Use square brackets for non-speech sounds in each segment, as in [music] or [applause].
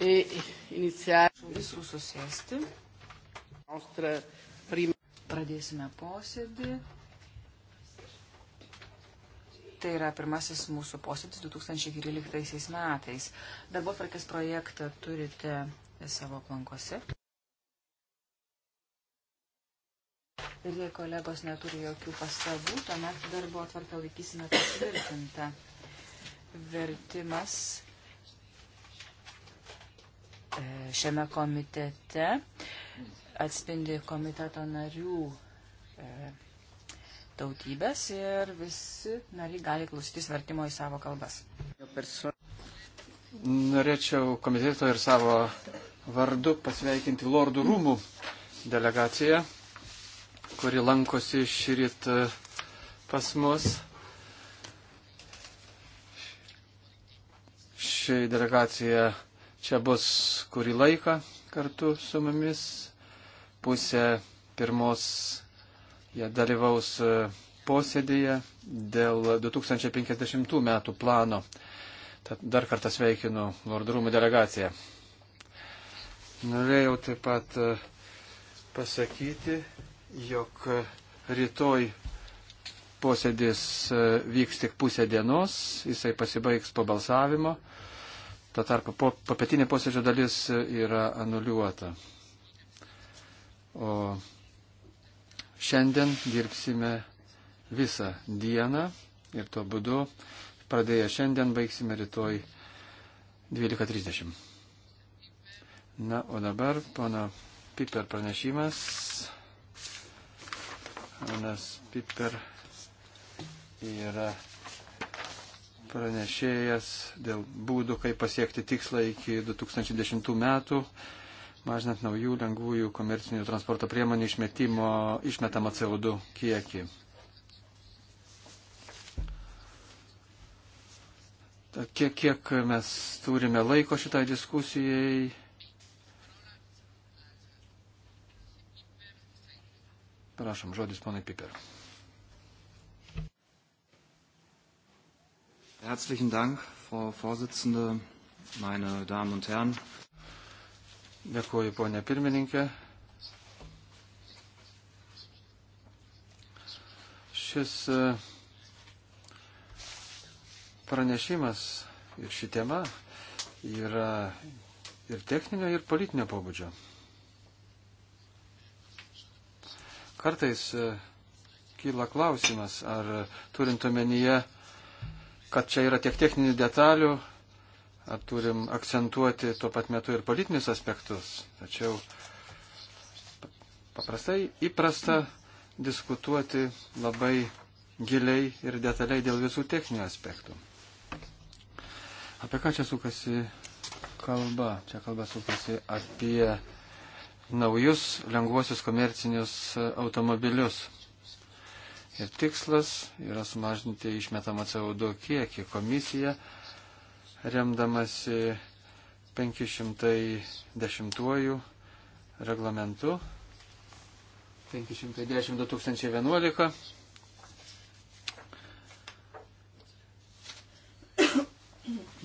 e iniziare. Visų susėsti. Pradėsime posėdį. Tai yra pirmasis mūsų posėdis 2013 metais. Darbo tvarkės projektą turite savo aplankose. Ir jei kolegos neturi jokių pastabų, tuomet darbo atvarką laikysime patvirtintą. Vertimas E, šiame komitete atspindi komiteto narių e, tautybės ir visi nariai gali klausytis vertimo į savo kalbas. Norėčiau komiteto ir savo vardu pasveikinti Lordų rūmų delegaciją, kuri lankosi šį rytą e, pas mus. Ši delegacija čia bus kurį laiką kartu su mumis. Pusę pirmos jie dalyvaus e, posėdėje dėl 2050 metų plano. Tad dar kartą sveikinu Lordrumų delegaciją. Norėjau taip pat e, pasakyti, jog e, rytoj posėdis vyks tik pusę dienos, jisai pasibaigs po balsavimo. Tuo tarpu po, papietinė posėdžio dalis yra anuliuota. O šiandien dirbsime visą dieną ir tuo būdu pradėję šiandien baigsime rytoj 12.30. Na, o dabar pana Piper pranešimas. Anas Piper yra pranešėjas dėl būdų, kaip pasiekti tikslą iki 2010 metų, mažinant naujų lengvųjų komercinių transporto priemonių išmetimo, išmetamą CO2 kiekį. Ta, kiek, kiek mes turime laiko šitai diskusijai? Prašom, žodis ponai Piper. Herzlichen Dank, Frau Vorsitzende, meine Damen und Herren. Dėkuoju, ponė pirmininkė. Šis e, pranešimas ir ši tema yra ir techninio, ir politinio pobūdžio. Kartais e, kyla klausimas, ar turint omenyje kad čia yra tiek techninių detalių, ar turim akcentuoti tuo pat metu ir politinius aspektus. Tačiau paprastai įprasta diskutuoti labai giliai ir detaliai dėl visų techninių aspektų. Apie ką čia sukasi kalba? Čia kalba sukasi apie naujus lengvuosius komercinius automobilius ir tikslas yra sumažinti išmetamą CO2 kiekį. Komisija remdamasi 510 reglamentu 510-2011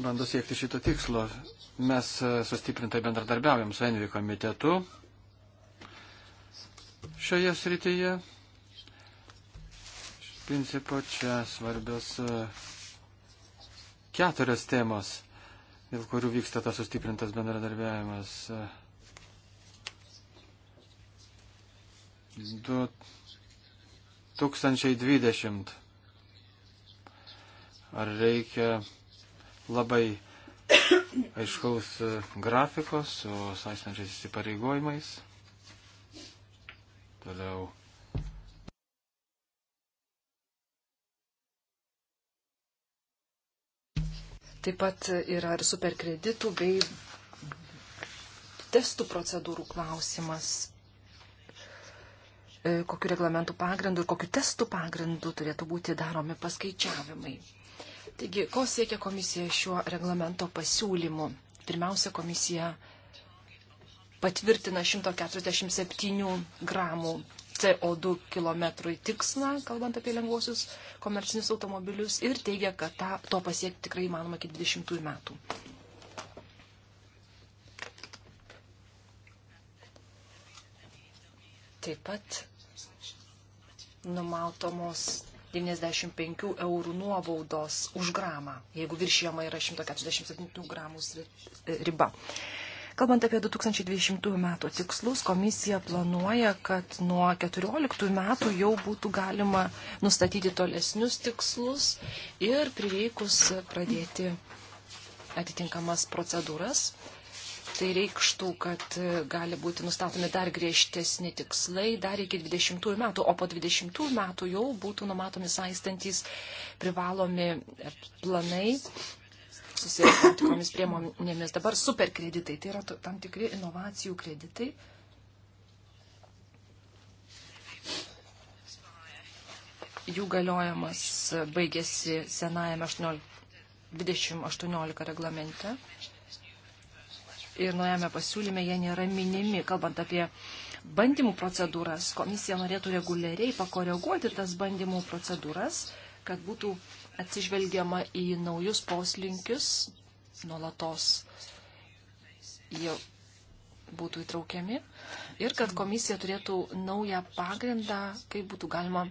bando siekti šito tikslo. Mes e, sustiprintai bendradarbiaujam su Envi komitetu šioje srityje principo čia svarbios e, keturios temos, dėl kurių vyksta tas sustiprintas bendradarbiavimas. E, du 2020. Ar reikia labai aiškaus e, grafikos su saistančiais įsipareigojimais? Toliau Taip pat yra ir superkreditų bei testų procedūrų klausimas. E, kokiu reglamentų pagrindu ir kokiu testų pagrindu turėtų būti daromi paskaičiavimai. Taigi, ko siekia komisija šiuo reglamento pasiūlymu? Pirmiausia, komisija patvirtina 147 gramų CO2 kilometrui tikslą, kalbant apie lengvosius komercinius automobilius, ir teigia, kad ta, to pasiekti tikrai įmanoma iki 20 metų. Taip pat numatomos 95 eurų nuobaudos už gramą, jeigu viršijama yra 147 gramų riba. Kalbant apie 2020 metų tikslus, komisija planuoja, kad nuo 2014 metų jau būtų galima nustatyti tolesnius tikslus ir prireikus pradėti atitinkamas procedūras. Tai reikštų, kad gali būti nustatomi dar griežtesni tikslai dar iki 20 metų, o po 20 metų jau būtų numatomi saistantys privalomi planai susijęs tam tikromis priemonėmis. Dabar superkreditai, tai yra tam tikri inovacijų kreditai. Jų galiojimas baigėsi senajame 2018 reglamente ir nuėjame pasiūlyme, jie nėra minimi. Kalbant apie bandymų procedūras, komisija norėtų reguliariai pakoreguoti tas bandymų procedūras, kad būtų atsižvelgiama į naujus poslinkius, nuolatos jie būtų įtraukiami ir kad komisija turėtų naują pagrindą, kaip būtų galima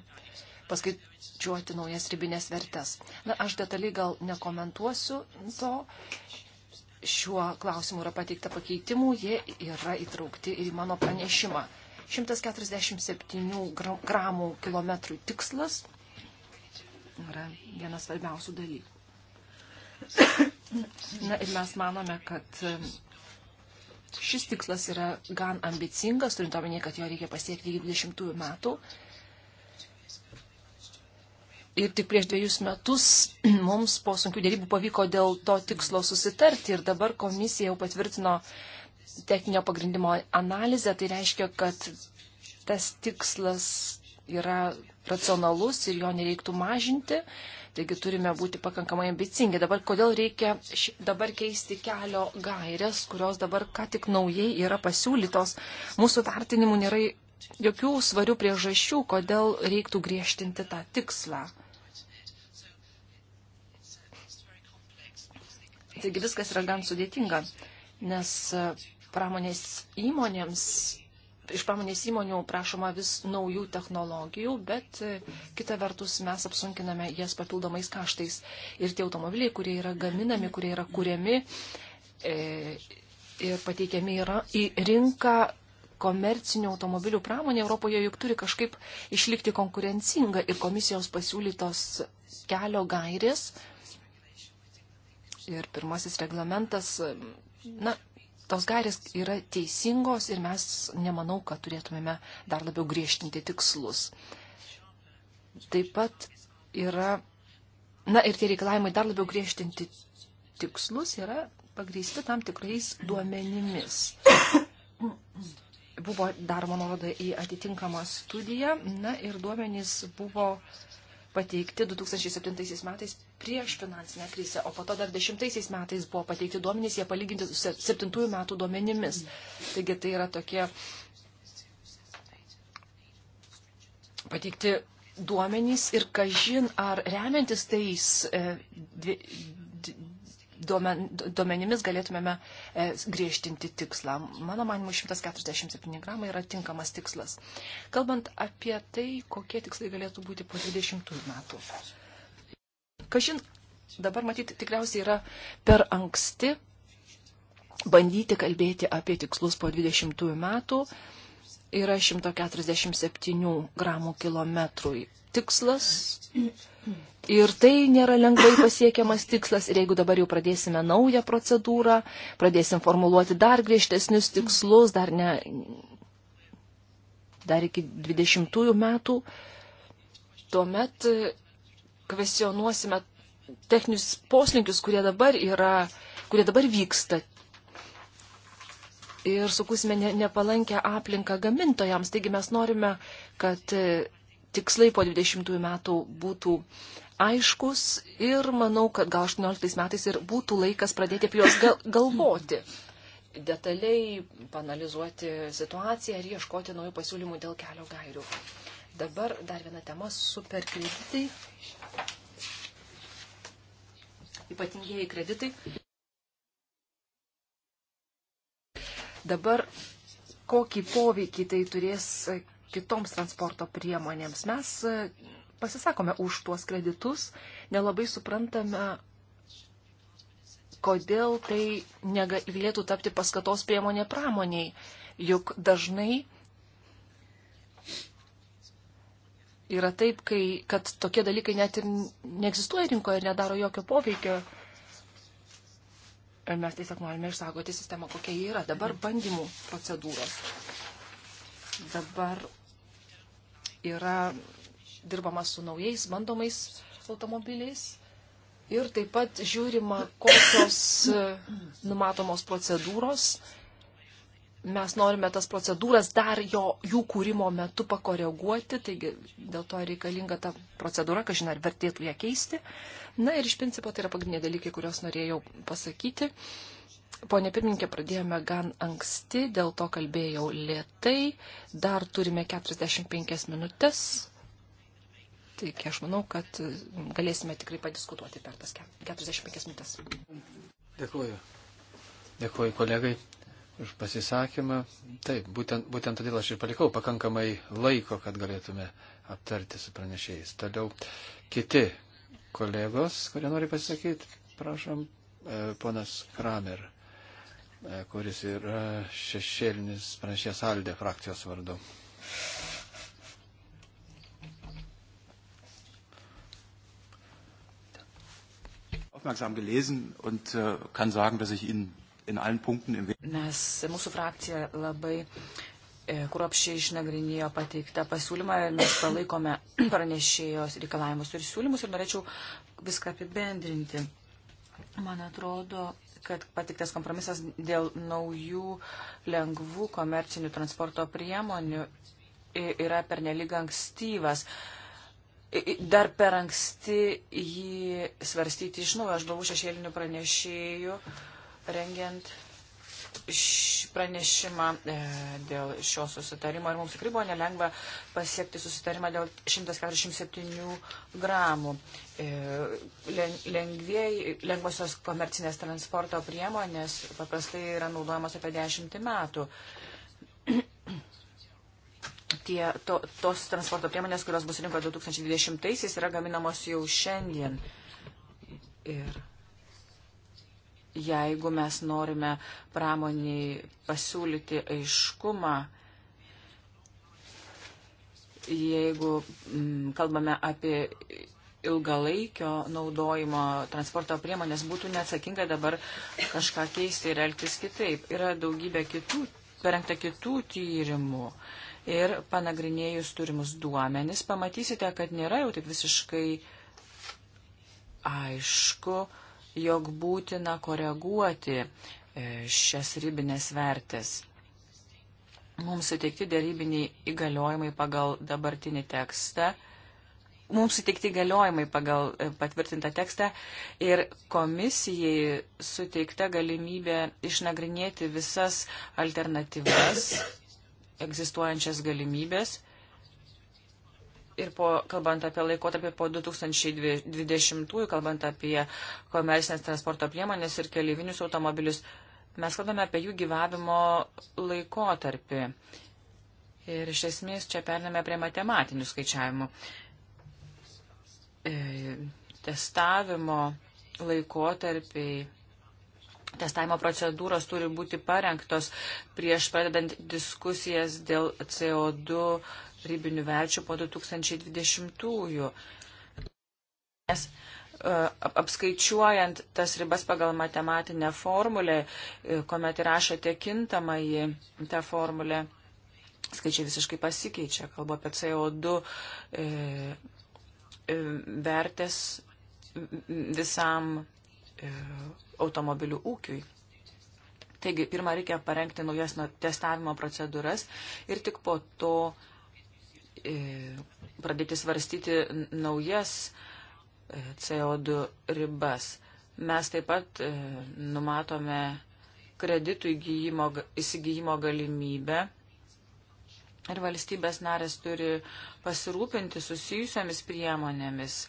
paskaičiuoti naujas ribinės vertes. Na, aš detaliai gal nekomentuosiu to. Šiuo klausimu yra pateikta pakeitimų, jie yra įtraukti ir į mano pranešimą. 147 gramų kilometrų tikslas yra vienas svarbiausių dalykų. Na ir mes manome, kad e, šis tikslas yra gan ambicingas, turint omenyje, kad jo reikia pasiekti iki 20 metų. Ir tik prieš dviejus metus [clears throat] mums po sunkių dėrybų pavyko dėl to tikslo susitarti ir dabar komisija jau patvirtino techninio pagrindimo analizę, tai reiškia, kad tas tikslas yra racionalus ir jo nereiktų mažinti. Taigi turime būti pakankamai ambicingi. Dabar kodėl reikia ši, dabar keisti kelio gairias, kurios dabar ką tik naujai yra pasiūlytos. Mūsų vertinimų nėra jokių svarių priežasčių, kodėl reiktų griežtinti tą tikslą. Taigi viskas yra gan sudėtinga, nes pramonės įmonėms iš pramonės įmonių prašoma vis naujų technologijų, bet e, kita vertus mes apsunkiname jas papildomais kaštais. Ir tie automobiliai, kurie yra gaminami, kurie yra kuriami e, ir pateikiami yra į rinką, komercinių automobilių pramonė Europoje juk turi kažkaip išlikti konkurencinga ir komisijos pasiūlytos kelio gairės. Ir pirmasis reglamentas, na, tos gairės yra teisingos ir mes nemanau, kad turėtumėme dar labiau griežtinti tikslus. Taip pat yra, na ir tie reikalavimai dar labiau griežtinti tikslus yra pagrįsti tam tikrais duomenimis. Buvo dar, man rodo, į atitinkamą studiją, na ir duomenys buvo uh, pateikti 2007 metais prieš finansinę krizę, o po to dar 2010 metais buvo pateikti duomenys, jie palyginti su 7 metų duomenimis. Taigi tai yra tokie pateikti duomenys ir kažin ar remiantis tais e, duomen, duomenimis galėtumėme e, griežtinti tikslą. Mano manimu, 147 gramai yra tinkamas tikslas. Kalbant apie tai, kokie tikslai galėtų būti po 20 metų. Kažin, dabar matyti tikriausiai yra per anksti bandyti kalbėti apie tikslus po 20 metų. Yra 147 gramų kilometrui tikslas. Mm Ir tai nėra lengvai pasiekiamas tikslas. Ir jeigu dabar jau pradėsime naują procedūrą, pradėsim formuluoti dar griežtesnius tikslus, dar, ne, dar iki 20 metų, tuomet kvesionuosime techninius poslinkius, kurie dabar, yra, kurie dabar vyksta. Ir sukusime nepalankę aplinką gamintojams. Taigi mes norime, kad tikslai po 20 metų būtų aiškus ir manau, kad gal 18 metais ir būtų laikas pradėti apie juos gal galvoti, detaliai panalizuoti situaciją ir ieškoti naujų pasiūlymų dėl kelio gairių. Dabar dar viena tema - superkreditai. Ypatingieji kreditai. Dabar kokį poveikį tai turės kitoms transporto priemonėms. Mes e, pasisakome už tuos kreditus, nelabai suprantame, kodėl tai negalėtų tapti paskatos priemonė pramoniai, juk dažnai yra taip, kai, kad tokie dalykai net ir neegzistuoja rinkoje ir nedaro jokio poveikio. Ir mes tiesiog norime išsaugoti sistemą, kokia ji yra. Dabar bandymų procedūros. Dabar yra dirbama su naujais bandomais automobiliais ir taip pat žiūrima, kokios e, numatomos procedūros. Mes norime tas procedūras dar jo, jų kūrimo metu pakoreguoti, taigi dėl to reikalinga ta procedūra, kažin ar vertėtų ją keisti. Na ir iš principo tai yra pagrindiniai dalykai, kuriuos norėjau pasakyti. Uh, Pone pirmininkė, pradėjome gan anksti, dėl to kalbėjau lėtai. Dar turime 45 minutės. Taigi aš manau, kad galėsime tikrai padiskutuoti per tas 45 minutės. Dėkuoju. Dėkuoju kolegai už pasisakymą. Taip, būtent, būtent todėl aš ir palikau pakankamai laiko, kad galėtume aptarti su pranešėjais. Toliau kiti kolegos, kurie nori pasisakyti, prašom, e, ponas Kramer. E, kuris yra šešėlinis pranešės Aldė frakcijos vardu. aufmerksam gelesen und äh, kann sagen, dass ich Ihnen in allen Punkten im Mes mūsų frakcija labai e, kruopščiai išnagrinėjo pateiktą pasiūlymą ir mes palaikome [clears throat] pranešėjos reikalavimus ir siūlymus ir norėčiau viską apibendrinti. Man atrodo, kad patiktas kompromisas dėl naujų lengvų komercinių transporto priemonių yra pernelyg ankstyvas. Dar per anksti jį svarstyti iš naujo. Aš buvau šešėlinių pranešėjų rengiant pranešimą e, dėl šio susitarimo ir mums tikrai buvo nelengva pasiekti susitarimą dėl 147 gramų. E, lengvieji, lengvosios komercinės transporto priemonės paprastai yra naudojamos apie 10 metų. [clears throat] Tie, to, tos transporto priemonės, kurios bus rinkoje 2020-aisiais, yra gaminamos jau šiandien. Ir jeigu mes norime pramoniai pasiūlyti aiškumą, jeigu m, mm, kalbame apie ilgalaikio naudojimo transporto priemonės, būtų neatsakinga dabar kažką keisti ir elgtis kitaip. Yra daugybė kitų, parengta kitų tyrimų. Ir panagrinėjus turimus duomenis, pamatysite, kad nėra jau taip visiškai aišku, uh, jog būtina koreguoti e, šias ribinės vertės. Mums suteikti dėrybiniai įgaliojimai pagal dabartinį tekstą mums suteikti galiojimai pagal e, patvirtintą tekstą ir komisijai suteikta galimybė išnagrinėti visas alternatyvas, egzistuojančias galimybės ir po, kalbant apie laikotarpį po 2020, kalbant apie komersinės transporto priemonės ir keleivinius automobilius, mes kalbame apie jų gyvavimo laikotarpį. Ir iš esmės čia pername prie matematinių skaičiavimų. E, testavimo laikotarpiai, testavimo procedūros turi būti parengtos prieš pradedant diskusijas dėl CO2 ribinių verčių po 2020-ųjų. Nes e, apskaičiuojant tas ribas pagal matematinę formulę, e, kuomet įrašote kintamą į tą formulę, skaičiai visiškai pasikeičia. Kalbu apie CO2 e, e, vertės visam e, automobilių ūkiui. Taigi, pirmą reikia parengti naujas testavimo procedūras ir tik po to pradėti svarstyti naujas e, CO2 ribas. Mes taip pat e, numatome kreditų įgyjimo, įsigijimo galimybę ir valstybės narės turi pasirūpinti susijusiamis priemonėmis.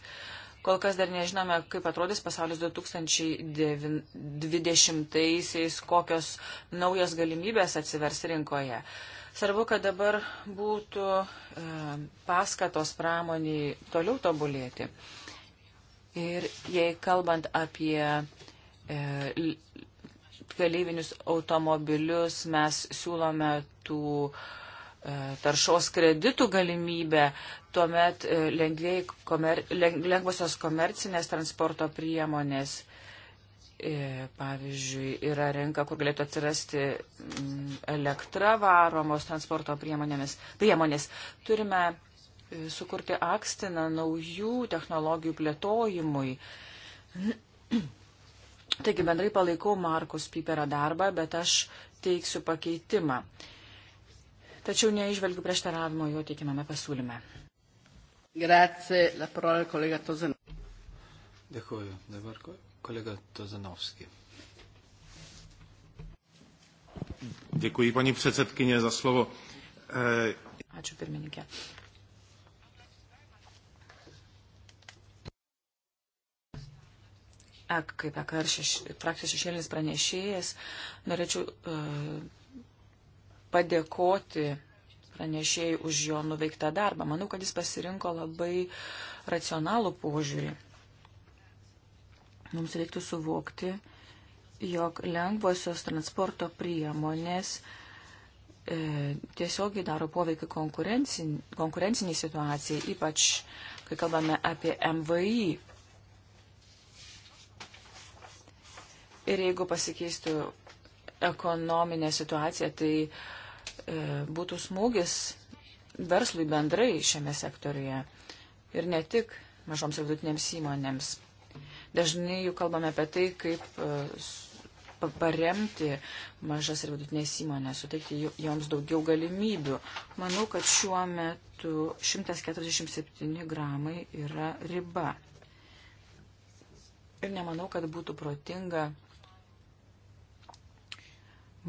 Kol kas dar nežinome, kaip atrodys pasaulis 2020-aisiais, kokios naujos galimybės atsivers rinkoje. Uh, Svarbu, kad dabar būtų e, paskatos pramoniai toliau tobulėti. Ir jei kalbant apie e, keleivinius automobilius, mes siūlome tų e, taršos kreditų galimybę, tuomet e, lengvosios komercinės transporto priemonės E, pavyzdžiui, yra rinka, kur galėtų atsirasti mm, elektra varomos transporto priemonėmis. Priemonės. Turime e, sukurti akstiną naujų technologijų plėtojimui. [clears throat] Taigi bendrai palaikau Markus Piperą darbą, bet aš teiksiu pakeitimą. Tačiau neižvelgiu prieštaravimo jo teikiamame pasiūlyme. Grazie, la parola kolega Tozen. Dėkuoju. Dabar ko? kolega Tozanovský. Děkuji, paní předsedkyně, za slovo. E... Ačiū, pirmininkė. Ek, kaip EKR šeš, frakcijos šešėlinis pranešėjas, norėčiau e, padėkoti pranešėjai už jo nuveiktą darbą. Manau, kad jis pasirinko labai racionalų požiūrį mums reiktų suvokti, jog lengvosios transporto priemonės e, tiesiogiai daro poveikį konkurencin, konkurenciniai situacijai, ypač kai kalbame apie MVI. Ir jeigu pasikeistų ekonominė situacija, tai e, būtų smūgis verslui bendrai šiame sektoriuje ir ne tik mažoms ir vidutinėms įmonėms. Dažnai jau kalbame apie tai, kaip e, paremti mažas ir vidutinės įmonės, suteikti joms daugiau galimybių. Manau, kad šiuo metu 147 gramai yra riba. Ir nemanau, kad būtų protinga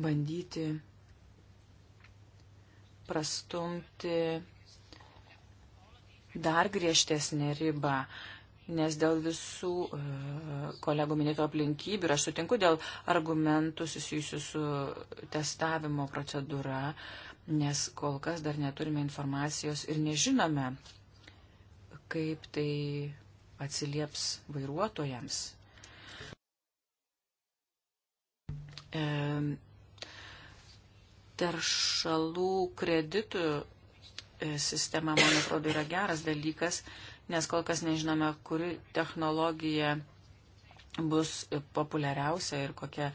bandyti prastumti dar griežtesnė riba nes dėl visų e, kolegų minėto aplinkybių ir aš sutinku dėl argumentų susijusių su testavimo procedūra, nes kol kas dar neturime informacijos ir nežinome, kaip tai atsilieps vairuotojams. E, teršalų kreditų e, sistema, man atrodo, yra geras dalykas, nes kol kas nežinome, kuri technologija bus populiariausia ir kokia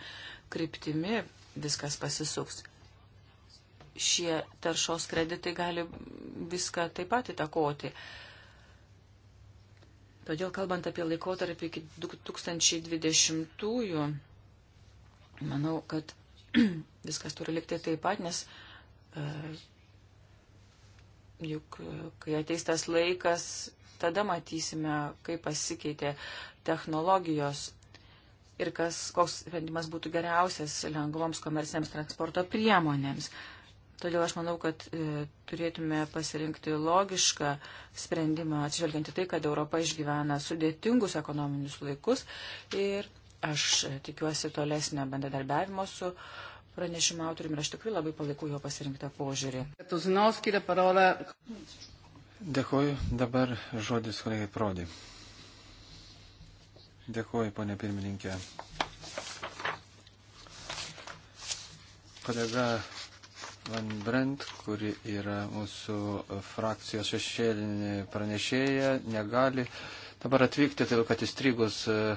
kryptimi viskas pasisuks. Šie taršos kreditai gali viską taip pat įtakoti. Todėl, kalbant apie laikotarpį iki 2020-ųjų, manau, kad [clears throat] viskas turi likti taip pat, nes e, juk, e, kai ateis tas laikas, Tada matysime, kaip pasikeitė technologijos ir kas, koks sprendimas būtų geriausias lengvoms komersinėms transporto priemonėms. Todėl aš manau, kad e, turėtume pasirinkti logišką sprendimą, atsižvelgiant į tai, kad Europa išgyvena sudėtingus ekonominius laikus ir aš e, tikiuosi tolesnio bendradarbiavimo su pranešimo autoriumi ir aš tikrai labai palaikau jo pasirinktą požiūrį. Dėkuoju. Dabar žodis kolegai Prodi. Dėkuoju, ponė pirmininkė. Kolega Van Brent, kuri yra mūsų frakcijos šešėlinė pranešėja, negali dabar atvykti, todėl kad įstrigus e,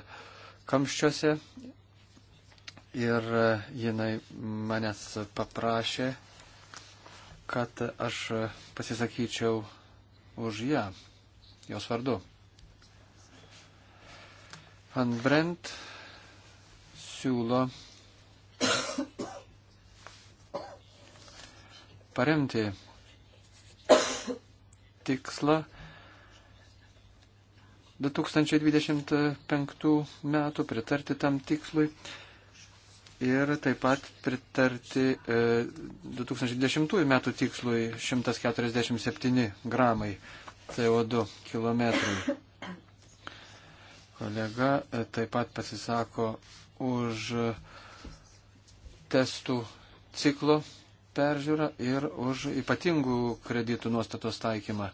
kamščiuose. Ir e, jinai manęs paprašė, kad aš pasisakyčiau už ją, jos vardu. Van Brent siūlo paremti tikslą 2025 metų pritarti tam tikslui ir taip pat pritarti 2010 e, metų tikslui 147 gramai CO2 kilometrui. Kolega e, taip pat pasisako už testų ciklo peržiūrą ir už ypatingų kreditų nuostatos taikymą.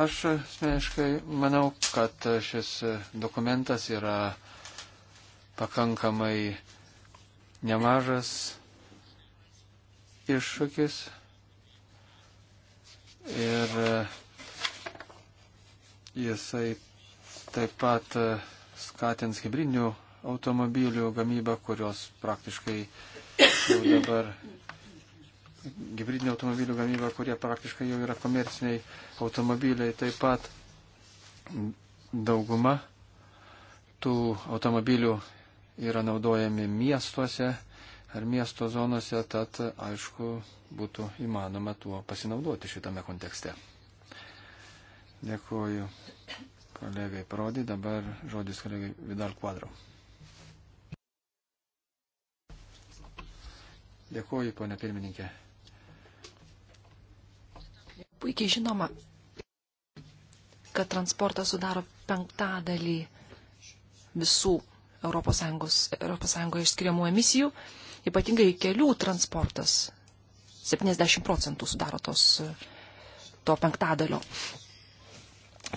Aš asmeniškai manau, kad šis dokumentas yra pakankamai nemažas iššūkis. Ir jisai taip pat skatins hybridinių automobilių gamybą, kurios praktiškai jau dabar hybridinių automobilių gamybą, kurie praktiškai jau yra komerciniai automobiliai. Taip pat dauguma tų automobilių yra naudojami miestuose ar miesto zonose, tad aišku būtų įmanoma tuo pasinaudoti šitame kontekste. Dėkuoju kolegai Prodi, dabar žodis kolegai Vidal Quadro. Dėkuoju, ponė pirmininkė puikiai žinoma, kad transportas sudaro penktadalį visų ES, ES išskiriamų emisijų, ypatingai kelių transportas 70 procentų sudaro tos, to penktadalio.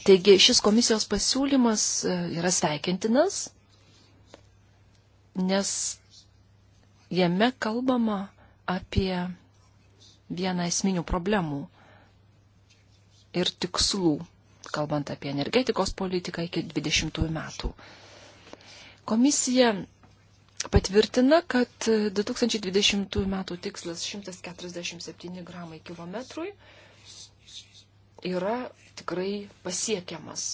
Taigi šis komisijos pasiūlymas e, yra sveikintinas, nes jame kalbama apie vieną esminių problemų ir tikslų, kalbant apie energetikos politiką iki 20 metų. Komisija patvirtina, kad 2020 metų tikslas 147 gramai kilometrui yra tikrai pasiekiamas.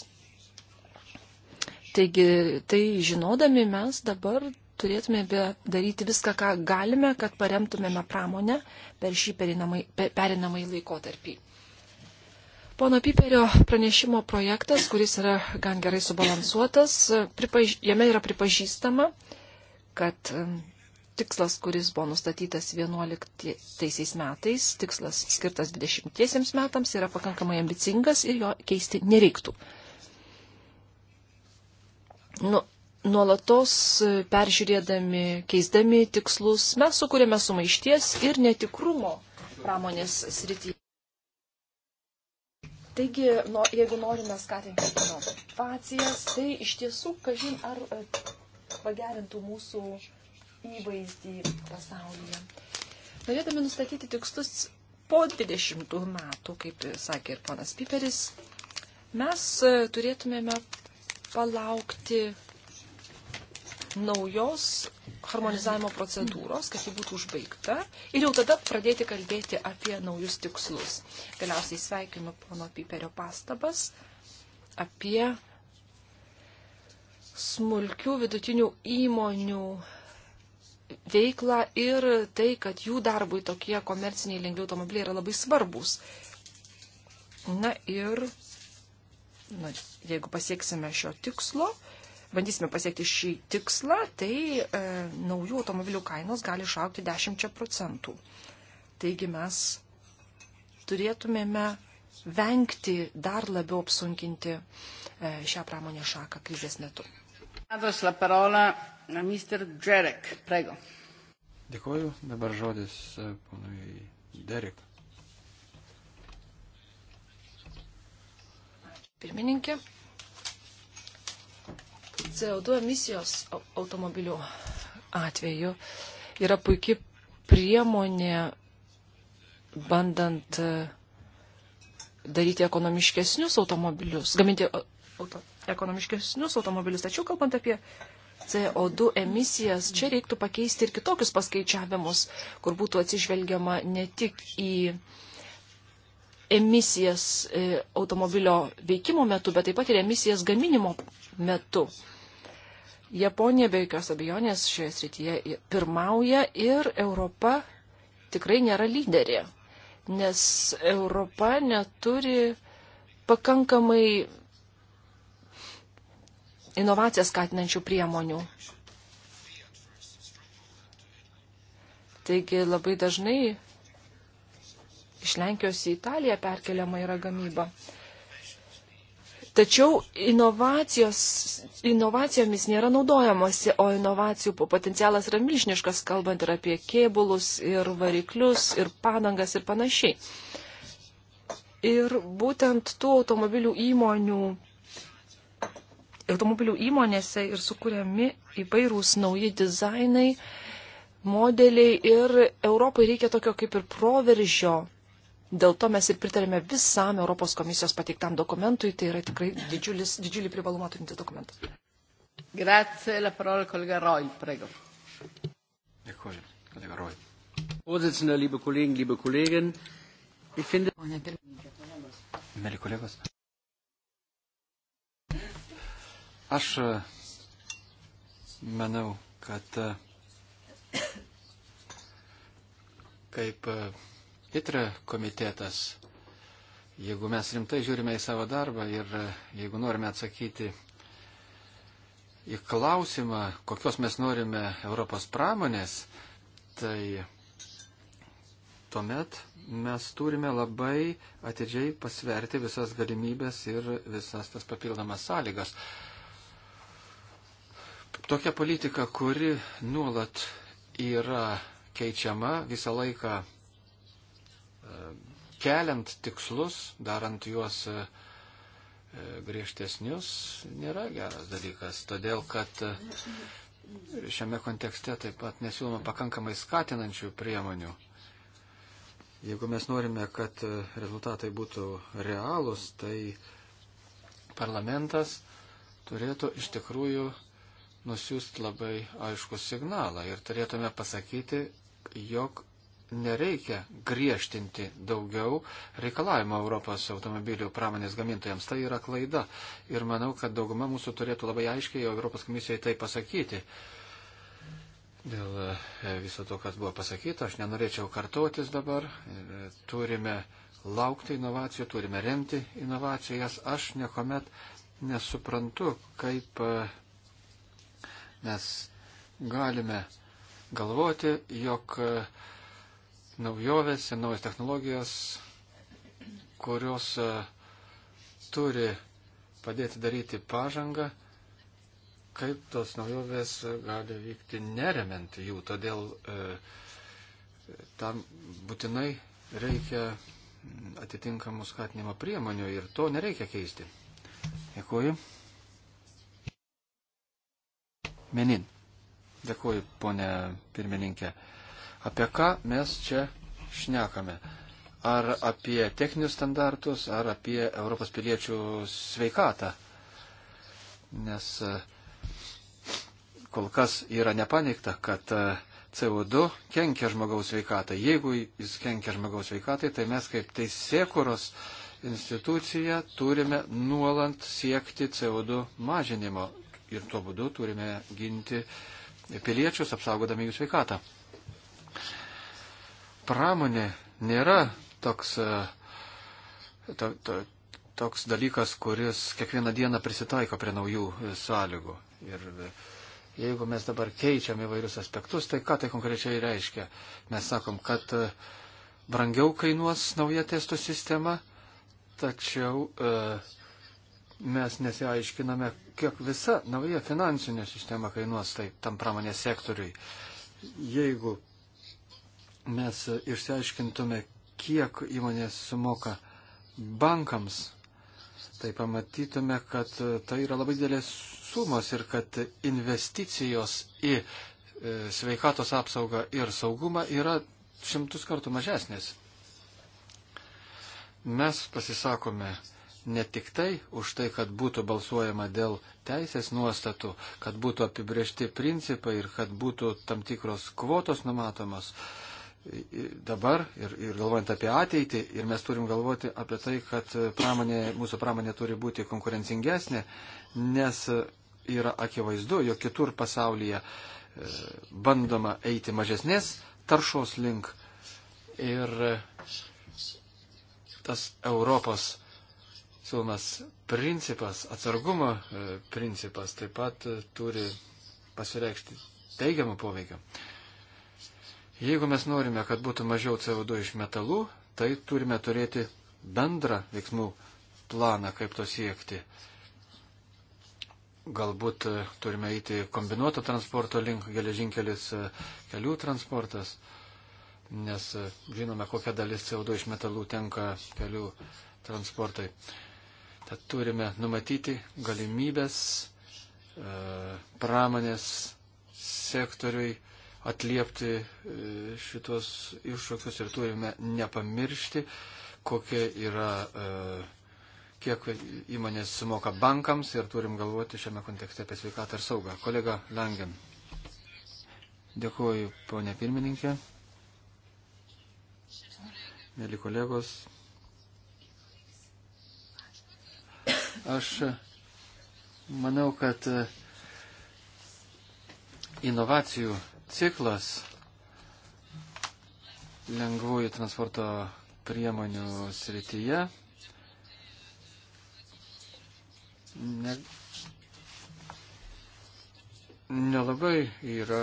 Taigi, tai žinodami mes dabar turėtume daryti viską, ką galime, kad paremtumėme pramonę per šį perinamai, perinamai laikotarpį. Pono Piperio pranešimo projektas, kuris yra gan gerai subalansuotas, pripaž... jame yra pripažįstama, kad tikslas, kuris buvo nustatytas 11 metais, tikslas skirtas 20 metams, yra pakankamai ambicingas ir jo keisti nereiktų. Nu, nuolatos e, peržiūrėdami, keisdami tikslus, mes sukūrėme sumaišties ir netikrumo pramonės srityje. Taigi, no, jeigu norime skatinti inovacijas, tai iš tiesų, kažin, ar e, pagerintų mūsų įvaizdį pasaulyje. Norėdami nustatyti tikslus po 20 metų, kaip sakė ir ponas Piperis, mes e, turėtumėme palaukti naujos harmonizavimo procedūros, kad ji būtų užbaigta ir jau tada pradėti kalbėti apie naujus tikslus. Galiausiai sveikinu pono Piperio pastabas apie smulkių vidutinių įmonių veiklą ir tai, kad jų darbui tokie komerciniai lengvi automobiliai yra labai svarbus. Na ir, na, jeigu pasieksime šio tikslo, bandysime pasiekti šį tikslą, tai e, naujų automobilių kainos gali išaukti 10 procentų. Taigi mes turėtumėme vengti dar labiau apsunkinti e, šią pramonę šaką krizės metu. Dėkuoju, dabar žodis e, ponui Derek. Pirmininkė, CO2 emisijos automobilių atveju yra puikia priemonė bandant e, daryti ekonomiškesnius automobilius, gaminti e, auto, ekonomiškesnius automobilius. Tačiau kalbant apie CO2 emisijas, čia reiktų pakeisti ir kitokius paskaičiavimus, kur būtų atsižvelgiama ne tik į emisijas e, automobilio veikimo metu, bet taip pat ir emisijas gaminimo metu. Japonija be jokios abejonės šioje srityje pirmauja ir Europa tikrai nėra lyderė, nes Europa neturi pakankamai inovacijas skatinančių priemonių. Taigi labai dažnai iš Lenkijos į Italiją perkeliama yra gamyba. Tačiau inovacijomis nėra naudojamosi, o inovacijų potencialas yra milžiniškas, kalbant ir apie kėbulus, ir variklius, ir padangas, ir panašiai. Ir būtent tų automobilių įmonių, automobilių įmonėse ir sukūriami įvairūs nauji dizainai, modeliai ir Europai reikia tokio kaip ir proveržio Dėl to mes ir pritarėme visam Europos komisijos pateiktam dokumentui, tai yra tikrai didžiulis, didžiulį privalumą turintis dokumentas. Grazie, la parola kolega Roy, prego. Dėkuoju, kolega Roy. Vorsitzender, liebe Kollegen, liebe Kolleginnen, ich finde. Mėly kolegos. Aš e, manau, kad e, kaip e, ITRE komitetas. Jeigu mes rimtai žiūrime į savo darbą ir e, jeigu norime atsakyti į klausimą, kokios mes norime Europos pramonės, tai tuomet mes turime labai atidžiai pasverti visas galimybės ir visas tas papildomas sąlygas. Tokia politika, kuri nuolat yra keičiama, visą laiką keliant tikslus, darant juos e, e, griežtesnius, nėra geras dalykas, todėl kad e, šiame kontekste taip pat nesiūloma pakankamai skatinančių priemonių. Jeigu mes norime, kad rezultatai būtų realūs, tai parlamentas turėtų iš tikrųjų nusiųsti labai aišku signalą ir turėtume pasakyti, jog nereikia griežtinti daugiau reikalavimo Europos automobilių pramonės gamintojams. Tai yra klaida. Ir manau, kad dauguma mūsų turėtų labai aiškiai Europos komisijai tai pasakyti. Dėl e, viso to, kas buvo pasakyta, aš nenorėčiau kartotis dabar. E, turime laukti inovacijų, turime remti inovacijas. Aš niekuomet nesuprantu, kaip e, mes galime galvoti, jog uh, naujovės ir naujas technologijos, kurios e, turi padėti daryti pažangą, kaip tos naujovės gali vykti neremiant jų. Todėl e, tam būtinai reikia atitinkamų skatinimo priemonių ir to nereikia keisti. Dėkuoju. Menin. Dėkuoju, ponė pirmininkė. Apie ką mes čia šnekame? Ar apie techninius standartus, ar apie Europos piliečių sveikatą? Nes e, kol kas yra nepaneigta, kad e, CO2 kenkia žmogaus sveikatai. Jeigu jis kenkia žmogaus sveikatai, tai mes kaip teisėkuros institucija turime nuolant siekti CO2 mažinimo ir tuo būdu turime ginti piliečius, apsaugodami jų sveikatą pramonė nėra toks, e, to, to, toks dalykas, kuris kiekvieną dieną prisitaiko prie naujų e, sąlygų. Ir e, jeigu mes dabar keičiam įvairius aspektus, tai ką tai konkrečiai reiškia? Mes sakom, kad brangiau kainuos nauja testų sistema, tačiau mes nesiaiškiname, kiek visa nauja finansinė sistema kainuos tai tam pramonės sektoriui. Jeigu mes išsiaiškintume, kiek įmonės sumoka bankams, tai pamatytume, kad tai yra labai didelės sumos ir kad investicijos į e, sveikatos apsaugą ir saugumą yra šimtus kartų mažesnės. Mes pasisakome ne tik tai už tai, kad būtų balsuojama dėl teisės nuostatų, kad būtų apibriežti principai ir kad būtų tam tikros kvotos numatomas, uh, dabar ir, ir galvojant apie ateitį, ir mes turim galvoti apie tai, kad pramonė, mūsų pramonė turi būti konkurencingesnė, nes yra akivaizdu, jog kitur pasaulyje e, bandoma eiti mažesnės taršos link ir tas Europos siūlomas principas, atsargumo e, principas taip pat e, turi pasireikšti teigiamą poveikį. Jeigu mes norime, kad būtų mažiau CO2 iš metalų, tai turime turėti bendrą veiksmų planą, kaip to siekti. Galbūt e, turime eiti kombinuoto transporto link, geležinkelis e, kelių transportas, nes e, žinome, kokia dalis CO2 iš metalų tenka kelių transportai. Tad turime numatyti galimybės pramonės sektoriui atliepti e, šitos iššūkius ir turime nepamiršti, kokia yra, e, kiek įmonės sumoka bankams ir turim galvoti šiame kontekste apie sveikatą ir saugą. Kolega Langen. Dėkuoju, ponė pirmininkė. Mėly kolegos. Aš e, manau, kad inovacijų ciklas lengvųjų transporto priemonių srityje ne, nelabai yra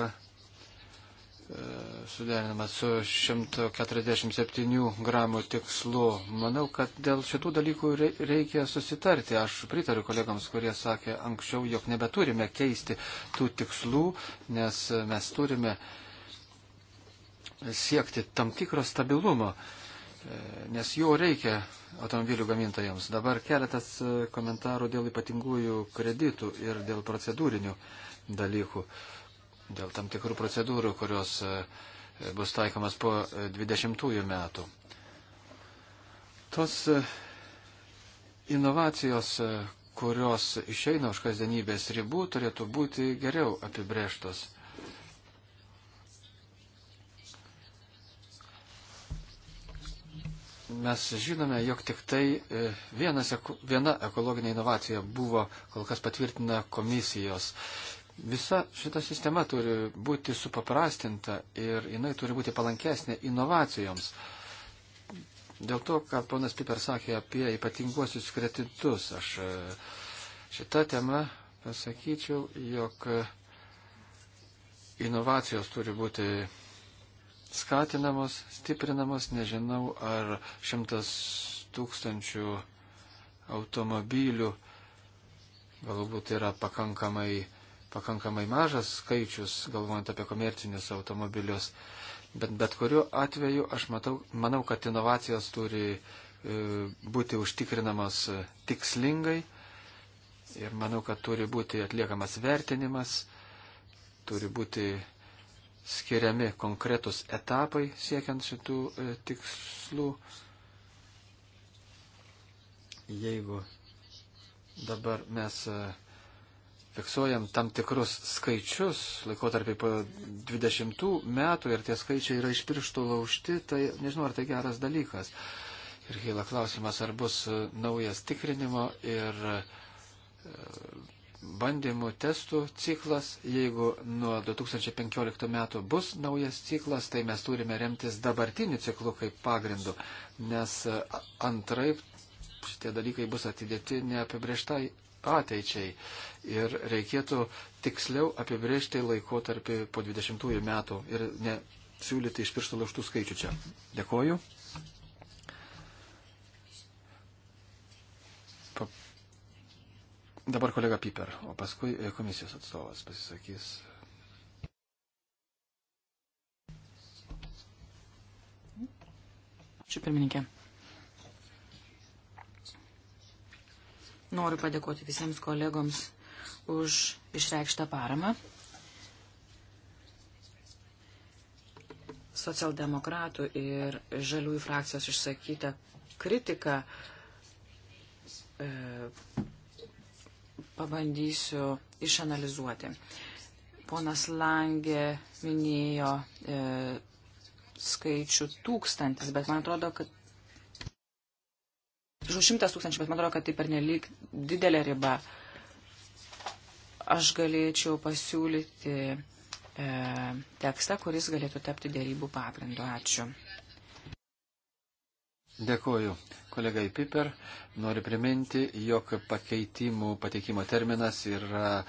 suderinamas su 147 gramų tikslu. Manau, kad dėl šitų dalykų reikia susitarti. Aš pritariu kolegams, kurie sakė anksčiau, jog nebeturime keisti tų tikslų, nes mes turime siekti tam tikro stabilumo, nes jo reikia automobilių gamintojams. Dabar keletas komentarų dėl ypatingųjų kreditų ir dėl procedūrinių dalykų dėl tam tikrų procedūrų, kurios e, bus taikomas po 20 e, metų. Tos e, inovacijos, kurios išeina už kasdienybės ribų, turėtų būti geriau apibrėžtos. mes žinome, jog tik tai vienas, viena ekologinė inovacija buvo kol kas patvirtina komisijos. Visa šita sistema turi būti supaprastinta ir jinai turi būti palankesnė inovacijoms. Dėl to, ką ponas Piper sakė apie ypatinguosius kreditus, aš e, šitą temą pasakyčiau, jog inovacijos turi būti skatinamos, stiprinamos, nežinau, ar šimtas tūkstančių automobilių galbūt yra pakankamai pakankamai mažas skaičius, galvojant apie komercinius automobilius. Bet, bet kuriuo atveju aš matau, manau, kad inovacijos turi e, būti užtikrinamos e, tikslingai ir manau, kad turi būti atliekamas vertinimas, turi būti skiriami konkretus etapai siekiant šitų e, tikslų. Jeigu dabar mes. E, fiksuojam tam tikrus skaičius laikotarpį po 20 metų ir tie skaičiai yra iš pirštų laužti, tai nežinau, ar tai geras dalykas. Ir kyla klausimas, ar bus e, naujas tikrinimo ir e, bandymų testų ciklas. Jeigu nuo 2015 metų bus naujas ciklas, tai mes turime remtis dabartiniu ciklu kaip pagrindu, nes e, antraip šitie dalykai bus atidėti neapibrieštai ateičiai. Ir reikėtų tiksliau apibriežti laikotarpį po 20 metų ir ne siūlyti iš piršto laštų skaičių čia. Dėkoju. Pa... Dabar kolega Piper, o paskui komisijos atstovas pasisakys. Ačiū pirmininkė. Noriu padėkoti visiems kolegoms už išreikštą paramą. Socialdemokratų ir žaliųjų frakcijos išsakyta kritika. E, pabandysiu išanalizuoti. Ponas Langė minėjo e, skaičių tūkstantis, bet man atrodo, kad Žinau, šimtas tūkstančių, bet man atrodo, kad tai per nelik didelė riba. Aš galėčiau pasiūlyti e, tekstą, kuris galėtų tapti dėrybų pagrindu. Ačiū. Dėkuoju. Kolegai Piper, noriu priminti, jog pakeitimų pateikimo terminas yra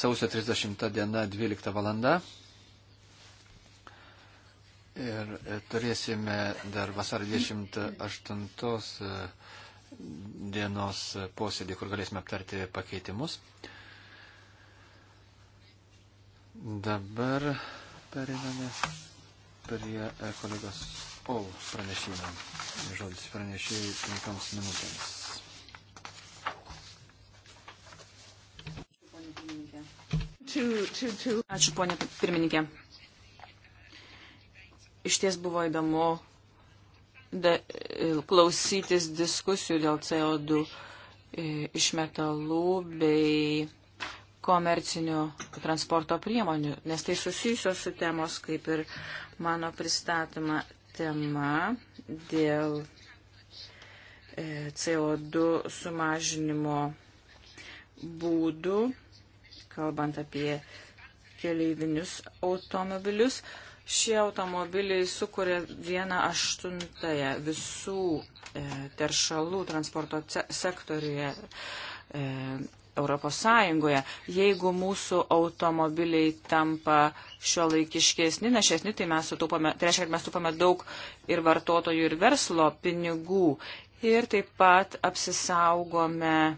sausio 30 diena 12 valanda. Ir turėsime dar vasarą 28 dienos posėdį, kur galėsime aptarti pakeitimus. Dabar periname prie e, kolegos Paul pranešimo. Žodis pranešėjai penkioms minutėms. Ačiū, ponė pirmininkė. Iš ties buvo įdomu da, e, klausytis diskusijų dėl CO2 e, iš metalų bei komercinių transporto priemonių, nes tai susijusios su temos, kaip ir mano pristatoma tema dėl e, CO2 sumažinimo būdų, kalbant apie keleivinius automobilius. E, Šie automobiliai sukuria vieną aštuntąją visų e, teršalų transporto sektoriuje e, Europos Sąjungoje. Jeigu mūsų automobiliai tampa šio laikiškesni, našesni, tai mes sutaupame, tai reiškia, kad mes sutaupame daug ir vartotojų, ir verslo pinigų. Ir taip pat apsisaugome e,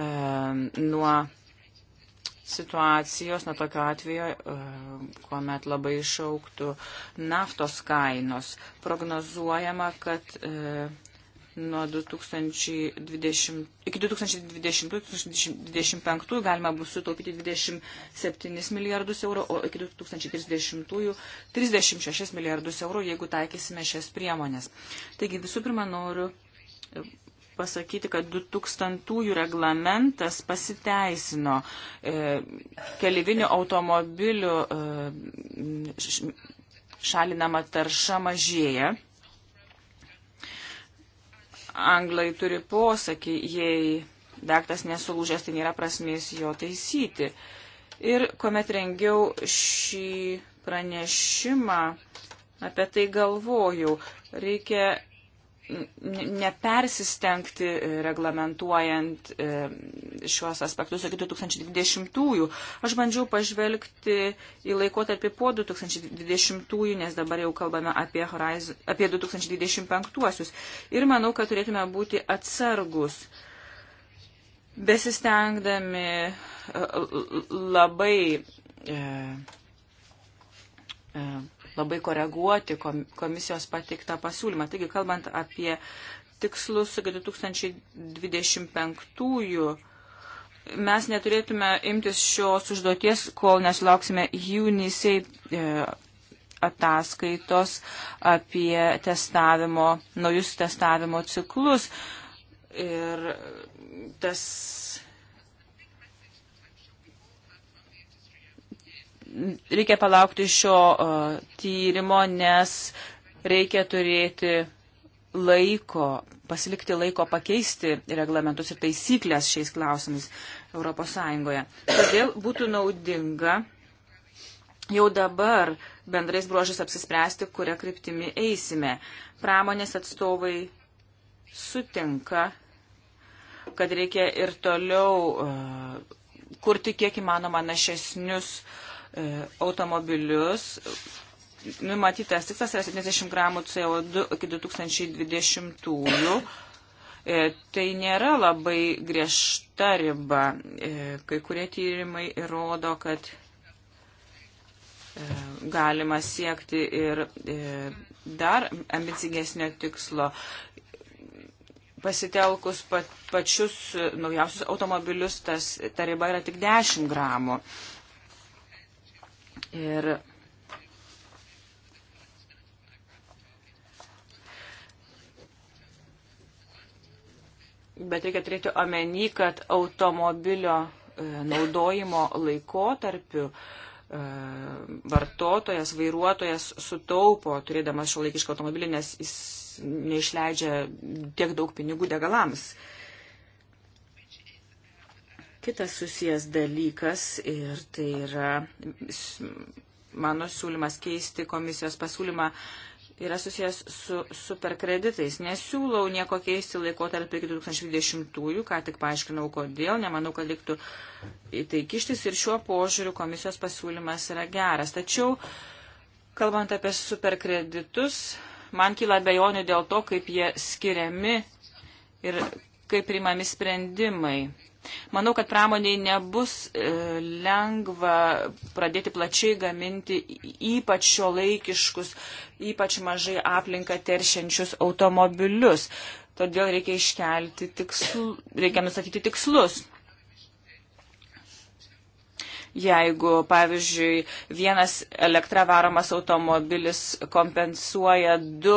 nuo situacijos, nuo tokio atvejo, e, kuomet labai išauktų naftos kainos. Prognozuojama, kad e, nuo 2020, iki 2020-2025 galima bus sutaupyti 27 milijardus eurų, o iki 2030-ųjų 36 milijardus eurų, jeigu taikysime šias priemonės. Taigi visų pirma noriu pasakyti, kad 2000-ųjų reglamentas pasiteisino e, kelivinių automobilių e, šalinama tarša mažėja. Anglai turi posakį, jei daktas nesulūžęs, tai nėra prasmės jo taisyti. Ir kuomet rengiau šį pranešimą, apie tai galvojau. Reikia nepersistengti e, reglamentuojant e, šiuos aspektus iki 2020-ųjų. Aš bandžiau pažvelgti į laikotarpį po 2020-ųjų, nes dabar jau kalbame apie, horizon, apie 2025-uosius. Ir manau, kad turėtume būti atsargus, besistengdami e, labai. E, e, labai koreguoti komisijos patiktą pasiūlymą. Taigi, kalbant apie tikslus iki 2025-ųjų, mes neturėtume imtis šios užduoties, kol nesulauksime UNICEF e, ataskaitos apie testavimo, naujus testavimo ciklus. Ir tas reikia palaukti šio tyrimo, nes reikia turėti laiko, pasilikti laiko pakeisti reglamentus ir taisyklės šiais klausimais ES. Todėl būtų naudinga jau dabar bendrais bruožais apsispręsti, kurią kryptimį eisime. Pramonės atstovai sutinka, kad reikia ir toliau uh, kurti kiek įmanoma našesnius uh, E, automobilius. Numatytas tikslas yra 70 gramų CO2 iki 2020-ųjų. E, tai nėra labai griežta riba. E, kai kurie tyrimai įrodo, kad galima siekti ir dar ambicingesnio tikslo pasitelkus pa, pačius naujausius automobilius, tas, ta riba yra tik 10 gramų. Ir Bet reikia turėti omeny, kad automobilio e, naudojimo laikotarpiu e, vartotojas, vairuotojas sutaupo, turėdamas šio laikišką automobilį, nes jis neišleidžia tiek daug pinigų degalams. Uh, Kitas susijęs dalykas ir tai yra mano siūlymas keisti komisijos pasiūlymą yra susijęs su superkreditais. Nesiūlau nieko keisti laikotarpį iki 2020-ųjų, ką tik paaiškinau kodėl, nemanau, kad liktų į tai kištis ir šiuo požiūriu komisijos pasiūlymas yra geras. Tačiau, kalbant apie superkreditus, man kyla bejonių dėl to, kaip jie skiriami ir kaip primami sprendimai Manau, kad pramoniai nebus e, lengva pradėti plačiai gaminti ypač šio laikiškus, ypač mažai aplinką teršiančius automobilius. Todėl reikia iškelti tikslus, reikia nustatyti tikslus jeigu, pavyzdžiui, vienas elektra varomas automobilis kompensuoja du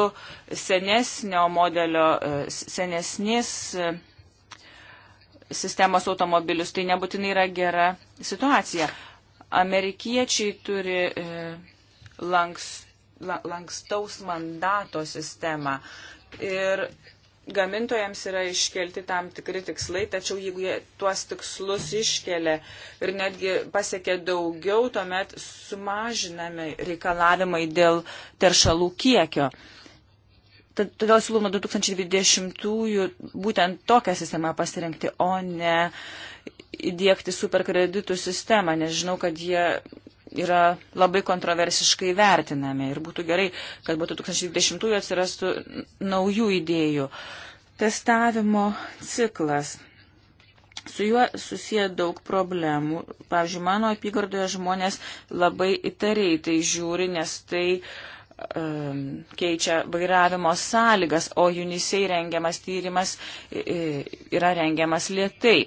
senesnio modelio, e, senesnės e, sistemos automobilius, tai nebūtinai yra gera situacija. Amerikiečiai turi e, lanks, la, lankstaus mandato sistemą ir gamintojams yra iškelti tam tikri tikslai, tačiau jeigu jie tuos tikslus iškelia ir netgi pasiekia daugiau, tuomet sumažinami reikalavimai dėl teršalų kiekio. E, Todėl siūloma 2020-ųjų būtent tokią sistemą pasirinkti, o ne įdėkti superkreditų sistemą, nes žinau, kad jie yra labai kontroversiškai vertinami ir būtų gerai, kad būtų 2020-ųjų atsirastų naujų idėjų. Testavimo ciklas. Su juo susiję daug problemų. Pavyzdžiui, mano apygardoje žmonės labai įtariai tai žiūri, nes tai uh, Um, keičia vairavimo sąlygas, o Junisei rengiamas tyrimas yra rengiamas lietai.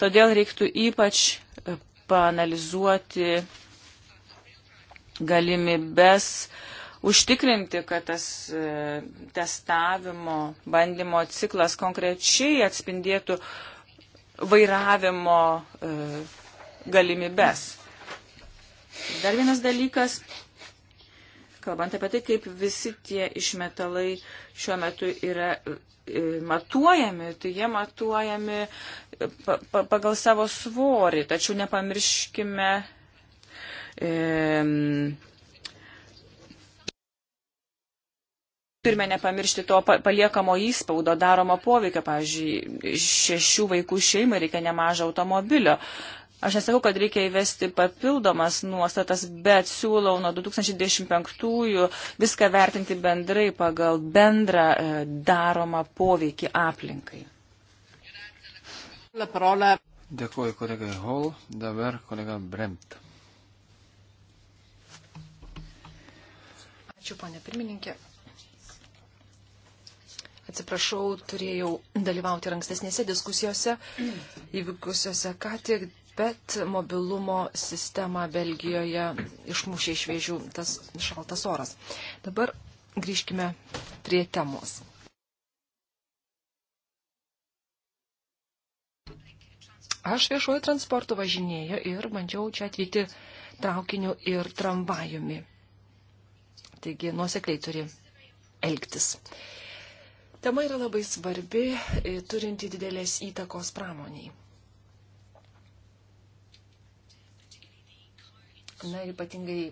Todėl reiktų ypač e, panalizuoti galimybės užtikrinti, kad tas e, testavimo, bandymo ciklas konkrečiai atspindėtų vairavimo e, galimybės. Dar vienas dalykas kalbant apie tai, kaip visi tie išmetalai šiuo metu yra e, matuojami, tai jie matuojami e, pa, pa, pagal savo svorį, tačiau nepamirškime. E, Turime nepamiršti to paliekamo įspaudo, daromo poveikio. Pavyzdžiui, šešių vaikų šeimai reikia nemažą automobilio. E, Aš nesakau, kad reikia įvesti papildomas nuostatas, bet siūlau nuo 2025-ųjų viską vertinti bendrai pagal bendrą e, daromą poveikį aplinkai. Dėkuoju kolegai Hall, dabar kolega Bremt. Ačiū, ponė pirmininkė. Atsiprašau, turėjau dalyvauti ir ankstesnėse diskusijose įvykusiuose ką tik bet mobilumo sistemą Belgijoje išmušė iš vėžių tas šaltas oras. Dabar grįžkime prie temos. Aš viešuoju transportu važinėjau ir bandžiau čia atvykti traukiniu ir tramvajumi. Taigi nuosekliai turi elgtis. Tema yra labai svarbi, e, turinti didelės įtakos pramoniai. Na ir ypatingai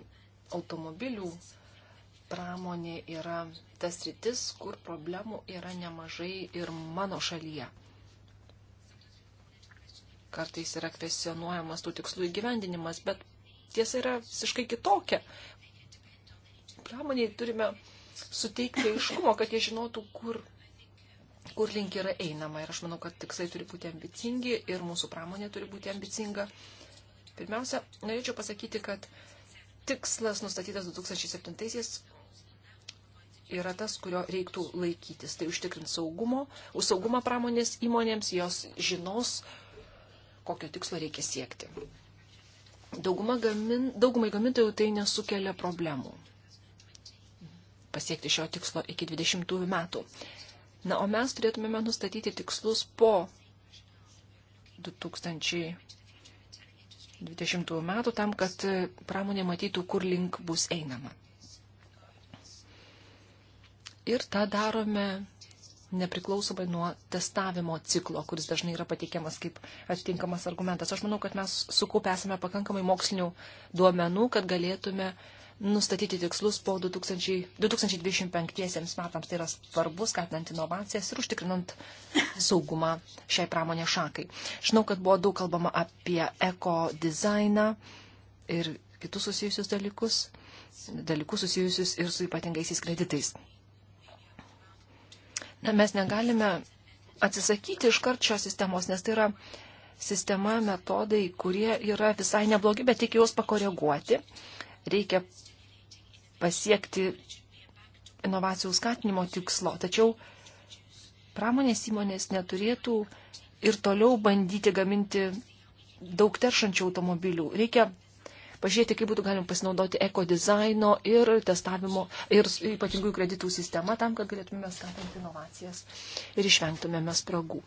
automobilių pramonė yra tas rytis, kur problemų yra nemažai ir mano šalyje. Kartais yra kvesionuojamas tų tikslų įgyvendinimas, bet tiesa yra visiškai kitokia. Pramoniai turime suteikti aiškumo, kad jie žinotų, kur, kur link yra einama. Ir aš manau, kad tikslai turi būti ambicingi ir mūsų pramonė turi būti ambicinga. Pirmiausia, norėčiau pasakyti, kad tikslas nustatytas 2007-aisiais yra tas, kurio reiktų laikytis. Tai užtikrint saugumo, už saugumą pramonės įmonėms, jos žinos, kokio tikslo reikia siekti. Dauguma gamin, daugumai gamintojų tai nesukelia problemų pasiekti šio tikslo iki 20 metų. Na, o mes turėtumėme nustatyti tikslus po 2000 20 metų tam, kad pramonė matytų, kur link bus einama. Ir tą darome nepriklausomai nuo testavimo ciklo, kuris dažnai yra pateikiamas kaip atitinkamas argumentas. Aš manau, kad mes sukaupę esame pakankamai mokslinių duomenų, kad galėtume uh, nustatyti tikslus po 2025 metams. Tai yra svarbu, skatinant inovacijas ir užtikrinant saugumą šiai pramonės šakai. Žinau, kad buvo daug kalbama apie eko dizainą ir kitus susijusius dalykus, dalykus susijusius ir su ypatingaisiais kreditais. Na, mes negalime atsisakyti iš kart šios sistemos, nes tai yra sistema, metodai, kurie yra visai neblogi, bet tik juos pakoreguoti reikia pasiekti inovacijų skatinimo tikslo. Tačiau pramonės įmonės neturėtų ir toliau bandyti gaminti daug teršančių automobilių. Reikia pažiūrėti, kaip būtų galima pasinaudoti ekodizaino ir testavimo ir ypatingųjų kreditų sistema tam, kad galėtume skatinti inovacijas ir išvengtumėme spragų.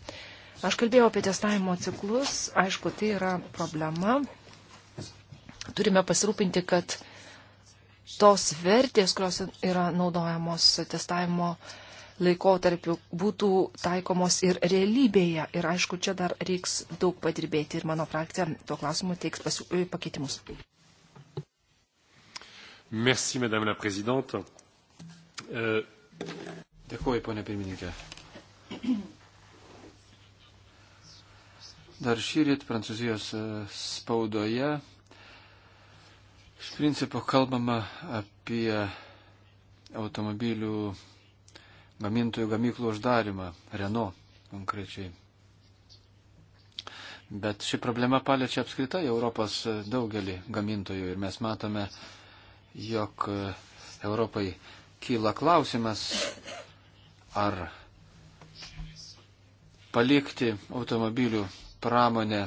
Aš kalbėjau apie testavimo ciklus, aišku, tai yra problema. Turime pasirūpinti, kad tos vertės, kurios yra naudojamos testavimo laikotarpiu, būtų taikomos ir realybėje. Ir aišku, čia dar reiks daug padirbėti ir mano frakcija tuo klausimu teiks pasiū... E, pakeitimus. Merci, Madame la Présidente. Euh... Dėkuoju, ponė pirmininkė. Dar šį rytą Prancūzijos e, spaudoje Iš principo kalbama apie automobilių gamintojų gamyklų uždarimą, Renault konkrečiai. Bet ši problema paliečia apskritai Europos daugelį gamintojų ir mes matome, jog Europai kyla klausimas, ar palikti automobilių pramonę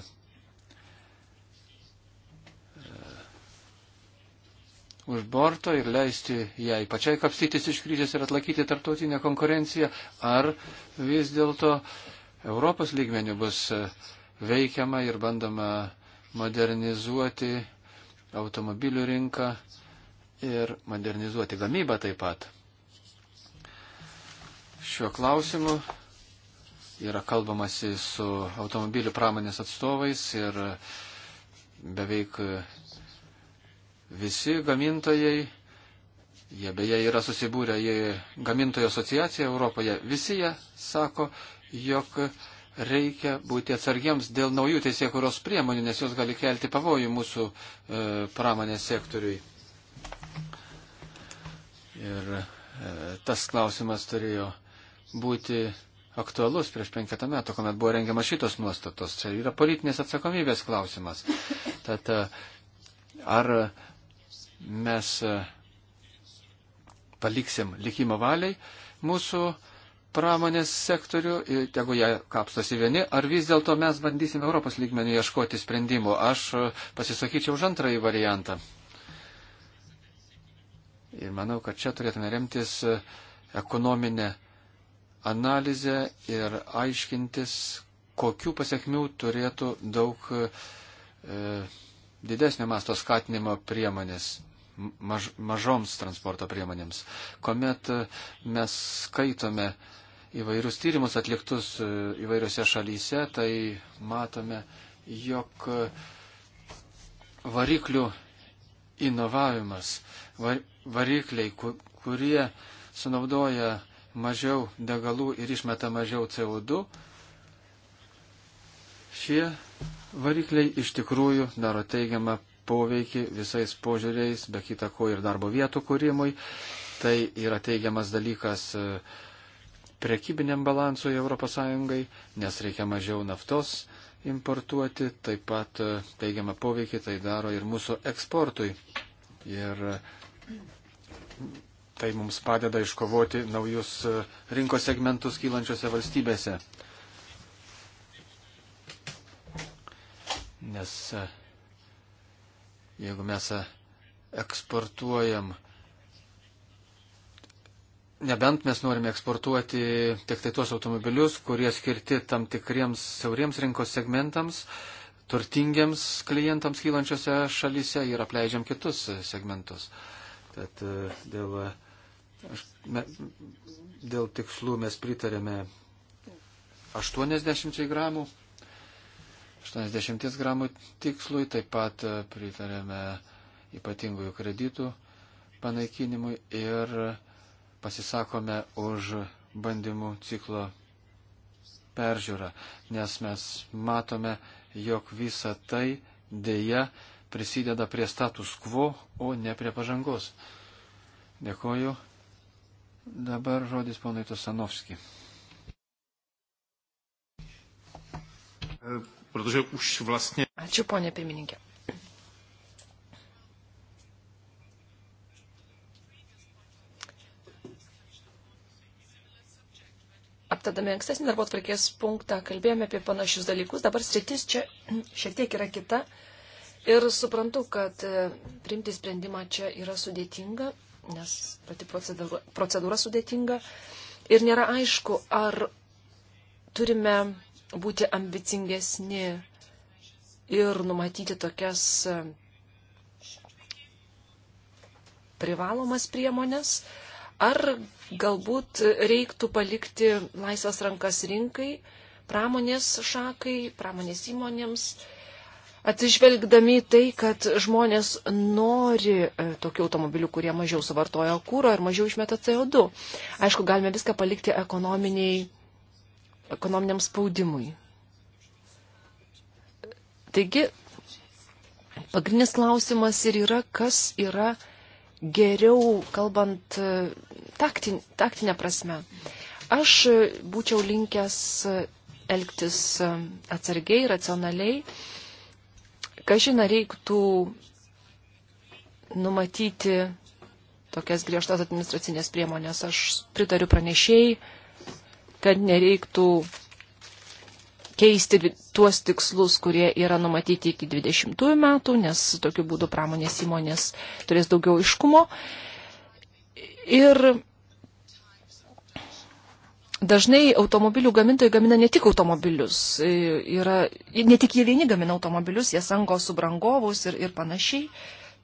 už borto ir leisti jai pačiai kapstytis iš krizės ir atlaikyti tarptautinę konkurenciją, ar vis dėlto Europos lygmenių bus e, veikiama ir bandoma modernizuoti automobilių rinką ir modernizuoti gamybą taip pat. Šiuo klausimu yra kalbamasi su automobilių pramonės atstovais ir e, beveik Visi gamintojai, jie beje yra susibūrę į gamintojų asociaciją Europoje, visi jie sako, jog reikia būti atsargiams dėl naujų teisėkuros priemonių, nes jos gali kelti pavojų mūsų e, pramonės sektoriui. Ir e, tas klausimas turėjo būti aktualus prieš penketą metų, kuomet buvo rengiamas šitos nuostatos. Čia yra politinės atsakomybės klausimas. Tad e, ar mes e, paliksim likimo valiai mūsų pramonės sektorių, tegu jie kapstosi vieni, ar vis dėlto mes bandysime Europos lygmenį ieškoti sprendimų. Aš e, pasisakyčiau už antrąjį variantą. Ir manau, kad čia turėtume remtis e, ekonominę analizę ir aiškintis, kokių pasiekmių turėtų daug e, didesnio masto skatinimo priemonės maž, mažoms transporto priemonėms. Komet e, mes skaitome įvairius tyrimus atliktus e, įvairiose šalyse, tai matome, jog e, variklių inovavimas, var, varikliai, kur, kurie sunaudoja mažiau degalų ir išmeta mažiau CO2, šie varikliai iš tikrųjų daro teigiamą poveikį visais požiūriais, be kita ko ir darbo vietų kūrimui. Tai yra teigiamas dalykas e, prekybiniam balansui ES, nes reikia mažiau naftos importuoti, taip pat e, teigiamą poveikį tai daro ir mūsų eksportui. Ir e, tai mums padeda iškovoti naujus rinkos segmentus kylančiose valstybėse. Nes Jeigu mes eksportuojam, nebent mes norime eksportuoti tik tai tuos automobilius, kurie skirti tam tikriems siauriems rinkos segmentams, turtingiems klientams kylančiose šalyse ir apleidžiam kitus segmentus. Tad e, dėl, aš, me, dėl tikslų mes pritarėme 80 gramų 80 gramų tikslui, taip pat e, pritarėme ypatingųjų kreditų panaikinimui ir pasisakome už bandymų ciklo peržiūrą, nes mes matome, jog visa tai dėja prisideda prie status quo, o ne prie pažangos. Dėkoju. Dabar žodis ponui Tosanovski. E, protože už vlastně. Ačiū, ponė pirmininkė. Aptadami ankstesnį darbo atvarkės punktą, kalbėjome apie panašius dalykus, dabar sritis čia [clears throat] šiek tiek yra kita ir suprantu, kad e, priimti sprendimą čia yra sudėtinga, nes pati procedūra, procedūra sudėtinga ir nėra aišku, ar turime būti ambicingesni ir numatyti tokias e, privalomas priemonės, ar galbūt reiktų palikti laisvas rankas rinkai, pramonės šakai, pramonės įmonėms, atsižvelgdami tai, kad žmonės nori e, tokių automobilių, kurie mažiau suvartoja kūro ir mažiau išmeta CO2. Aišku, galime viską palikti ekonominiai ekonominiam spaudimui. Taigi, pagrindinis klausimas ir yra, kas yra geriau, kalbant e, taktin, taktinę prasme. Aš būčiau linkęs elgtis e, atsargiai, racionaliai. Kažina reiktų numatyti tokias griežtas administracinės priemonės. Aš pritariu pranešėjai kad nereiktų keisti tuos tikslus, kurie yra numatyti iki 20 metų, nes tokiu būdu pramonės įmonės turės daugiau iškumo. Ir dažnai automobilių gamintojai gamina ne tik automobilius, e, yra, ne tik jie vieni gamina automobilius, jie sango subrangovus ir, ir panašiai.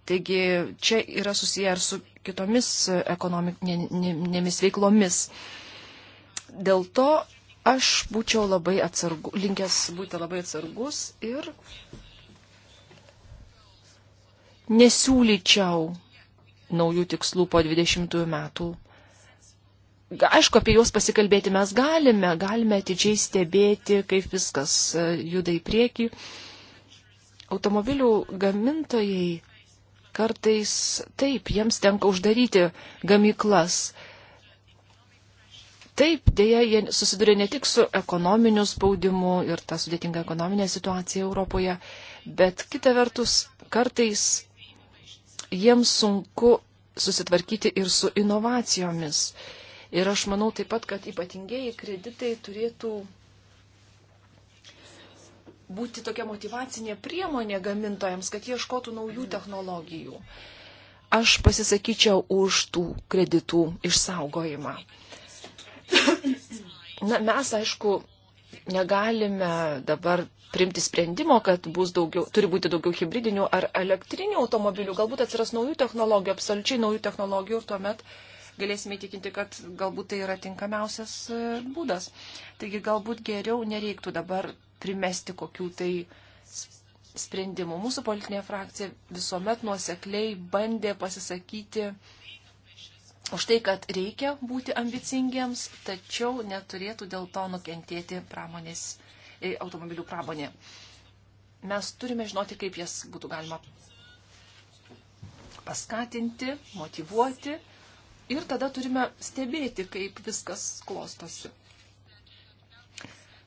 Taigi čia yra susiję ir su kitomis ekonominėmis veiklomis. Ne, ne, Dėl to aš būčiau labai atsargu, linkęs būti labai atsargus ir nesiūlyčiau naujų tikslų po 20 metų. Aišku, apie juos pasikalbėti mes galime, galime atidžiai stebėti, kaip viskas e, juda į priekį. Automobilių gamintojai kartais taip, jiems tenka uždaryti gamyklas Taip, dėja, jie susiduria ne tik su ekonominiu spaudimu ir ta sudėtinga ekonominė situacija Europoje, bet kita vertus, kartais jiems sunku susitvarkyti ir su inovacijomis. Ir aš manau taip pat, kad ypatingieji kreditai turėtų būti tokia motivacinė priemonė gamintojams, kad jie ieškotų naujų technologijų. Aš pasisakyčiau už tų kreditų išsaugojimą. Na, mes, aišku, negalime dabar primti sprendimo, kad daugiau, turi būti daugiau hybridinių ar elektrinių automobilių, galbūt atsiras naujų technologijų, absoliučiai naujų technologijų ir tuomet galėsime įtikinti, kad galbūt tai yra tinkamiausias e, būdas. Taigi galbūt geriau nereiktų dabar primesti kokių tai sprendimų. Mūsų politinė frakcija visuomet nuosekliai bandė pasisakyti už tai, kad reikia būti ambicingiems, tačiau neturėtų dėl to nukentėti pramonės, e, automobilių pramonė. Mes turime žinoti, kaip jas būtų galima paskatinti, motivuoti ir tada turime stebėti, kaip viskas klostosi.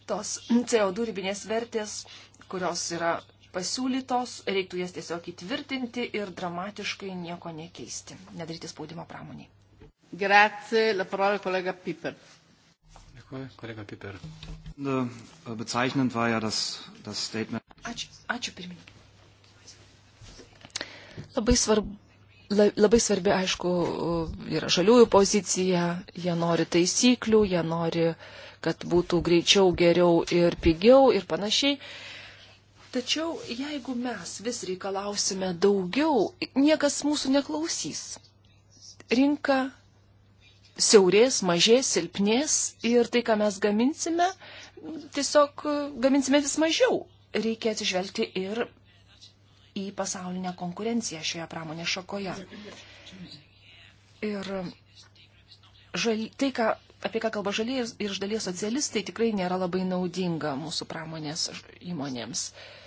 Tos CO2 ribinės vertės, kurios yra pasiūlytos, reiktų jas tiesiog įtvirtinti ir dramatiškai nieko nekeisti, nedaryti spaudimo pramoniai. Grazie, la parola kolega Piper. Dėkuoju, kolega Piper. Bezeichnend war ja das, das Statement. Ačiū, ačiū pirmininkai. Labai svarbu. Labai svarbi, aišku, yra žaliųjų pozicija, jie nori taisyklių, jie nori, kad būtų greičiau, geriau ir pigiau ir panašiai. Tačiau jeigu mes vis reikalausime daugiau, niekas mūsų neklausys. Rinka siaurės, mažės, silpnės ir tai, ką mes gaminsime, tiesiog e, gaminsime vis mažiau. Reikia atsižvelgti ir į pasaulinę konkurenciją šioje pramonės šakoje. Ir žal, tai, ką, apie ką kalba žaliai ir iš dalies socialistai, tikrai nėra labai naudinga mūsų pramonės įmonėms. Uh,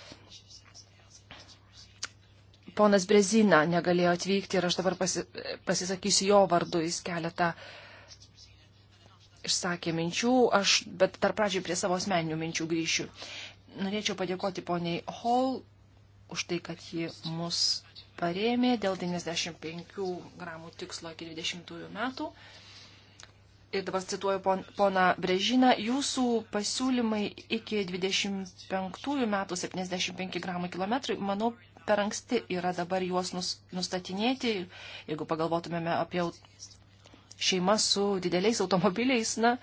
ponas Brezina negalėjo atvykti ir aš dabar pasi, pasisakysiu jo vardu, jis keletą išsakė minčių, aš, bet dar pradžiai prie savo asmeninių minčių grįšiu. Norėčiau padėkoti poniai Hall už tai, kad ji mus parėmė dėl 95 gramų tikslo iki 20 metų. Ir dabar cituoju pon, pona Brežiną, jūsų pasiūlymai iki 25 metų 75 gramų kilometrui, manau, per anksti yra dabar juos nustatinėti. Jeigu pagalvotumėme apie šeimas su dideliais automobiliais, na,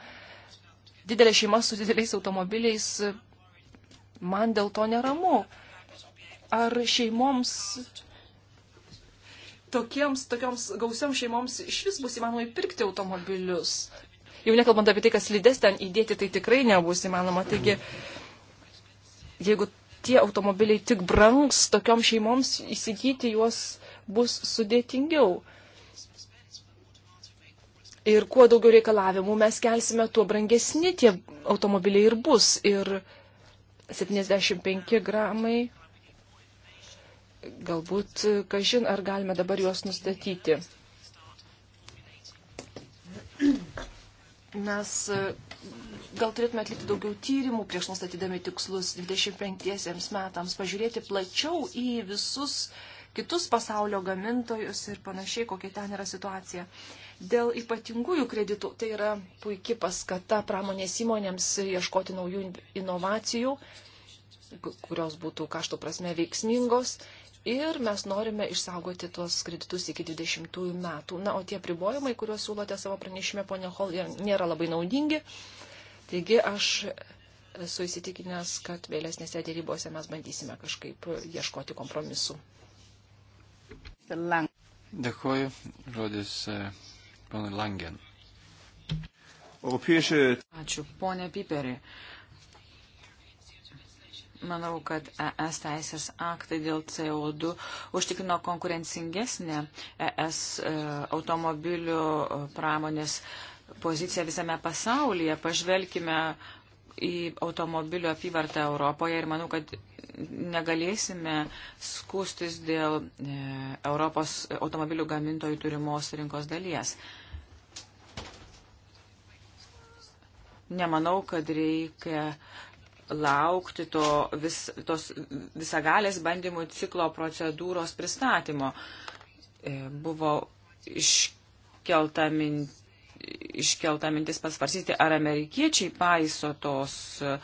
didelė šeima su dideliais automobiliais, man dėl to neramu. Ar šeimoms, tokiems, tokioms gausioms šeimoms iš vis bus įmanoma įpirkti automobilius? Jau nekalbant apie tai, kas lydės ten įdėti, tai tikrai nebus įmanoma. Taigi, jeigu tie automobiliai tik brangs, tokiom šeimoms įsigyti juos bus sudėtingiau. Ir kuo daugiau reikalavimų mes kelsime, tuo brangesni tie automobiliai ir bus. Ir 75 gramai, galbūt, kažin, ar galime dabar juos nustatyti. Mes gal turėtume atlikti daugiau tyrimų prieš nustatydami tikslus 25 metams, pažiūrėti plačiau į visus kitus pasaulio gamintojus ir panašiai, kokia ten yra situacija. Dėl ypatingųjų kreditų tai yra puikia paskata pramonės įmonėms ieškoti naujų inovacijų, kurios būtų kaštų prasme veiksmingos. Ir mes norime išsaugoti tuos kreditus iki 20 metų. Na, o tie pribojimai, kuriuos siūlote savo pranešime, ponia Hol, nėra labai naudingi. Uh, Taigi aš esu įsitikinęs, kad vėlesnėse dėrybose mes bandysime kažkaip ieškoti kompromisų. Dėkuoju. Žodis e, ponui Langen. Ačiū, ponė Piperį. Manau, kad ES teisės aktai dėl CO2 užtikrino konkurencingesnę ES e, automobilių e, pramonės uh, poziciją visame pasaulyje. Pažvelkime į automobilio apyvartą Europoje ir manau, kad negalėsime skūstis dėl e, Europos automobilių gamintojų turimos rinkos dalies. Nemanau, kad reikia laukti to vis, tos visagalės bandymų ciklo procedūros pristatymo. E, buvo iškelta mintis iškelta mintis pasvarsyti, ar amerikiečiai paiso tos e,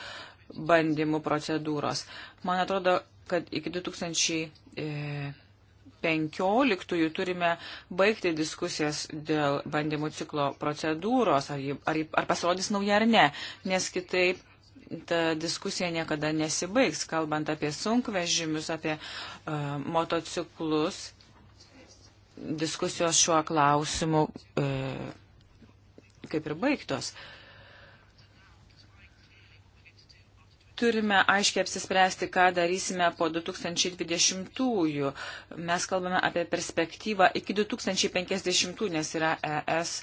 bandymų procedūros. Man atrodo, kad iki 2015 e, turime baigti diskusijas dėl bandymų ciklo procedūros, ar, ar, ar pasirodys nauja ar ne, nes kitaip ta diskusija niekada nesibaigs, kalbant apie sunkvežimius, apie uh, motociklus. Diskusijos šiuo klausimu uh, kaip ir baigtos. Turime aiškiai apsispręsti, ką darysime po 2020-ųjų. Mes kalbame apie perspektyvą iki 2050-ųjų, nes yra ES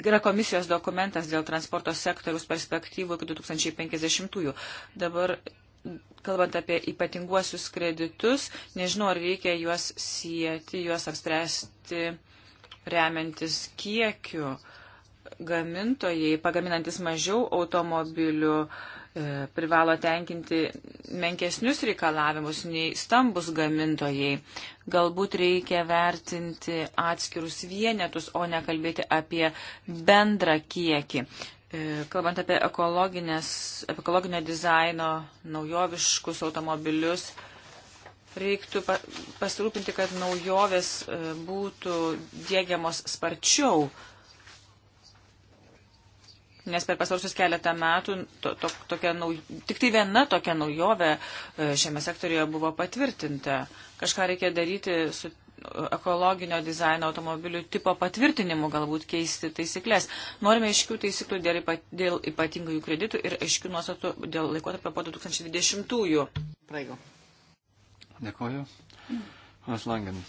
yra komisijos dokumentas dėl transporto sektoriaus perspektyvų iki 2050-ųjų. Dabar, kalbant apie ypatinguosius kreditus, nežinau, ar reikia juos sieti, juos apspręsti remiantis kiekiu gamintojai, pagaminantis mažiau automobilių, e, privalo tenkinti menkesnius reikalavimus nei stambus gamintojai. Galbūt reikia vertinti atskirus vienetus, o ne kalbėti apie bendrą kiekį. E, kalbant apie, apie ekologinio dizaino naujoviškus automobilius, reiktų pasirūpinti, kad naujovės e, būtų dėgiamos sparčiau nes per pasarusius keletą metų to, to, tokia nauj... tik tai viena tokia naujovė e, šiame sektorijoje buvo patvirtinta. Kažką reikia daryti su e, ekologinio dizaino automobilių tipo patvirtinimu, galbūt keisti taisyklės. Norime aiškių taisyklių dėl, ypa, dėl ypatingų jų kreditų ir aiškių nuostatų dėl laikotarpio po 2020-ųjų. Praigo. Dėkoju. Aš langinu.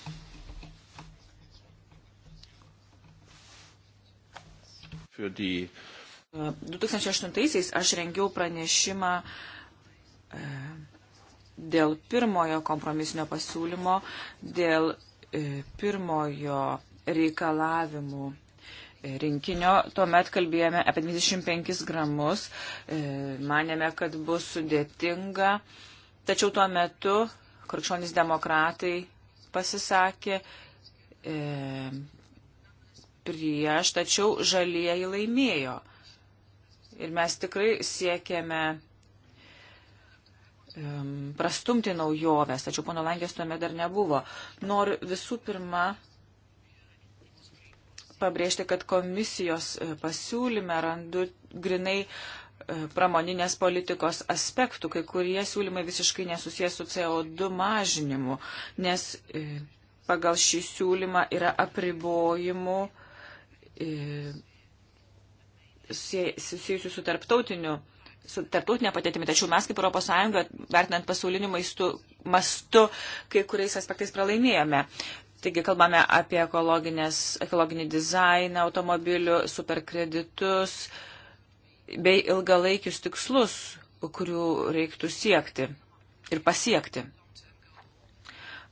Für die äh, 2008-aisiais aš rengiau pranešimą e, dėl pirmojo kompromisinio pasiūlymo, dėl e, pirmojo reikalavimų e, rinkinio. Tuomet kalbėjome apie 25 gramus, manėme, kad bus sudėtinga, tačiau tuo metu krikščionys demokratai pasisakė prieš, tačiau žalieji laimėjo. Ir mes tikrai siekėme um, prastumti naujoves, tačiau pono Langės tuomet dar nebuvo. Noriu visų pirma pabrėžti, kad komisijos e, pasiūlyme randu grinai e, pramoninės politikos aspektų, kai kurie siūlymai visiškai nesusijęs su CO2 mažinimu, nes e, pagal šį siūlymą yra apribojimų susijusių su tarptautiniu su tarptautinė patėtimi, tačiau mes kaip ES, vertinant pasauliniu maistu, mastu, kai kuriais aspektais pralaimėjome. Taigi kalbame apie ekologinį dizainą automobilių, superkreditus bei ilgalaikius tikslus, kurių reiktų siekti ir pasiekti.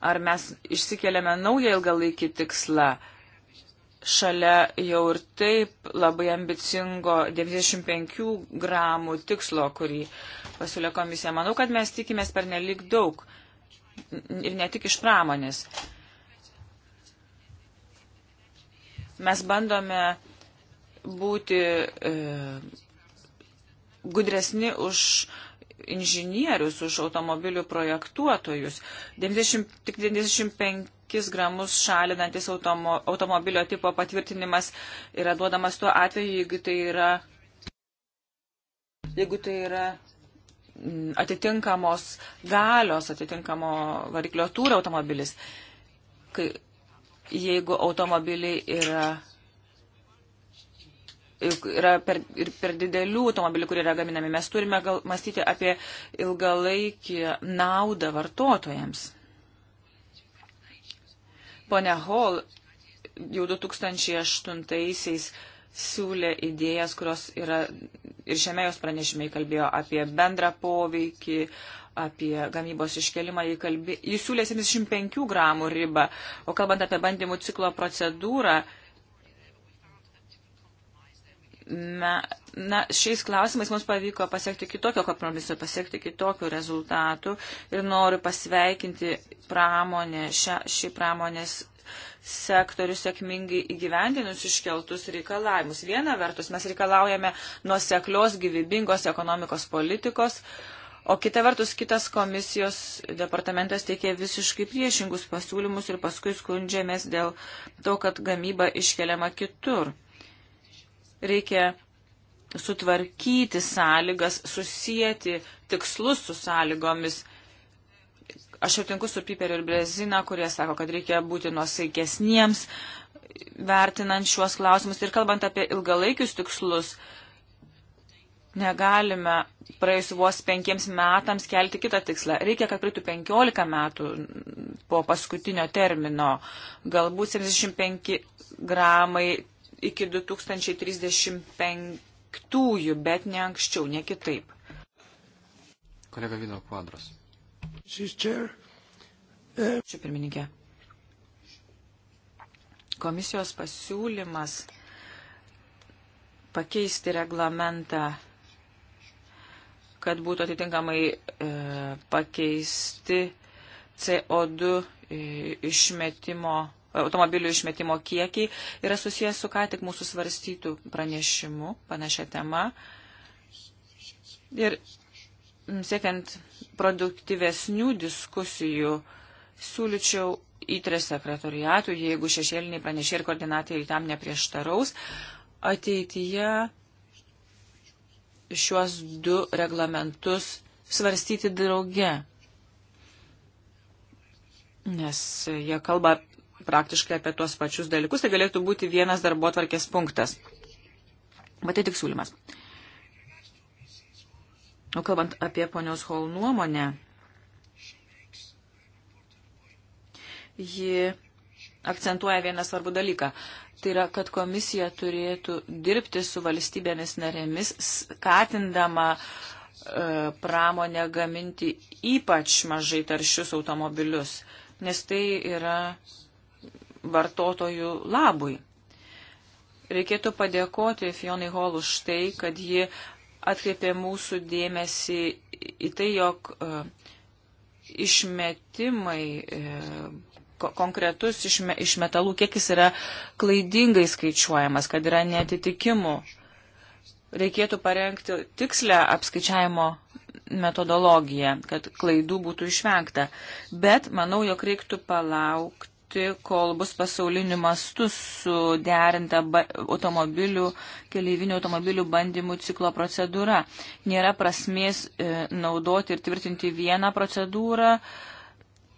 Ar mes išsikeliame naują ilgalaikį tikslą? šalia jau ir taip labai ambicingo 95 gramų tikslo, kurį pasiūlė komisija. Manau, kad mes tikimės per nelik daug ir ne tik iš pramonės. Mes bandome būti e, gudresni už inžinierius, už automobilių projektuotojus. 90, tik 95 5 gramus šalinantis automo, automobilio tipo patvirtinimas yra duodamas tuo atveju, jeigu tai yra, jeigu tai yra mm, atitinkamos galios, atitinkamo variklio tūrio automobilis. Kai, jeigu automobiliai yra yra per, ir per didelių automobilių, kurie yra gaminami. Mes turime gal, mąstyti apie ilgalaikį naudą vartotojams. Pone Hall jau 2008-aisiais siūlė idėjas, kurios yra ir šiame jos pranešime kalbėjo apie bendrą poveikį, apie gamybos iškelimą, jį, kalbė, jį siūlė 75 gramų ribą, o kalbant apie bandymų ciklo procedūrą, me, na, šiais klausimais mums pavyko pasiekti kitokio kompromiso, pasiekti kitokių rezultatų ir noriu pasveikinti pramonę, šią, šį pramonės sektorių sėkmingai įgyvendinus iškeltus reikalavimus. Viena vertus, mes reikalaujame nuoseklios gyvybingos ekonomikos politikos, o kita vertus, kitas komisijos departamentas teikė visiškai priešingus pasiūlymus ir paskui skundžiamės dėl to, kad gamyba iškeliama kitur. Reikia sutvarkyti sąlygas, susijęti tikslus su sąlygomis. Aš sutinku su Piperiu ir Brezina, kurie sako, kad reikia būti nuosaikesniems, vertinant šiuos klausimus ir kalbant apie ilgalaikius tikslus negalime praėjus vos penkiems metams kelti kitą tikslą. Reikia, kad praeitų 15 metų po paskutinio termino. Galbūt 75 gramai iki 2035, bet ne anksčiau, ne kitaip. Kolega Vino Kvadros. Ačiū pirmininkė. Komisijos pasiūlymas pakeisti reglamentą kad būtų atitinkamai e, pakeisti CO2 e, išmetimo automobilių išmetimo kiekiai yra susijęs su ką tik mūsų svarstytų pranešimu panašia tema. Ir mm, siekiant produktyvesnių diskusijų, siūlyčiau įtrė sekretoriatų, jeigu šešėliniai pranešė ir koordinatai tam neprieštaraus, ateityje šiuos du reglamentus svarstyti drauge. Nes jie kalba praktiškai apie tuos pačius dalykus, tai galėtų būti vienas darbo atvarkės punktas. Bet tai tik siūlymas. O kalbant apie ponios Hol nuomonę, ji akcentuoja vieną svarbų dalyką. Tai yra, kad komisija turėtų dirbti su valstybėmis narėmis, skatindama e, pramonę gaminti ypač mažai taršius automobilius, nes tai yra vartotojų labui. Reikėtų padėkoti Fionai Hall už tai, kad ji atkreipė mūsų dėmesį į tai, jog e, išmetimai, e, konkretus išmetalų kiekis yra klaidingai skaičiuojamas, kad yra netitikimų. Reikėtų parengti tikslę apskaičiavimo metodologiją, kad klaidų būtų išvengta. Bet manau, jog reiktų palaukti laukti, kol bus pasauliniu mastu suderinta automobilių, keleivinių automobilių bandymų ciklo procedūra. Nėra prasmės e, naudoti ir tvirtinti vieną procedūrą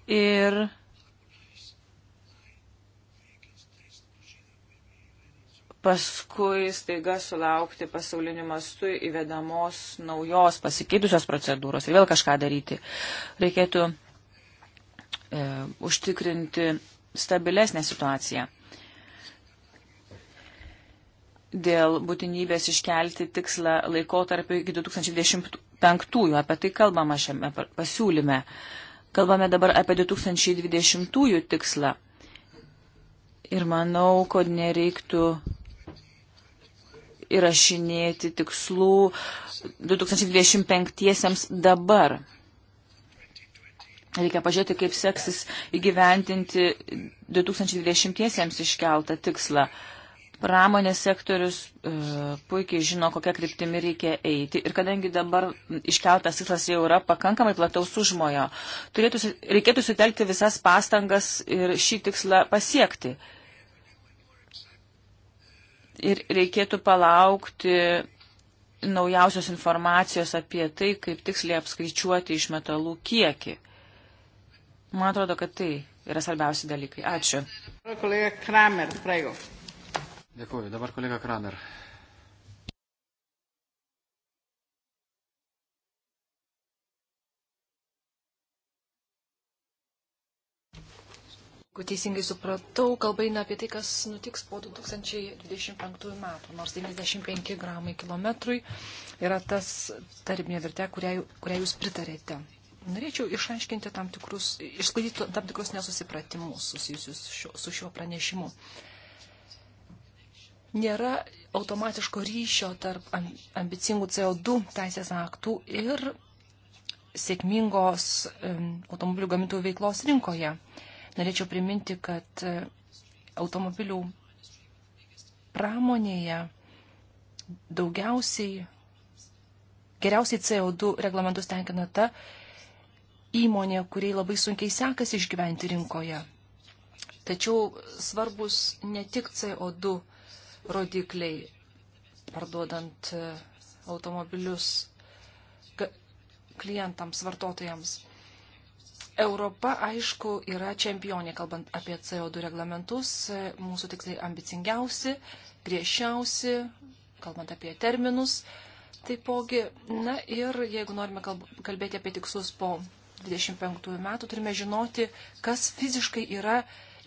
ir. Paskui staiga sulaukti pasauliniu mastu įvedamos naujos pasikeitusios procedūros ir vėl kažką daryti. Reikėtų e, užtikrinti stabilesnę situaciją. Dėl būtinybės iškelti tikslą laikotarpį iki 2025, apie tai kalbama šiame pasiūlyme. Kalbame dabar apie 2020 tikslą. Ir manau, kad nereiktų įrašinėti tikslų 2025 dabar. Reikia pažiūrėti, kaip seksis įgyventinti 2020-iesiems iškeltą tikslą. Pramonės sektorius e, puikiai žino, kokią kryptimį reikia eiti. Ir kadangi dabar iškeltas tikslas jau yra pakankamai plataus užmojo, turėtų, reikėtų sutelkti visas pastangas ir šį tikslą pasiekti. Ir reikėtų palaukti naujausios informacijos apie tai, kaip tiksliai apskaičiuoti iš metalų kiekį. Man atrodo, kad tai yra svarbiausi dalykai. Ačiū. Kolega Kramer, praigo. Dėkuoju. Dabar kolega Kramer. Jeigu teisingai supratau, kalba eina apie tai, kas nutiks po 2025 metų, nors 95 gramai kilometrui yra tas tarminė vertė, kurią, kurią jūs pritarėte. Norėčiau išaiškinti tam tikrus, išsklaidyti tam tikrus nesusipratimus susijusius šio, su šiuo pranešimu. Nėra automatiško ryšio tarp ambicingų CO2 teisės aktų ir sėkmingos automobilių gamintojų veiklos rinkoje. Norėčiau priminti, kad e, automobilių pramonėje daugiausiai, geriausiai CO2 reglamentus tenkina ta įmonė, kuriai labai sunkiai sekasi išgyventi rinkoje. Tačiau svarbus ne tik CO2 rodikliai, parduodant e, automobilius klientams, vartotojams. Europa, aišku, yra čempionė, kalbant apie CO2 reglamentus. E, mūsų tikslai ambicingiausi, griežčiausi, kalbant apie terminus. Taipogi, na ir jeigu norime kalbėti apie tikslus po 25 metų turime žinoti, kas fiziškai yra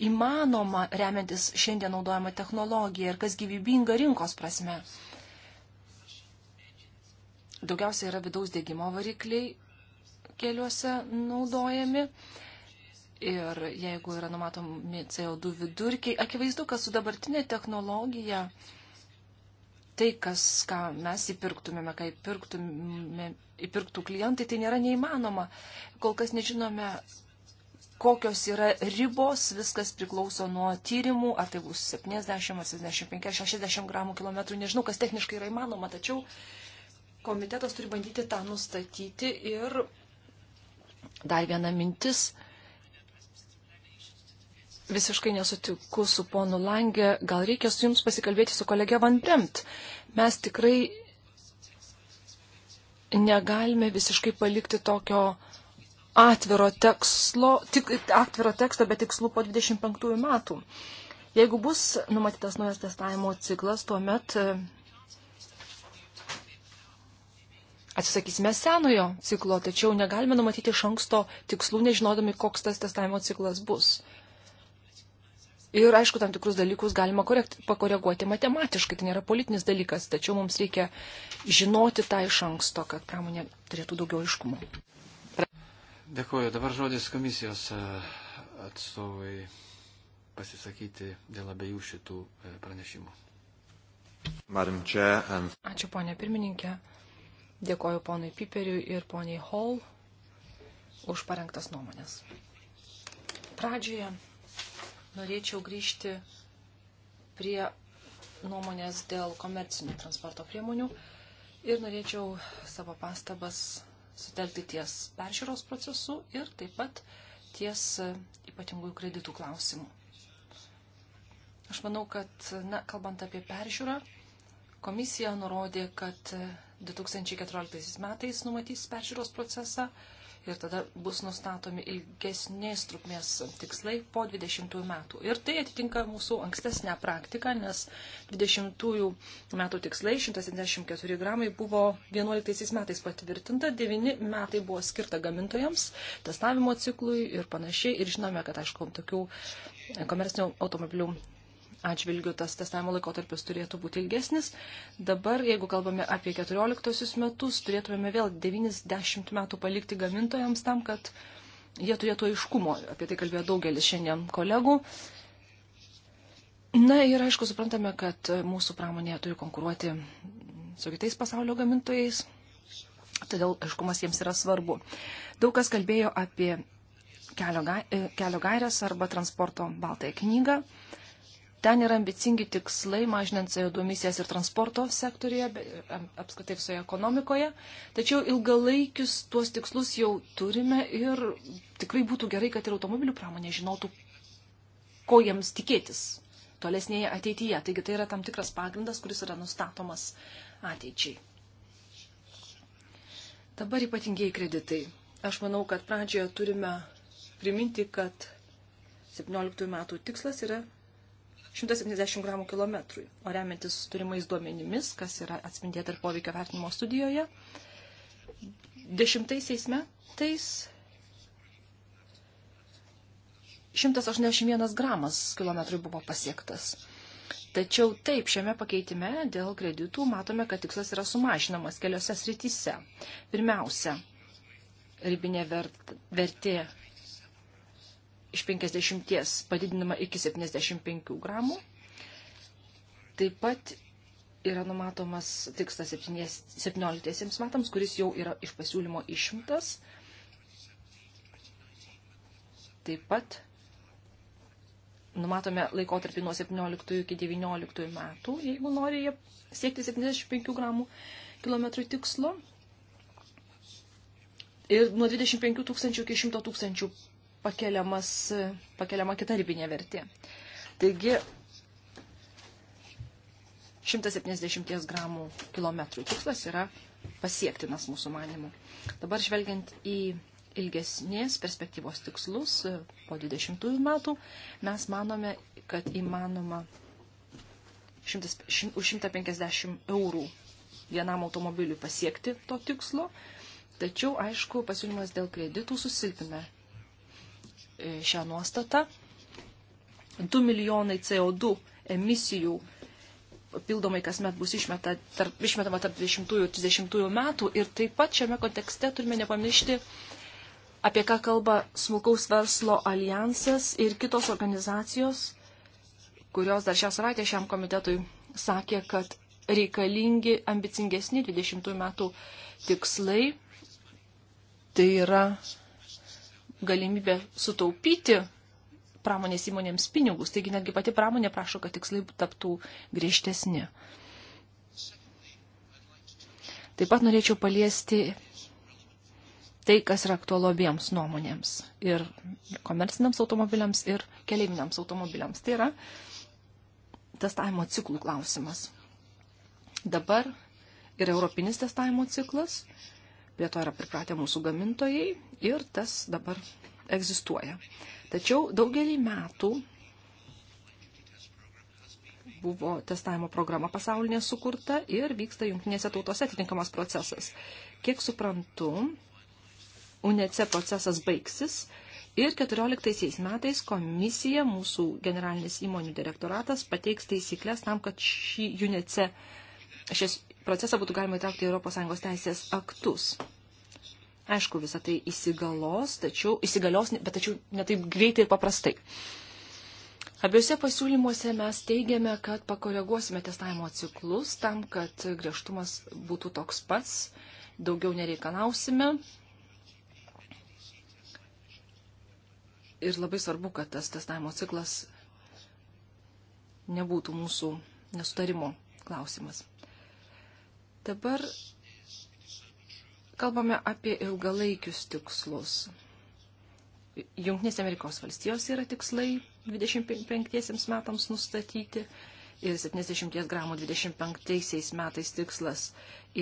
įmanoma remiantis šiandien naudojama technologija ir kas gyvybinga rinkos prasme. Daugiausia yra vidaus dėgymo varikliai keliuose naudojami. Ir jeigu yra numatomi CO2 vidurkiai, akivaizdu, kad su dabartinė technologija uh, tai, kas, ką mes įpirktumėme, ką įpirktumėme, įpirktų klientai, tai nėra neįmanoma. Kol kas nežinome, kokios yra ribos, viskas priklauso nuo tyrimų, ar tai bus 70, 75, 60 gramų kilometrų, nežinau, kas techniškai yra įmanoma, tačiau komitetas turi bandyti tą nustatyti ir dar viena mintis visiškai nesutiku su ponu Lange. Gal reikia su jums pasikalbėti su kolege Van Bremt. Mes tikrai negalime visiškai palikti tokio atviro, tekslo, tik, atviro teksto, bet tikslų po 25 metų. Jeigu bus numatytas naujas testavimo ciklas, tuomet e, atsisakysime senojo ciklo, tačiau negalime numatyti iš anksto tikslų, nežinodami, koks tas testavimo ciklas bus. Ir aišku, tam tikrus dalykus galima korekt, pakoreguoti matematiškai, tai nėra politinis dalykas, tačiau mums reikia žinoti tą iš anksto, kad pramonė turėtų daugiau aiškumo. Dėkuoju. Dabar žodis komisijos e, atstovai pasisakyti dėl abiejų šitų e, pranešimų. Ačiū ponė pirmininkė. Dėkoju ponui Piperiui ir poniai Hall už parengtas nuomonės. Pradžioje Norėčiau grįžti prie nuomonės dėl komercinių transporto priemonių ir norėčiau savo pastabas sutelkti ties peržiūros procesu ir taip pat ties ypatingųjų kreditų klausimų. Aš manau, kad, na, kalbant apie peržiūrą, komisija nurodė, kad 2014 metais numatys peržiūros procesą ir tada bus nustatomi ilgesnės trukmės tikslai po 20 metų. Ir tai atitinka mūsų ankstesnę praktiką, nes 20 metų tikslai 174 gramai buvo 11 metais patvirtinta, 9 metai buvo skirta gamintojams, testavimo ciklui ir panašiai. Ir žinome, kad, aišku, tokių komercinių automobilių atžvilgių tas testavimo laikotarpis turėtų būti ilgesnis. Dabar, jeigu kalbame apie 14 metus, turėtumėme vėl 90 metų palikti gamintojams tam, kad jie turėtų aiškumo. Apie tai kalbėjo daugelis šiandien kolegų. Na ir aišku, suprantame, kad mūsų pramonė turi konkuruoti su kitais pasaulio gamintojais. Todėl aiškumas jiems yra svarbu. Daug kas kalbėjo apie kelio, ga, kelio gairias arba transporto baltąją knygą. Ten yra ambicingi tikslai, mažinant CO2 emisijas ir transporto sektorija, apskritai visoje ekonomikoje. Tačiau ilgalaikius tuos tikslus jau turime ir tikrai būtų gerai, kad ir automobilių pramonė žinotų, ko jiems tikėtis tolesnėje ateityje. Taigi tai yra tam tikras pagrindas, kuris yra nustatomas ateičiai. Dabar ypatingiai kreditai. Aš manau, kad pradžioje turime priminti, kad 17 metų tikslas yra 170 gramų kilometrui. O remiantis turimais duomenimis, kas yra atspindėta ir poveikio vertinimo studijoje, dešimtaisiais metais 181 gramas kilometrui buvo pasiektas. Tačiau taip, šiame pakeitime dėl kreditų matome, kad tikslas yra sumažinamas keliose srityse. Pirmiausia, ribinė vert, vertė iš 50 padidinama iki 75 gramų. Taip pat yra numatomas tikslas 17 metams, kuris jau yra iš pasiūlymo išimtas. Taip pat numatome laikotarpį nuo 17 iki 19 metų, jeigu nori jie siekti 75 gramų kilometrų tikslo. Ir nuo 25 tūkstančių iki 100 tūkstančių pakeliama kita ribinė vertė. Taigi 170 gramų kilometrų tikslas yra pasiektinas mūsų manimu. Dabar žvelgiant į ilgesnės perspektyvos tikslus po 20 metų, mes manome, kad įmanoma 100, už 150 eurų vienam automobiliui pasiekti to tikslo. Tačiau, aišku, pasiūlymas dėl kreditų susilpina šią nuostatą. 2 milijonai CO2 emisijų papildomai kasmet bus išmeta tarp, išmetama tarp 20-30 metų ir taip pat šiame kontekste turime nepamiršti, apie ką kalba smulkaus verslo alijansas ir kitos organizacijos, kurios dar šią savaitę šiam komitetui sakė, kad reikalingi ambicingesni 20 metų tikslai. Tai yra galimybę sutaupyti pramonės įmonėms pinigus. Taigi netgi pati pramonė prašo, kad tikslai taptų griežtesni. Taip pat norėčiau paliesti tai, kas yra aktualu abiems nuomonėms - ir komerciniams automobiliams, ir keleiviniams automobiliams. Tai yra testavimo ciklų klausimas. Dabar yra europinis testavimo ciklas, prie to yra pripratę mūsų gamintojai ir tas dabar egzistuoja. Tačiau daugelį metų buvo testavimo programa pasaulinė sukurta ir vyksta jungtinėse tautose atitinkamas procesas. Kiek suprantu, UNECE procesas baigsis ir 14 metais komisija, mūsų generalinis įmonių direktoratas, pateiks taisyklės tam, kad šį UNECE, šis procesą būtų galima įtraukti į ES teisės aktus. Aišku, visą tai įsigalos, tačiau, įsigalios, bet tačiau netaip greitai ir paprastai. Abiejose pasiūlymuose mes teigiame, kad pakoreguosime testavimo ciklus tam, kad griežtumas būtų toks pats, daugiau nereikalausime. Ir labai svarbu, kad tas testavimo ciklas nebūtų mūsų nesutarimo klausimas. Dabar kalbame apie ilgalaikius tikslus. Junktinės Amerikos valstijos yra tikslai 25 metams nustatyti ir 70 gramų 25 metais tikslas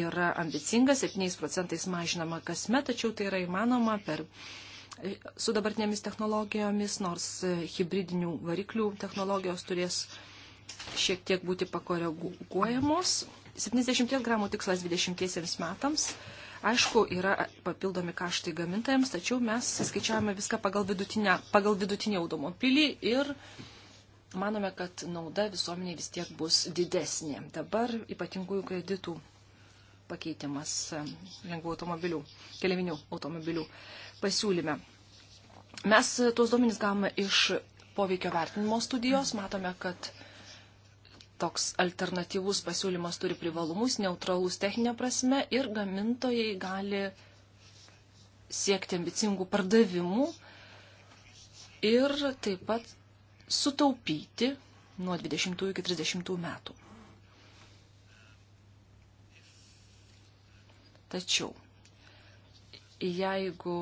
yra ambicingas, 7 procentais mažinama kasmet, tačiau tai yra įmanoma per su dabartinėmis technologijomis, nors hybridinių variklių technologijos turės šiek tiek būti pakoreguojamos. 70 gramų tikslas 20 metams. Aišku, yra papildomi kaštai gamintojams, tačiau mes skaičiavome viską pagal vidutinę, pagal vidutinį automobilį ir manome, kad nauda visuomeniai vis tiek bus didesnė. Dabar ypatingųjų kreditų pakeitimas lengvų automobilių, keliavinių automobilių pasiūlyme. Mes tuos duomenys gavome iš poveikio vertinimo studijos, matome, kad toks alternatyvus pasiūlymas turi privalumus, neutralus techninė prasme ir gamintojai gali siekti ambicingų pardavimų ir taip pat sutaupyti nuo 20 iki 30 metų. Tačiau, jeigu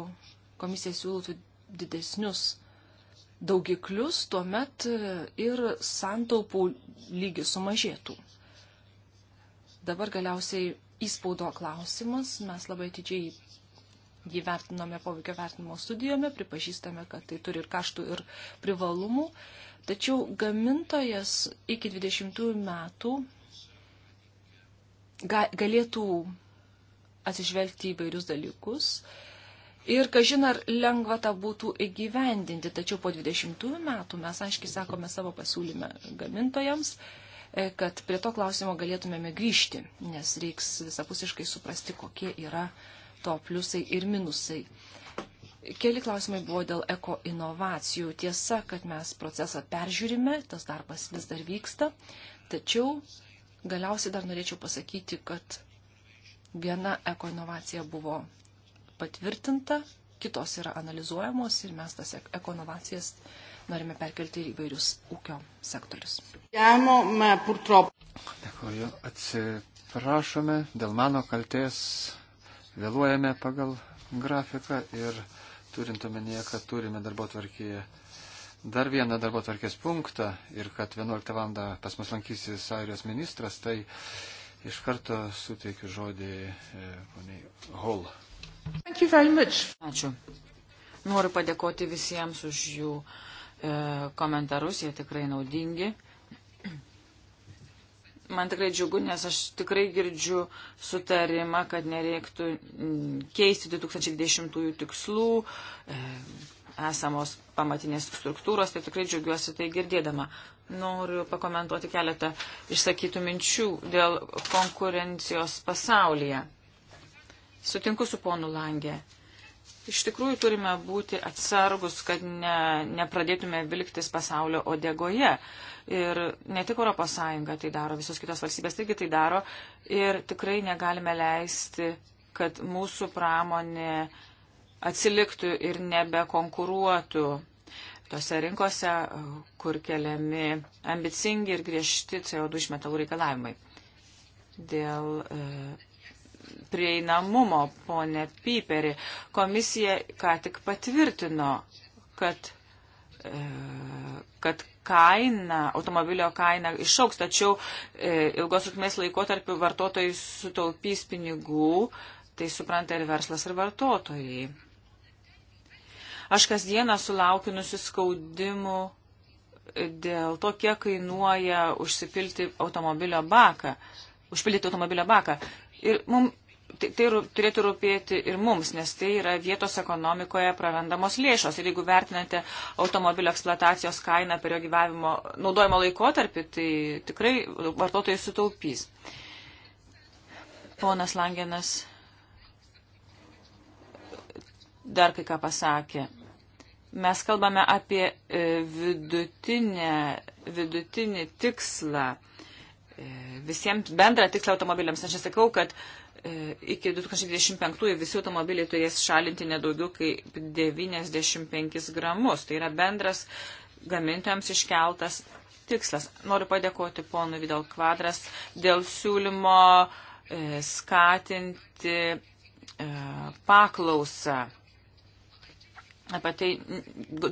komisija siūlytų didesnius daugiklius, tuomet e, ir santaupų lygis sumažėtų. Dabar galiausiai įspaudo klausimas, mes labai atidžiai jį vertiname poveikio vertinimo studijome, pripažįstame, kad tai turi ir kaštų, ir privalumų, tačiau gamintojas iki 20 metų ga, galėtų atsižvelgti į vairius dalykus, uh, Ir kažin ar lengva tą būtų įgyvendinti, tačiau po 20 metų mes aiškiai sakome savo pasiūlyme gamintojams, e, kad prie to klausimo galėtumėme grįžti, nes reiks visapusiškai suprasti, kokie yra to pliusai ir minusai. Keli klausimai buvo dėl eko inovacijų. Tiesa, kad mes procesą peržiūrime, tas darbas vis dar vyksta, tačiau galiausiai dar norėčiau pasakyti, kad viena eko inovacija buvo patvirtinta, kitos yra analizuojamos ir mes tas ekonovacijas norime perkelti ir įvairius ūkio sektorius. Dėkuoju, atsiprašome dėl mano kalties, vėluojame pagal grafiką ir turint omenyje, kad turime darbo tvarkyje dar vieną darbo tvarkės punktą ir kad 11 val. pas mus lankysis Airijos ministras, tai iš karto suteikiu žodį e, poniai Hall. Ačiū. Noriu padėkoti visiems už jų e, komentarus, jie tikrai naudingi. Man tikrai džiugu, nes aš tikrai girdžiu sutarimą, kad nereiktų keisti 2010 tikslų, e, esamos pamatinės struktūros, tai tikrai džiaugiuosi tai girdėdama. Noriu pakomentuoti keletą išsakytų minčių dėl konkurencijos pasaulyje. Sutinku su ponu Langė. Iš tikrųjų turime būti atsargus, kad ne, nepradėtume vilktis pasaulio odegoje. Ir ne tik ES tai daro, visos kitos valstybės taigi tai daro. Ir tikrai negalime leisti, kad mūsų pramonė atsiliktų ir nebekonkuruotų tose rinkose, kur keliami ambicingi ir griežti CO2 išmetalų reikalavimai. Dėl e, prieinamumo, ponė Piperi. Komisija ką tik patvirtino, kad, e, kad kaina, automobilio kaina išauks, tačiau e, ilgos atmės laikotarpiu vartotojai sutaupys pinigų, tai supranta ir verslas, ir vartotojai. Aš kasdieną sulaukiu nusiskaudimų e, dėl to, kiek kainuoja užsipilti automobilio baką, užpildyti automobilio baką. Ir mums tai, tai turėtų rūpėti ir mums, nes tai yra vietos ekonomikoje prarandamos lėšos. Ir jeigu vertinate automobilio eksploatacijos kainą per jo gyvavimo naudojimo laikotarpį, tai tikrai vartotojai sutaupys. Ponas Langenas dar kai ką pasakė. Mes kalbame apie e, vidutinę, vidutinį tikslą E, visiems bendrą tikslą automobiliams. Aš nesakau, kad e, iki 2025 visi automobiliai turės šalinti nedaugiau kaip 95 gramus. Tai yra bendras gamintojams iškeltas tikslas. Noriu padėkoti ponui Vidal Kvadras dėl siūlymo e, skatinti paklausą apie tai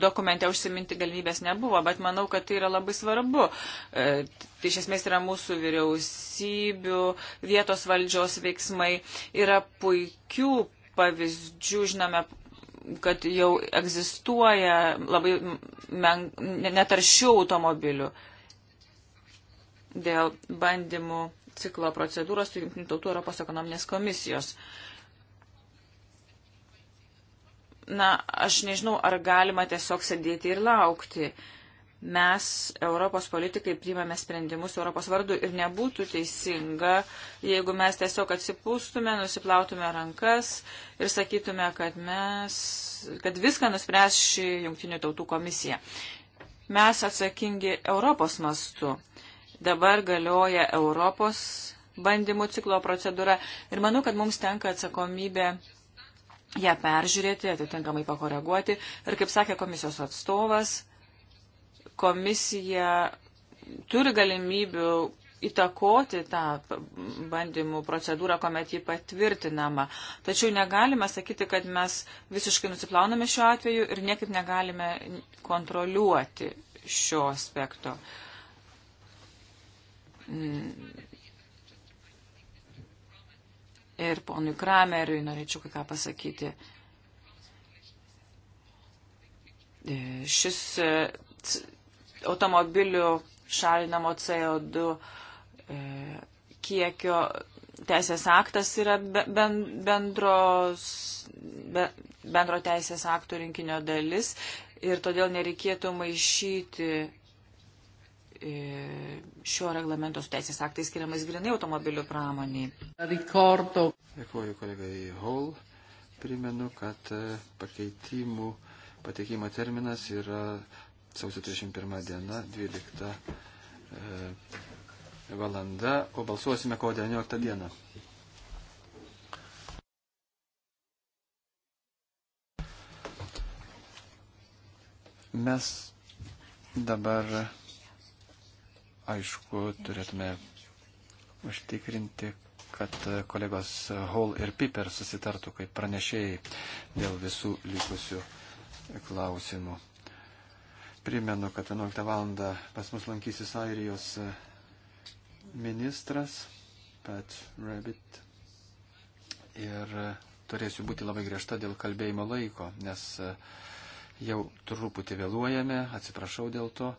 dokumente užsiminti galimybės nebuvo, bet manau, kad tai yra labai svarbu. E, tai iš esmės yra mūsų vyriausybių, vietos valdžios veiksmai, yra puikių pavyzdžių, žinome, kad jau egzistuoja labai men, netaršių automobilių dėl bandymų ciklo procedūros su Junktinių tautų Europos ekonominės komisijos. E, na, aš nežinau, ar galima tiesiog sėdėti ir laukti. Mes, Europos politikai, priimame sprendimus Europos vardu ir nebūtų teisinga, jeigu mes tiesiog atsipūstume, nusiplautume rankas ir sakytume, kad, mes, kad viską nuspręs ši Junktinių tautų komisija. Mes atsakingi Europos mastu. Dabar galioja Europos bandymų ciklo procedūra ir manau, kad mums tenka atsakomybė ją peržiūrėti, atitinkamai pakoreguoti. Ir kaip sakė komisijos atstovas, komisija turi galimybių įtakoti tą bandymų procedūrą, kuomet jį patvirtinama. Tačiau negalime sakyti, kad mes visiškai nusiplauname šiuo atveju ir niekaip negalime kontroliuoti šio aspekto. Mm ir ponui Krameriui norėčiau ką pasakyti. E, šis e, automobilių šalinamo CO2 e, kiekio teisės aktas yra bendros, bendro teisės aktų rinkinio dalis ir todėl nereikėtų maišyti E, šio reglamento su teisės aktais skiriamais grinai automobilių pramoniai. Rikordo. Dėkuoju kolegai Hall. Primenu, kad e, pakeitimų pateikimo terminas yra sausio 31 diena, 12 e, valanda, o balsuosime kovo 19 dieną. Mes dabar Aišku, turėtume užtikrinti, kad kolegos Hall ir Piper susitartų kaip pranešėjai dėl visų likusių klausimų. Primenu, kad 11 val. pas mus lankysis Airijos ministras Pat Rabbit ir turėsiu būti labai griežta dėl kalbėjimo laiko, nes jau truputį vėluojame, atsiprašau dėl to.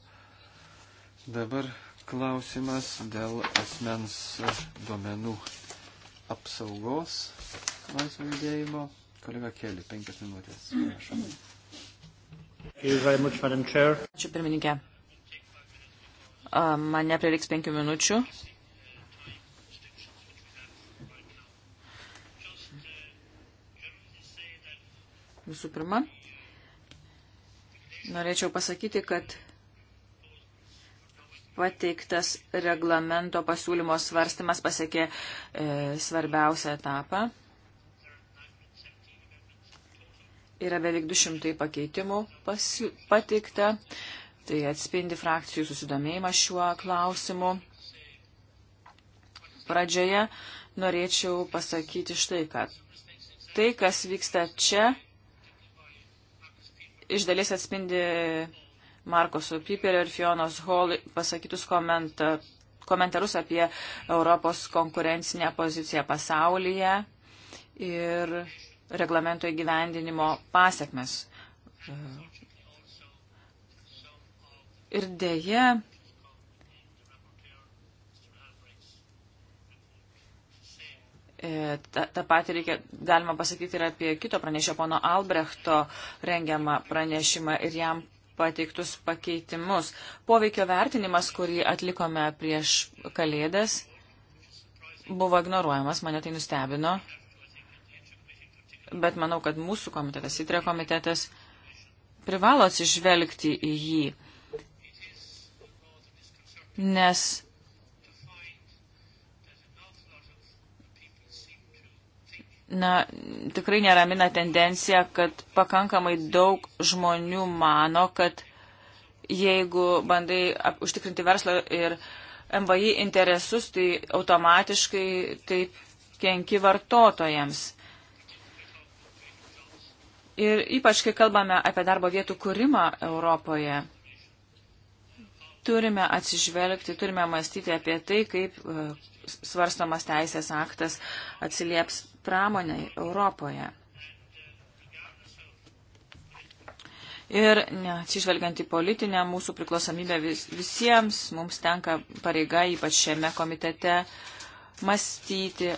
Dabar klausimas dėl asmens duomenų apsaugos laisvo judėjimo. Kolega Keli, penkias minutės. Prašom. Ačiū pirmininkė. Mane prireiks penkių minučių. Visų pirma, norėčiau pasakyti, kad pateiktas reglamento pasiūlymo svarstymas pasiekė e, svarbiausią etapą. Yra beveik 200 pakeitimų pasi, pateikta. Tai atspindi frakcijų susidomėjimą šiuo klausimu. Pradžioje norėčiau pasakyti štai, kad tai, kas vyksta čia, iš dalies atspindi Markoso Piperio ir Fionos Hall pasakytus komenta, komentarus apie Europos konkurencinę poziciją pasaulyje ir reglamento įgyvendinimo pasiekmes. Ir dėje e, Ta, ta pati reikia, galima pasakyti ir apie kito pranešio, pono Albrechto rengiamą pranešimą ir jam pateiktus pakeitimus. Poveikio vertinimas, kurį atlikome prieš kalėdas, buvo ignoruojamas, mane tai nustebino. Bet manau, kad mūsų komitetas, įtrė komitetas, privalo atsižvelgti į jį. Nes na, tikrai neramina tendencija, kad pakankamai daug žmonių mano, kad jeigu bandai užtikrinti verslą ir MVI interesus, tai automatiškai taip kenki vartotojams. Ir ypač, kai kalbame apie darbo vietų kūrimą Europoje, turime atsižvelgti, turime mąstyti apie tai, kaip e, svarstomas teisės aktas atsilieps pramoniai Europoje. Ir neatsižvelgiant į politinę mūsų priklausomybę vis, visiems, mums tenka pareiga, ypač šiame komitete, mąstyti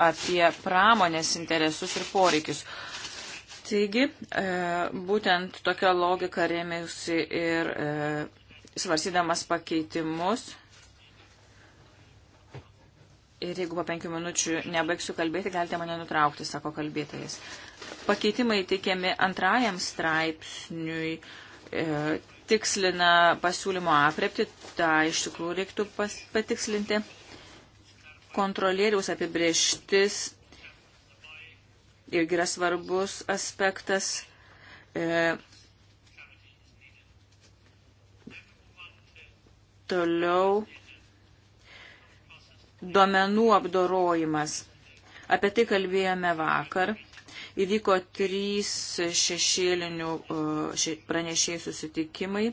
apie pramonės interesus ir poreikius. Taigi, e, būtent tokia logika rėmėsi ir e, svarsydamas pakeitimus Ir jeigu po penkių minučių nebaigsiu kalbėti, galite mane nutraukti, sako kalbėtojas. Pakeitimai teikiami antrajam straipsniui, e, tikslina pasiūlymo aprepti, tą iš tikrųjų reiktų pas, patikslinti. Kontrolieriaus apibrieštis irgi yra svarbus aspektas. E, toliau duomenų apdorojimas. Apie tai kalbėjome vakar. Įvyko trys šešėlinių e, pranešėjų susitikimai.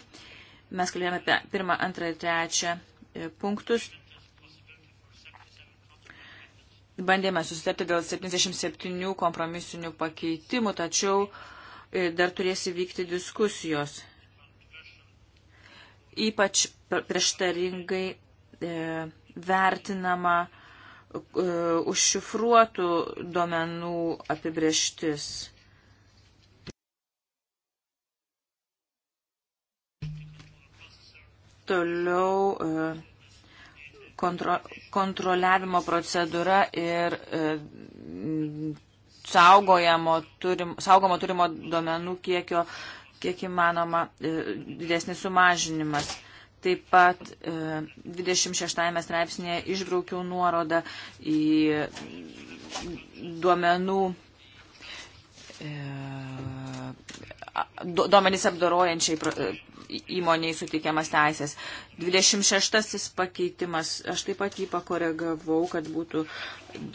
Mes kalbėjome apie pirmą, antrą ir trečią e, punktus. Bandėme susitarti dėl 77 kompromisinių pakeitimų, tačiau e, dar turės įvykti diskusijos. Ypač prieštaringai e, vertinama e, užšifruotų duomenų apibrieštis. Toliau e, kontro, kontroliavimo procedūra ir e, saugojamo turim, saugomo turimo duomenų kiekio, kiek įmanoma, didesnis sumažinimas. Taip pat 26 e, straipsnėje išbraukiau nuorodą į duomenų e, duomenys apdorojančiai e, įmoniai suteikiamas teisės. 26 pakeitimas, aš taip pat jį pakoregavau, kad, būtų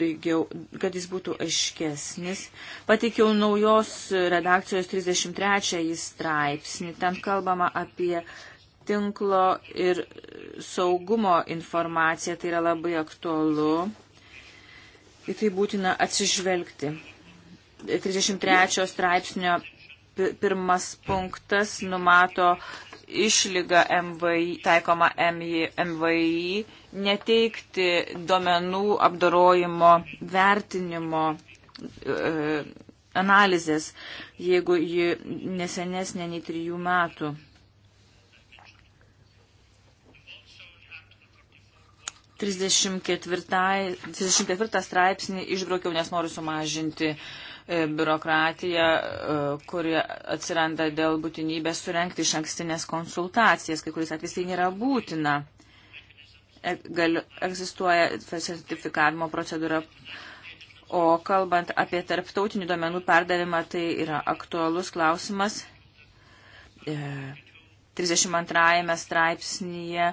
daugiau, kad jis būtų aiškesnis. Pateikiau naujos redakcijos 33 straipsnį, ten kalbama apie uh, tinklo ir saugumo informacija, tai yra labai aktualu. Į tai būtina atsižvelgti. 33 straipsnio pirmas punktas numato išlyga MVI, taikoma MVI, neteikti duomenų apdarojimo vertinimo e, analizės, jeigu ji nesenesnė nei trijų metų. 34, 34 straipsnį išbraukiau, nes noriu sumažinti e, biurokratiją, e, kuri atsiranda dėl būtinybės surenkti iš ankstinės konsultacijas, kai kuris atvejs tai nėra būtina. E, Gal, egzistuoja sertifikavimo procedūra, o kalbant apie tarptautinių duomenų perdavimą, tai yra aktualus klausimas. 32 straipsnėje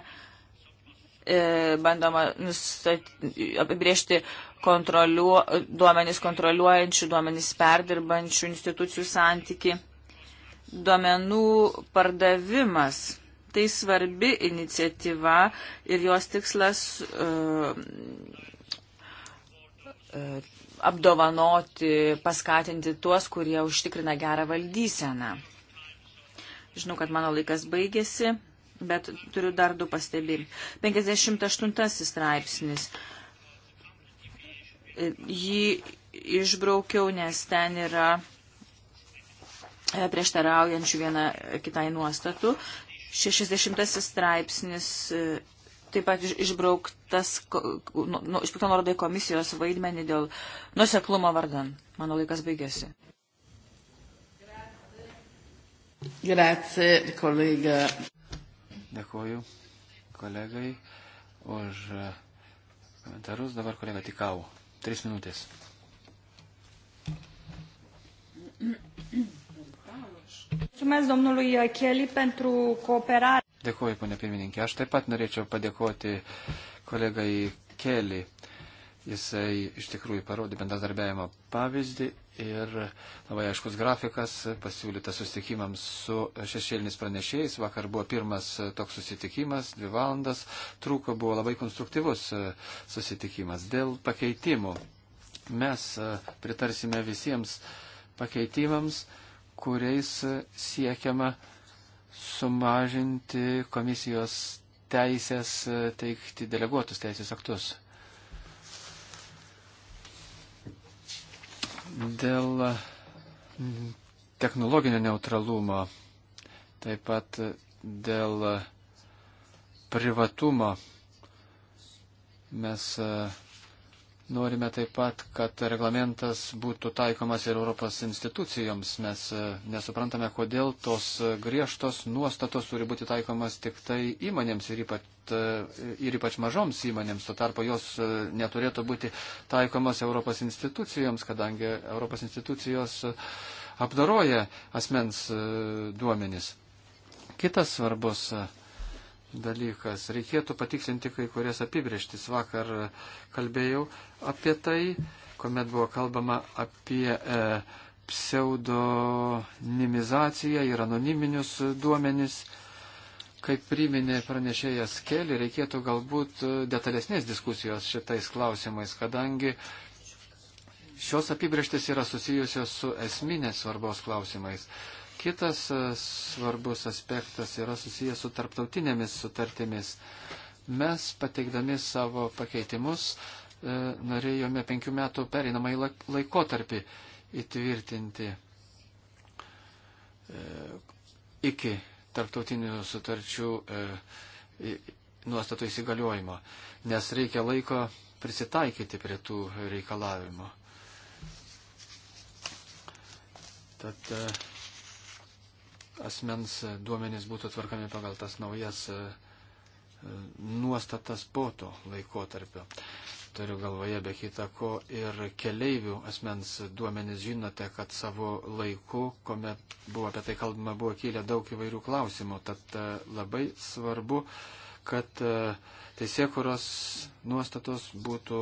E, bandoma nustatyti, apibriežti kontroliu, duomenys kontroliuojančių, duomenys perdirbančių institucijų santyki. Duomenų pardavimas. Tai svarbi iniciatyva ir jos tikslas uh, uh, apdovanoti, paskatinti tuos, kurie užtikrina gerą valdyseną. Žinau, kad mano laikas baigėsi bet turiu dar du pastebėjimai. 58 straipsnis. Jį išbraukiau, nes ten yra e, prieštaraujančių viena kitai nuostatų. 60 straipsnis e, taip pat išbrauktas, nu, nu, išbraukta nuoroda į komisijos vaidmenį dėl nuseklumo vardan. Mano laikas baigėsi. Grazie, kolega. Dėkuoju kolegai už komentarus. Dabar kolega Tikau. Tris minutės. Mulțumesc domnului Kelly pentru cooperare. Dėkuoju, ponė pirmininkė. Aš taip pat norėčiau padėkoti kolegai Kelly. Jisai iš tikrųjų parodė bendradarbiavimo pavyzdį ir labai aiškus grafikas pasiūlytas susitikimams su šešėlinis pranešėjais. Vakar buvo pirmas e, toks susitikimas, dvi valandas trūko, buvo labai konstruktyvus e, susitikimas. Dėl pakeitimų mes e, pritarsime visiems pakeitimams, kuriais siekiama sumažinti komisijos teisės teikti deleguotus teisės aktus. Dėl mm, technologinio neutralumo, taip pat dėl privatumo mes Norime taip pat, kad reglamentas būtų taikomas ir Europos institucijoms. Mes e, nesuprantame, kodėl tos e, griežtos nuostatos turi būti taikomas tik tai įmonėms ir ypač, e, ir ypač mažoms įmonėms. Tuo tarpu jos neturėtų būti taikomas Europos institucijoms, kadangi Europos institucijos apdaroja asmens duomenis. Kitas svarbus dalykas. Reikėtų patikslinti kai kurias apibrieštis. Vakar e, kalbėjau apie tai, kuomet buvo kalbama apie e, pseudonimizaciją ir anoniminius duomenis. Kaip priminė pranešėjas Keli, reikėtų galbūt e, detalesnės diskusijos šitais klausimais, kadangi šios apibrieštis yra susijusios su esminės svarbos klausimais. E, Kitas e, svarbus aspektas yra susijęs su tarptautinėmis sutartimis. Mes pateikdami savo pakeitimus e, norėjome penkių metų pereinamai laikotarpį įtvirtinti e, iki tarptautinių sutarčių nuostatų įsigaliojimo, nes reikia laiko prisitaikyti prie tų reikalavimų. Tad asmens duomenys būtų tvarkami pagal tas naujas e, e, nuostatas po to laikotarpio. Turiu galvoje be kita ko ir keleivių asmens duomenys žinote, kad savo laiku, kuomet buvo apie tai kalbama, buvo kylę daug įvairių klausimų. Tad e, labai svarbu, kad teisėkuros nuostatos būtų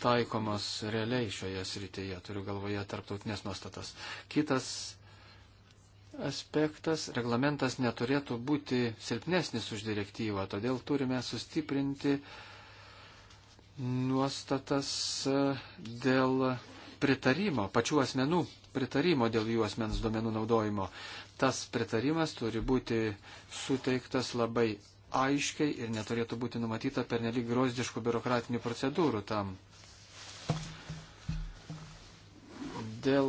taikomos realiai šioje srityje. Turiu galvoje tarptautinės nuostatas. Kitas aspektas, reglamentas neturėtų būti silpnesnis už direktyvą, todėl turime sustiprinti nuostatas e, dėl pritarimo, pačių asmenų pritarimo dėl jų asmens duomenų naudojimo. Tas pritarimas turi būti suteiktas labai aiškiai ir neturėtų būti numatyta per nelik grozdiškų biurokratinių procedūrų tam. Dėl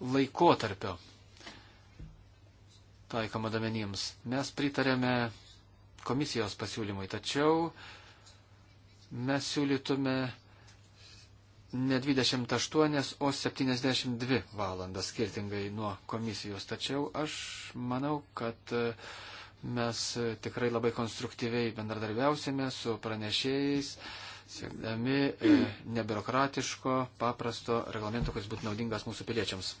laikotarpio taikoma domenims. Mes pritarėme komisijos pasiūlymui, tačiau mes siūlytume ne 28, o 72 valandas skirtingai nuo komisijos. Tačiau aš manau, kad e, mes tikrai labai konstruktyviai bendradarbiausime su pranešėjais, siekdami e, nebiurokratiško, paprasto reglamento, kuris būtų naudingas mūsų piliečiams.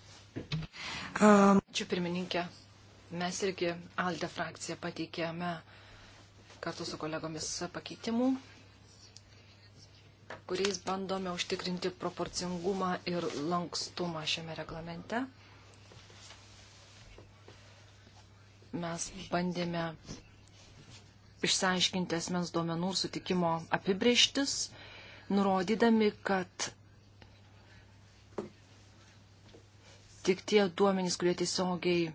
Um, Ačiū pirmininkė. Mes irgi Alde frakciją pateikėme kartu su kolegomis pakeitimų, kuriais bandome užtikrinti proporcingumą ir lankstumą šiame reglamente. Mes bandėme išsiaiškinti asmens duomenų sutikimo apibrieštis, nurodydami, kad tik tie duomenys, kurie tiesiogiai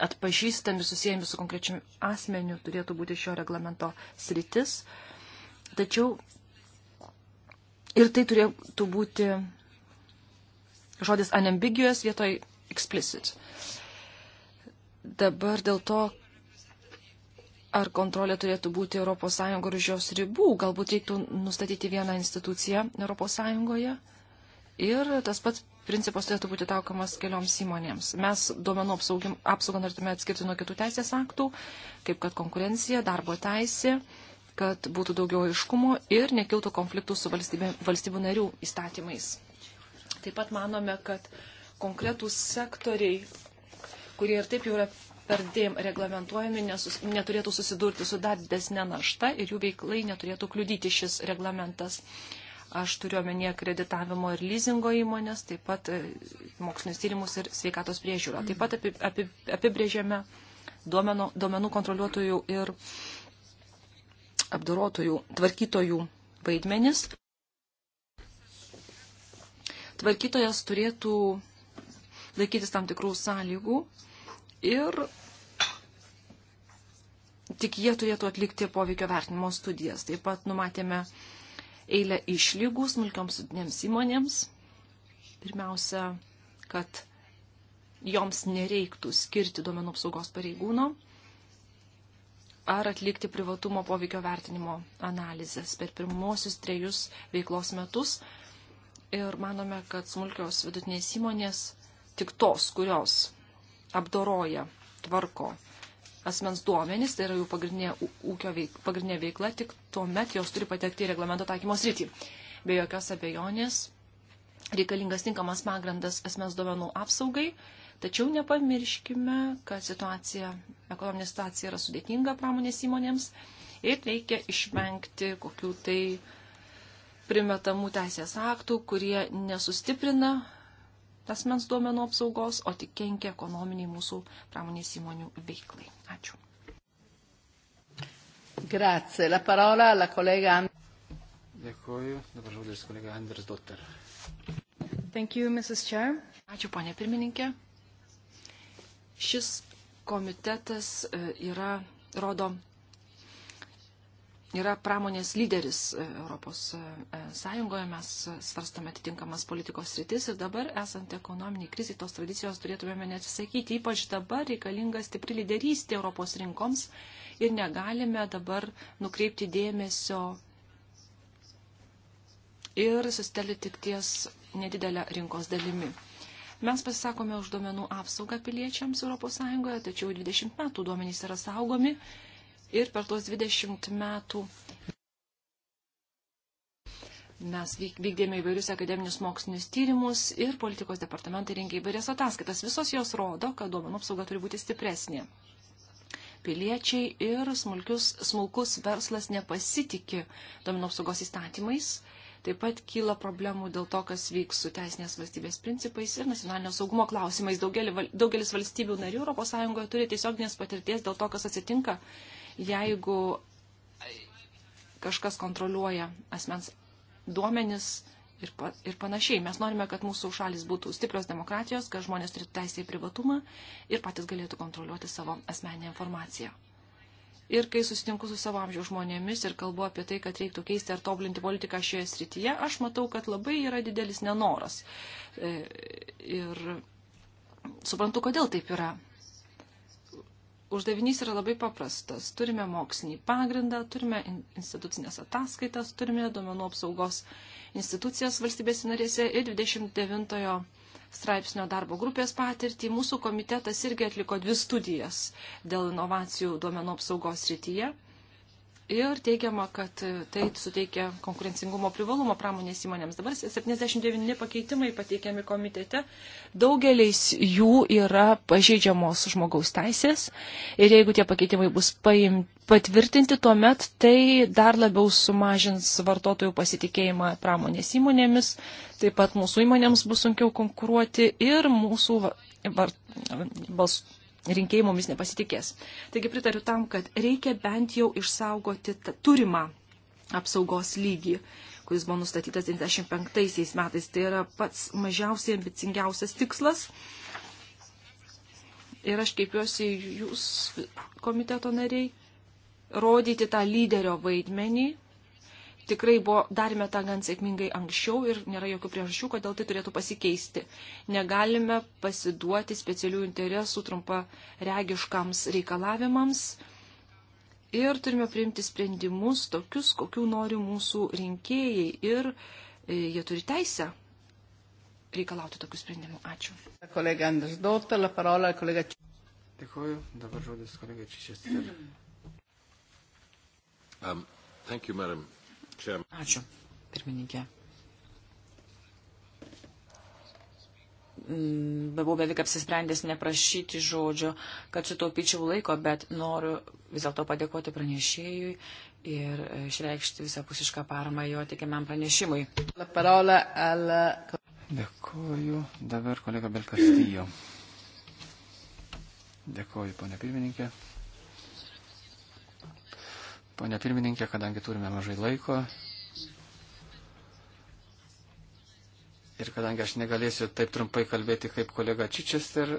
atpažįstami, susijęmi su konkrečiu asmeniu, turėtų būti šio reglamento sritis. Tačiau ir tai turėtų būti žodis unambiguous vietoj explicit. Dabar dėl to, ar kontrolė turėtų būti ES ar už jos ribų, galbūt reiktų nustatyti vieną instituciją ES Ir tas pats principas turėtų būti taukamas kelioms įmonėms. Mes duomenų apsaugim, apsaugą norėtume atskirti nuo kitų teisės aktų, kaip kad konkurencija, darbo teisė, kad būtų daugiau aiškumo ir nekiltų konfliktų su valstybė, valstybių narių įstatymais. Taip pat manome, kad konkretūs sektoriai, kurie ir taip jau yra perdėm reglamentuojami, nesus, neturėtų susidurti su dar didesnė našta ir jų veiklai neturėtų kliudyti šis reglamentas. Uh, Aš turiu omenyje kreditavimo ir lyzingo įmonės, taip pat e, mokslinius tyrimus ir sveikatos priežiūrą. Taip pat apibrėžėme duomenų, duomenų kontroliuotojų ir apdorotojų, tvarkytojų vaidmenis. Tvarkytojas turėtų laikytis tam tikrų sąlygų ir tik jie turėtų atlikti poveikio vertinimo studijas. Taip pat numatėme eilę išlygų smulkioms sudinėms įmonėms. Pirmiausia, kad joms nereiktų skirti duomenų apsaugos pareigūno ar atlikti privatumo poveikio vertinimo analizės per pirmosius trejus veiklos metus. Ir manome, kad smulkios vidutinės įmonės tik tos, kurios apdoroja, tvarko asmens duomenys, tai yra jų pagrindinė ūkio veik, pagrindinė veikla, tik tuomet jos turi patekti į reglamento taikymo sritį. Be jokios abejonės reikalingas tinkamas pagrindas asmens duomenų apsaugai, tačiau nepamirškime, kad situacija, ekonominė situacija yra sudėtinga pramonės įmonėms ir reikia išvengti kokių tai primetamų teisės aktų, kurie nesustiprina asmens duomenų apsaugos, o tik kenkia ekonominiai mūsų pramonės įmonių veiklai. Ačiū. Grazie. La parola alla collega. Dėkuoju. Dabar žodis kolega Anders Dotter. Thank you, Mrs. Chair. Ačiū, ponė pirmininkė. Šis komitetas e, yra, rodo yra pramonės lyderis e, Europos e, Sąjungoje, mes e, svarstame atitinkamas politikos sritis ir dabar esant ekonominiai kriziai tos tradicijos turėtumėme neatsisakyti. Ypač dabar reikalinga stipri lyderystė Europos rinkoms ir negalime dabar nukreipti dėmesio ir sustelti tik ties nedidelę rinkos dalimi. Mes pasisakome už duomenų apsaugą piliečiams ES, tačiau 20 metų duomenys yra saugomi ir per tuos 20 metų mes vykdėme įvairius akademinius mokslinius tyrimus ir politikos departamentai rengė įvairias ataskaitas. Visos jos rodo, kad duomenų apsauga turi būti stipresnė. Piliečiai ir smulkius, smulkus verslas nepasitikė duomenų apsaugos įstatymais. Taip pat kyla problemų dėl to, kas vyks su teisinės valstybės principais ir nacionalinio saugumo klausimais. Daugelis valstybių narių ES turi tiesioginės patirties dėl to, kas atsitinka, Jeigu kažkas kontroliuoja asmens duomenis ir, pa, ir panašiai, mes norime, kad mūsų šalis būtų stiprios demokratijos, kad žmonės turėtų teisę į privatumą ir patys galėtų kontroliuoti savo asmeninę informaciją. Ir kai susitinku su savo amžiaus žmonėmis ir kalbu apie tai, kad reiktų keisti ar tobulinti politiką šioje srityje, aš matau, kad labai yra didelis nenoras. E, ir suprantu, kodėl taip yra uždavinys yra labai paprastas. Turime mokslinį pagrindą, turime institucinės ataskaitas, turime duomenų apsaugos institucijas valstybės narėse ir 29 straipsnio darbo grupės patirtį. Mūsų komitetas irgi atliko dvi studijas dėl inovacijų duomenų apsaugos rytyje ir teigiama, kad tai suteikia konkurencingumo privalumo pramonės įmonėms. Dabar 79 pakeitimai pateikiami komitete. Daugeliais jų yra pažeidžiamos žmogaus teisės ir jeigu tie pakeitimai bus paim, patvirtinti, tuomet tai dar labiau sumažins vartotojų pasitikėjimą pramonės įmonėmis, taip pat mūsų įmonėms bus sunkiau konkuruoti ir mūsų var, bals, rinkėjai mumis nepasitikės. Taigi pritariu tam, kad reikia bent jau išsaugoti turimą apsaugos lygį, kuris buvo nustatytas 95 metais. Tai yra pats mažiausiai ambicingiausias tikslas. Ir aš kreipiuosi jūs, komiteto nariai, rodyti tą lyderio vaidmenį tikrai buvo, darėme tą gan sėkmingai anksčiau ir nėra jokių priežasčių, kodėl tai turėtų pasikeisti. Negalime pasiduoti specialių interesų trumpa regiškams reikalavimams ir turime priimti sprendimus tokius, kokių nori mūsų rinkėjai ir e, jie turi teisę reikalauti tokių sprendimų. Ačiū. Kolega Andras Dotter, la parola kolega Dėkuoju, dabar žodis kolega Čičester. Um, thank you, madam Ačiū, pirmininkė. Mm, buvau beveik apsisprendęs neprašyti žodžio, kad sutaupyčiau laiko, bet noriu vis dėlto padėkoti pranešėjui ir išreikšti visapusišką paramą jo tikiamam pranešimui. Dėkuoju. Dabar kolega Belkastijo. Dėkuoju, ponė pirmininkė. Pone pirmininkė, kadangi turime mažai laiko ir kadangi aš negalėsiu taip trumpai kalbėti kaip kolega Čičester, e,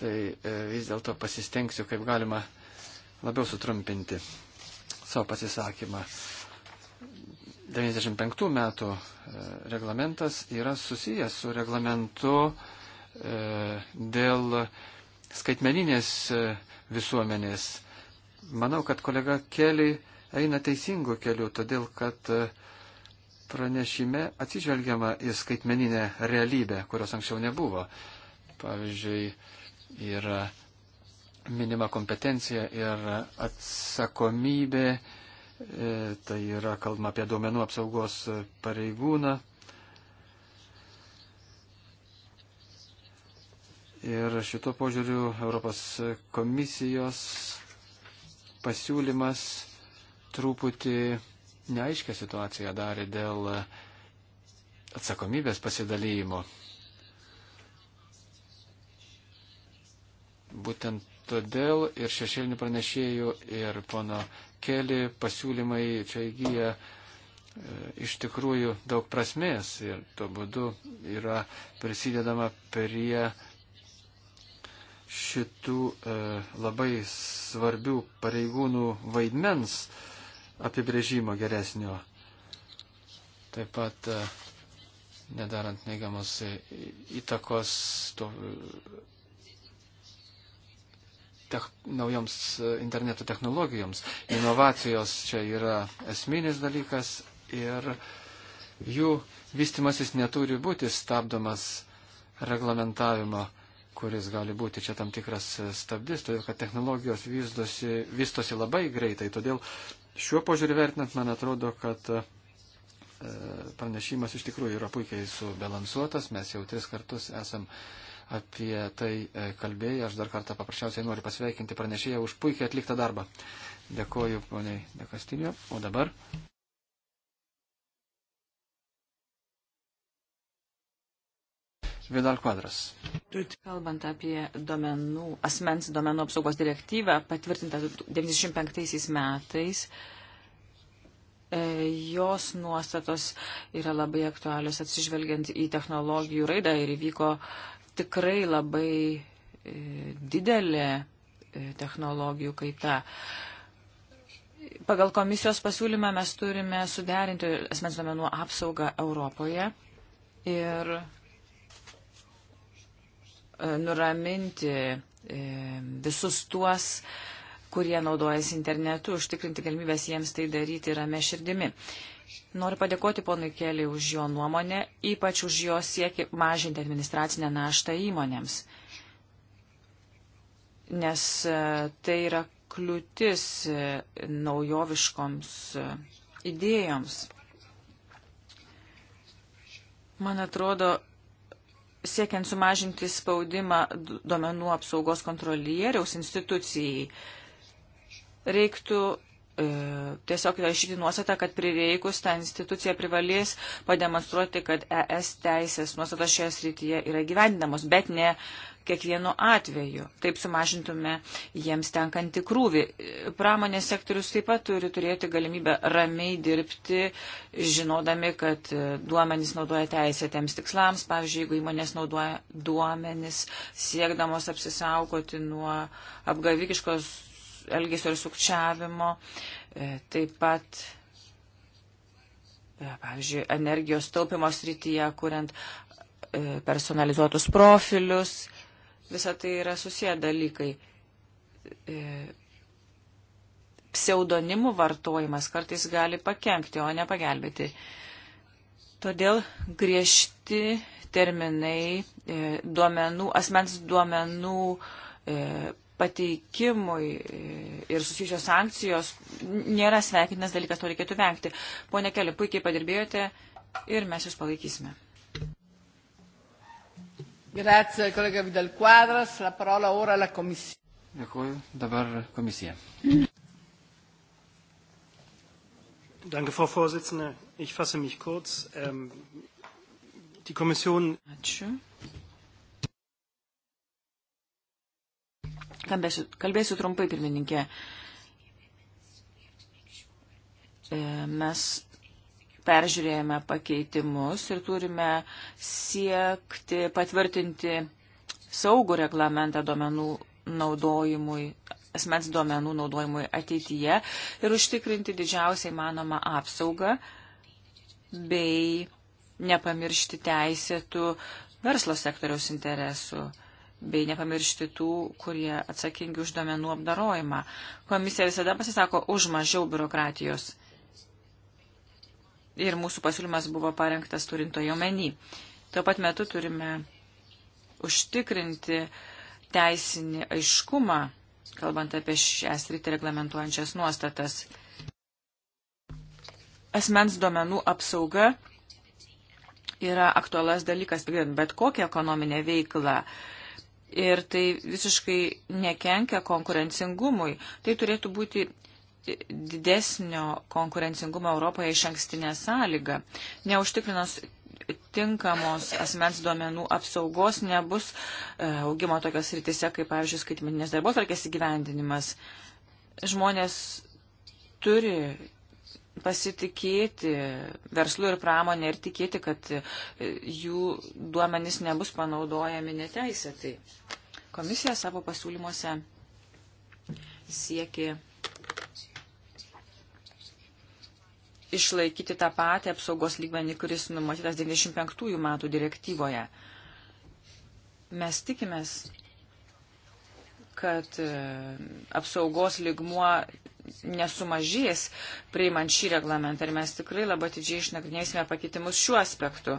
tai e, vis dėlto pasistengsiu kaip galima labiau sutrumpinti savo pasisakymą. 95 metų e, reglamentas yra susijęs su reglamentu e, dėl skaitmeninės e, visuomenės Manau, kad kolega Keli eina teisingu keliu, todėl kad e, pranešime atsižvelgiama į skaitmeninę realybę, kurios anksčiau nebuvo. Pavyzdžiui, yra minima kompetencija ir atsakomybė, e, tai yra kalbama apie duomenų apsaugos pareigūną. Ir šito požiūriu Europos komisijos pasiūlymas truputį neaiškia situacija darė dėl atsakomybės pasidalymo. Būtent todėl ir šešėlinių pranešėjų, ir pono keli pasiūlymai čia įgyja e, iš tikrųjų daug prasmės ir tuo būdu yra prisidedama prie šitų e, labai svarbių pareigūnų vaidmens apibrėžimo geresnio. Taip pat e, nedarant neigiamos e, įtakos to, tech, naujoms e, interneto technologijoms. Inovacijos čia yra esminis dalykas ir jų vystimasis neturi būti stabdomas reglamentavimo kuris gali būti čia tam tikras stabdis, todėl kad technologijos vystosi, vystosi labai greitai. Todėl šiuo požiūriu vertinant, man atrodo, kad e, pranešimas iš tikrųjų yra puikiai subalansuotas. Mes jau tris kartus esam apie tai e, kalbėję. Aš dar kartą paprasčiausiai noriu pasveikinti pranešėją už puikiai atliktą darbą. Dėkoju poniai Dekastinio. O dabar Vidal Quadras. Kalbant apie domenų, asmens domenų apsaugos direktyvą, patvirtintą 1995 metais, e, jos nuostatos yra labai aktualios atsižvelgiant į technologijų raidą ir įvyko tikrai labai e, didelė e, technologijų kaita. Pagal komisijos pasiūlymą mes turime suderinti asmens domenų apsaugą Europoje ir nuraminti e, visus tuos, kurie naudojasi internetu, užtikrinti galimybės jiems tai daryti rame širdimi. Noriu padėkoti ponui Keliai už jo nuomonę, ypač už jo siekį mažinti administracinę naštą įmonėms. Nes e, tai yra kliūtis e, naujoviškoms idėjoms. Man atrodo, siekiant sumažinti spaudimą duomenų apsaugos kontrolieriaus institucijai, reiktų e, tiesiog rašyti nuostatą, kad prireikus ta institucija privalės pademonstruoti, kad ES teisės nuostatos šioje srityje yra gyvendinamos, bet ne kiekvienu atveju. Taip sumažintume jiems tenkantį krūvį. Pramonės sektorius taip pat turi turėti galimybę ramiai dirbti, žinodami, kad e, duomenys naudoja teisėtėms tikslams. Pavyzdžiui, jeigu įmonės naudoja duomenys siekdamos apsisaugoti nuo apgavikiškos elgesio ir sukčiavimo, e, taip pat e, pavyzdžiui, energijos taupimo srityje, kuriant personalizuotus profilius, Visą tai yra susiję dalykai. E, pseudonimų vartojimas kartais gali pakengti, o ne pagelbėti. Todėl griežti terminai e, duomenų, asmens duomenų e, pateikimui ir susijusios sankcijos nėra sveikintinas dalykas, to reikėtų vengti. Pone Keli, puikiai padirbėjote ir mes jūs palaikysime. Grazie, kolega Vidal Quadras. La parola ora alla Commissione. Dėkuoju. Dabar komisija. Danke, Frau Vorsitzende. Ich fasse mich kurz. Ähm, die Kommission. Ačiū. Kalbėsiu, kalbėsiu trumpai, pirmininkė. Mes peržiūrėjome pakeitimus ir turime siekti patvirtinti saugų reglamentą duomenų naudojimui, asmens duomenų naudojimui ateityje ir užtikrinti didžiausiai manomą apsaugą bei nepamiršti teisėtų verslo sektoriaus interesų bei nepamiršti tų, kurie atsakingi už domenų apdarojimą. Komisija visada pasisako už mažiau biurokratijos ir mūsų pasiūlymas buvo parengtas turintoje omeny. Tuo pat metu turime užtikrinti teisinį aiškumą, kalbant apie šią sritį reglamentuojančias nuostatas. Asmens duomenų apsauga yra aktualas dalykas, bet kokią ekonominę veiklą ir tai visiškai nekenkia konkurencingumui. Tai turėtų būti didesnio konkurencingumo Europoje iš ankstinę sąlygą. Neužtikrinus tinkamos asmens duomenų apsaugos nebus e, augimo tokios rytise, kaip, pavyzdžiui, skaitmeninės darbo tarkės įgyvendinimas. Žmonės turi pasitikėti verslu ir pramonė ir tikėti, kad e, jų duomenys nebus panaudojami neteisėtai. Komisija savo pasiūlymuose siekė išlaikyti tą patį apsaugos lygmenį, kuris numatytas 95 metų direktyvoje. Mes tikimės, kad e, apsaugos lygmuo nesumažės priimant šį reglamentą ir mes tikrai labai atidžiai išnagrinėsime pakeitimus šiuo aspektu.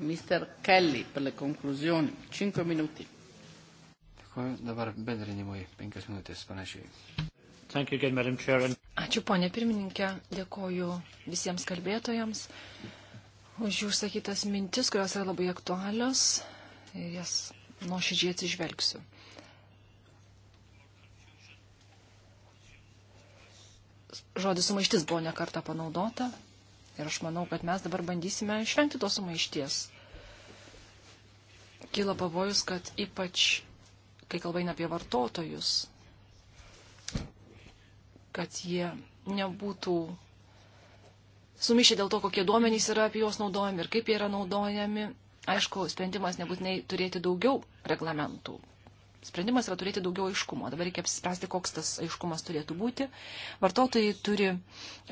Mr. Kelly, per le conclusioni, 5 minuti. Dėkuoju, dabar bendrinimui 5 minutės panašiai. Again, Ačiū, ponė pirmininkė, dėkoju visiems kalbėtojams už jų sakytas mintis, kurios yra labai aktualios ir jas nuoširdžiai atsižvelgsiu. Žodis sumaištis buvo nekarta panaudota ir aš manau, kad mes dabar bandysime išvengti tos sumaišties. Kyla pavojus, kad ypač, kai kalba eina apie vartotojus, kad jie nebūtų sumišę dėl to, kokie duomenys yra apie juos naudojami ir kaip jie yra naudojami. Aišku, sprendimas nebūtinai turėti daugiau reglamentų. Sprendimas yra turėti daugiau aiškumo. Dabar reikia apsispręsti, koks tas aiškumas turėtų būti. Vartotojai turi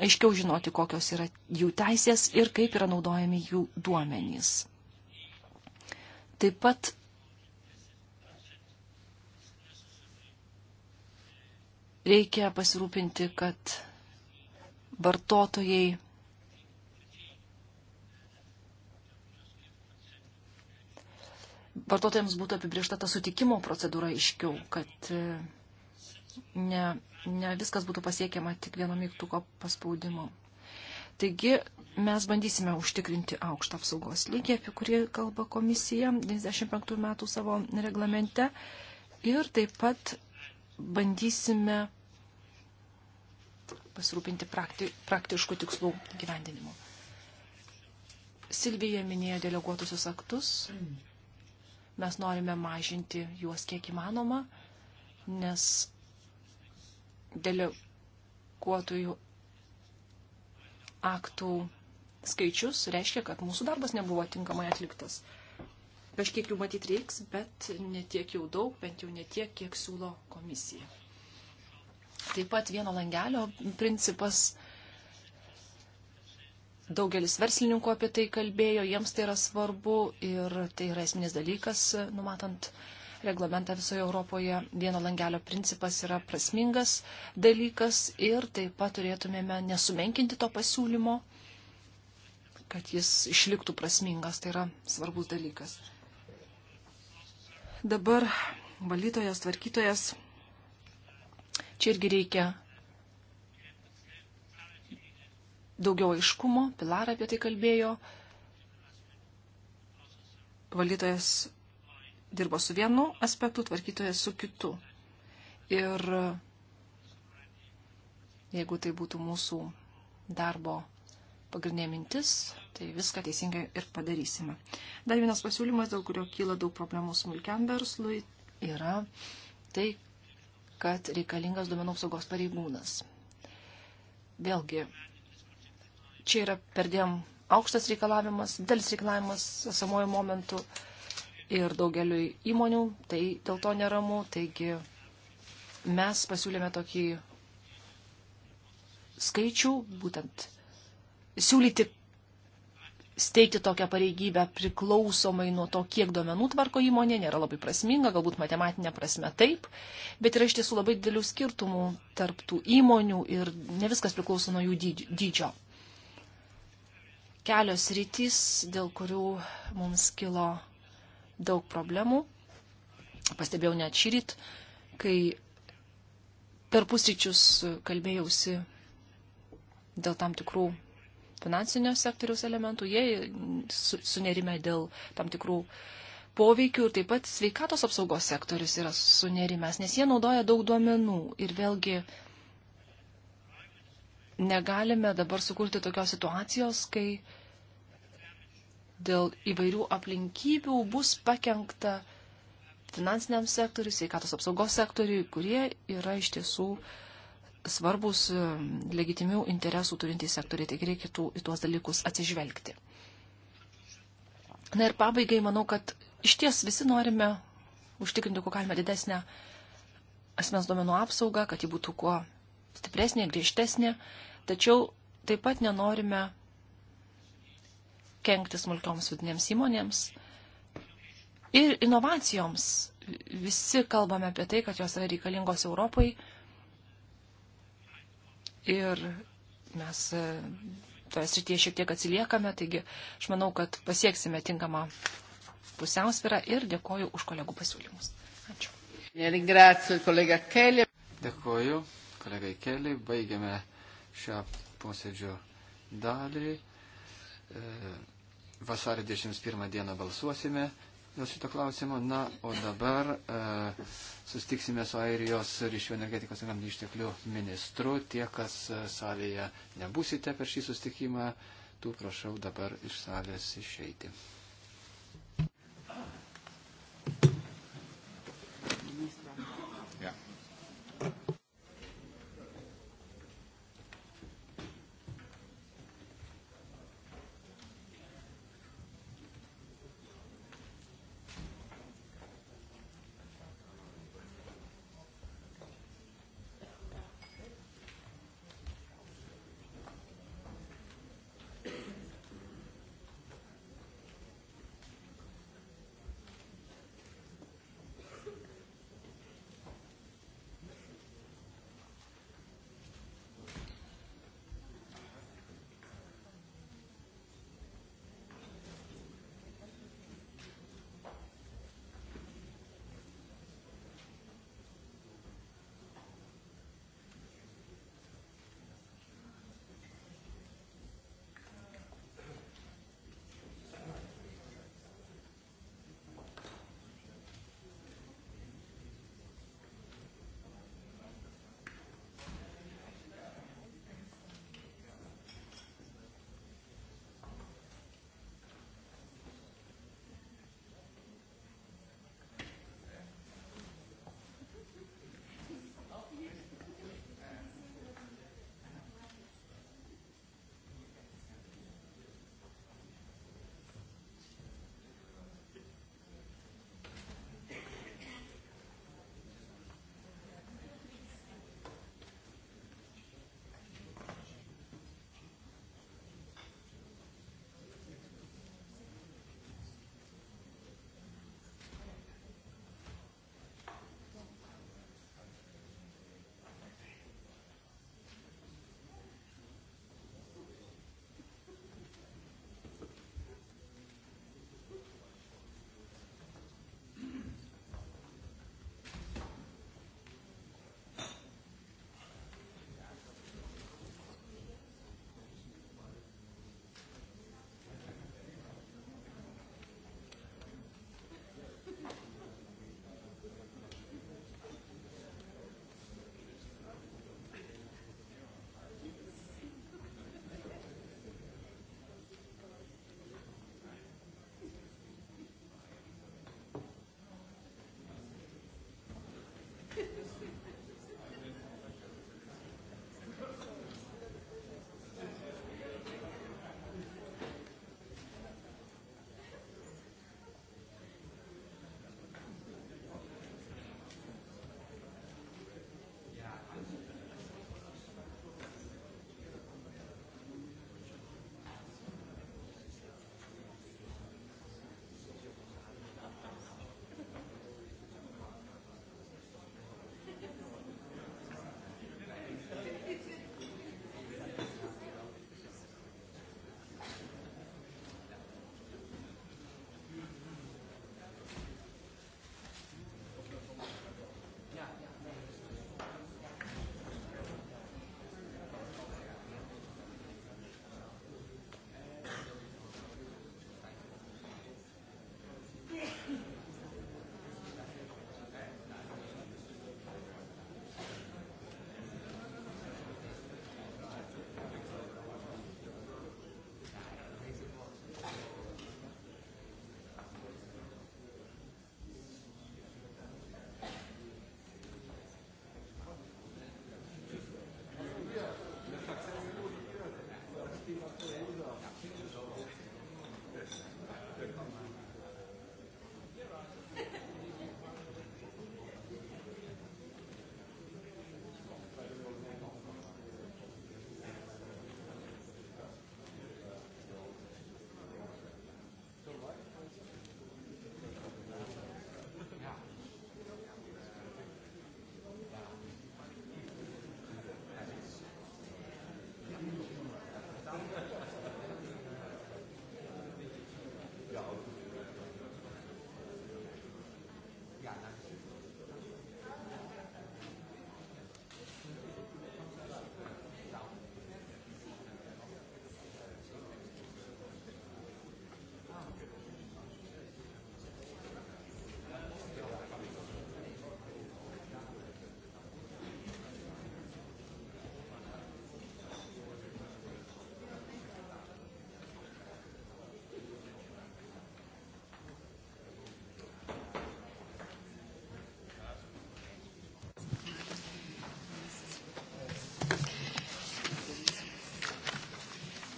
aiškiau žinoti, kokios yra jų teisės ir kaip yra naudojami jų duomenys. Taip pat Reikia pasirūpinti, kad vartotojai vartotojams būtų apibriešta ta sutikimo procedūra iškiau, kad e, ne, ne viskas būtų pasiekiama tik vieno mygtuko paspaudimu. Taigi mes bandysime užtikrinti aukštą apsaugos lygį, apie kurį kalba komisija 95 metų savo reglamente ir taip pat bandysime pasirūpinti prakti, praktiškų tikslų gyvendinimu. Silvija minėjo deleguotusius aktus. Mes norime mažinti juos kiek įmanoma, nes deleguotųjų aktų skaičius reiškia, kad mūsų darbas nebuvo tinkamai atliktas. Kažkiek jų matyti reiks, bet netiek jau daug, bent jau netiek, kiek siūlo komisija. Taip pat vieno langelio principas. Daugelis verslininkų apie tai kalbėjo, jiems tai yra svarbu ir tai yra esminis dalykas, numatant reglamentą visoje Europoje. Vieno langelio principas yra prasmingas dalykas ir taip pat turėtumėme nesumenkinti to pasiūlymo, kad jis išliktų prasmingas, tai yra svarbus dalykas. Dabar valytojas, tvarkytojas Čia irgi reikia daugiau aiškumo, Pilar apie tai kalbėjo. Valytojas dirbo su vienu aspektu, tvarkytojas su kitu. Ir jeigu tai būtų mūsų darbo pagrindinė mintis, tai viską teisingai ir padarysime. Dar vienas pasiūlymas, dėl kurio kyla daug problemų smulkiam verslui, yra tai, kad reikalingas duomenų apsaugos pareigūnas. Vėlgi, čia yra perdėm aukštas reikalavimas, dėlis reikalavimas esamojo momentu ir daugeliu įmonių, tai dėl to neramu, taigi mes pasiūlėme tokį skaičių, būtent siūlyti steigti tokią pareigybę priklausomai nuo to, kiek duomenų tvarko įmonė, nėra labai prasminga, galbūt matematinė prasme taip, bet yra iš tiesų labai didelių skirtumų tarp tų įmonių ir ne viskas priklauso nuo jų dydžio. Kelios rytis, dėl kurių mums kilo daug problemų, pastebėjau net šį ryt, kai per pusryčius kalbėjausi dėl tam tikrų finansinio sektoriaus elementų, jie sunerime dėl tam tikrų poveikių ir taip pat sveikatos apsaugos sektorius yra sunerimęs, nes jie naudoja daug duomenų ir vėlgi negalime dabar sukurti tokios situacijos, kai dėl įvairių aplinkybių bus pakengta finansiniam sektoriui, sveikatos apsaugos sektoriui, kurie yra iš tiesų uh, svarbus e, legitimių interesų turintys sektoriai, taigi reikėtų į tuos dalykus atsižvelgti. Na ir pabaigai manau, kad iš ties visi norime užtikrinti kuo galima didesnę asmens duomenų apsaugą, kad ji būtų kuo stipresnė, griežtesnė, tačiau taip pat nenorime kenkti smulkioms vidinėms įmonėms ir inovacijoms. Visi kalbame apie tai, kad jos yra reikalingos Europai ir mes e, toje srityje šiek tiek atsiliekame, taigi aš manau, kad pasieksime tinkamą pusiausvyrą ir dėkoju už kolegų pasiūlymus. Ačiū. Dėkoju, kolegai Keliai. Baigiame šią posėdžio dalį. E, vasario 21 dieną balsuosime dėl šito klausimo. Na, o dabar e, sustiksime su Airijos ryšių energetikos ir gamtinių išteklių ministru. Tie, kas e, salėje nebusite per šį sustikimą, tų prašau dabar iš salės išeiti.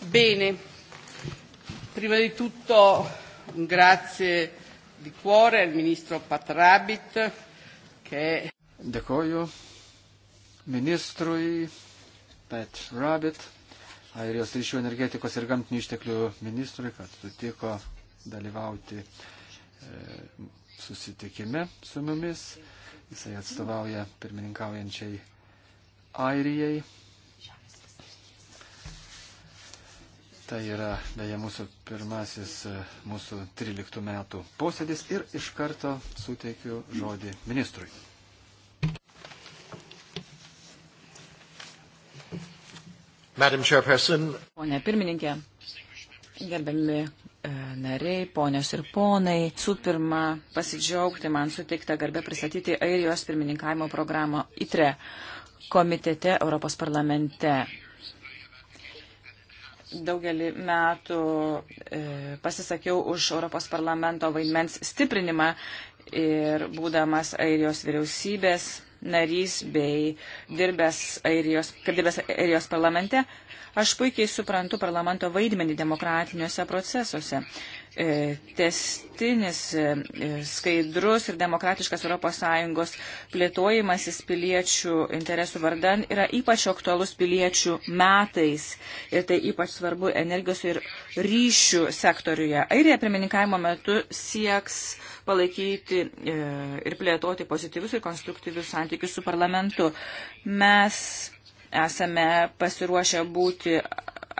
Bene, prima di tutto grazie di cuore al ministro Patrabit che è... Dėkoju ministrui Pat Rabbit, Airijos ryšių energetikos ir gamtinių išteklių ministrui, kad sutiko dalyvauti e, susitikime su mumis. Jisai atstovauja pirmininkaujančiai Airijai. Tai yra beje mūsų pirmasis e, mūsų 13 metų posėdis ir iš karto suteikiu žodį ministrui. Pone pirmininkė, gerbiami e, nariai, ponios ir ponai, su pirma pasidžiaugti man suteikta garbė pristatyti Airijos pirmininkavimo programą ITRE komitete Europos parlamente daugelį metų e, pasisakiau už Europos parlamento vaidmens stiprinimą ir būdamas Airijos vyriausybės narys bei dirbęs Airijos, kaip dirbęs Airijos parlamente, aš puikiai suprantu parlamento vaidmenį demokratiniuose procesuose. E, testinis, e, skaidrus ir demokratiškas ES plėtojimasis piliečių interesų vardan yra ypač aktualus piliečių metais ir tai ypač svarbu energijos ir ryšių sektoriuje. Airija pirmininkavimo metu sieks palaikyti e, ir plėtoti pozityvius ir konstruktyvius santykius su parlamentu. Mes Esame pasiruošę būti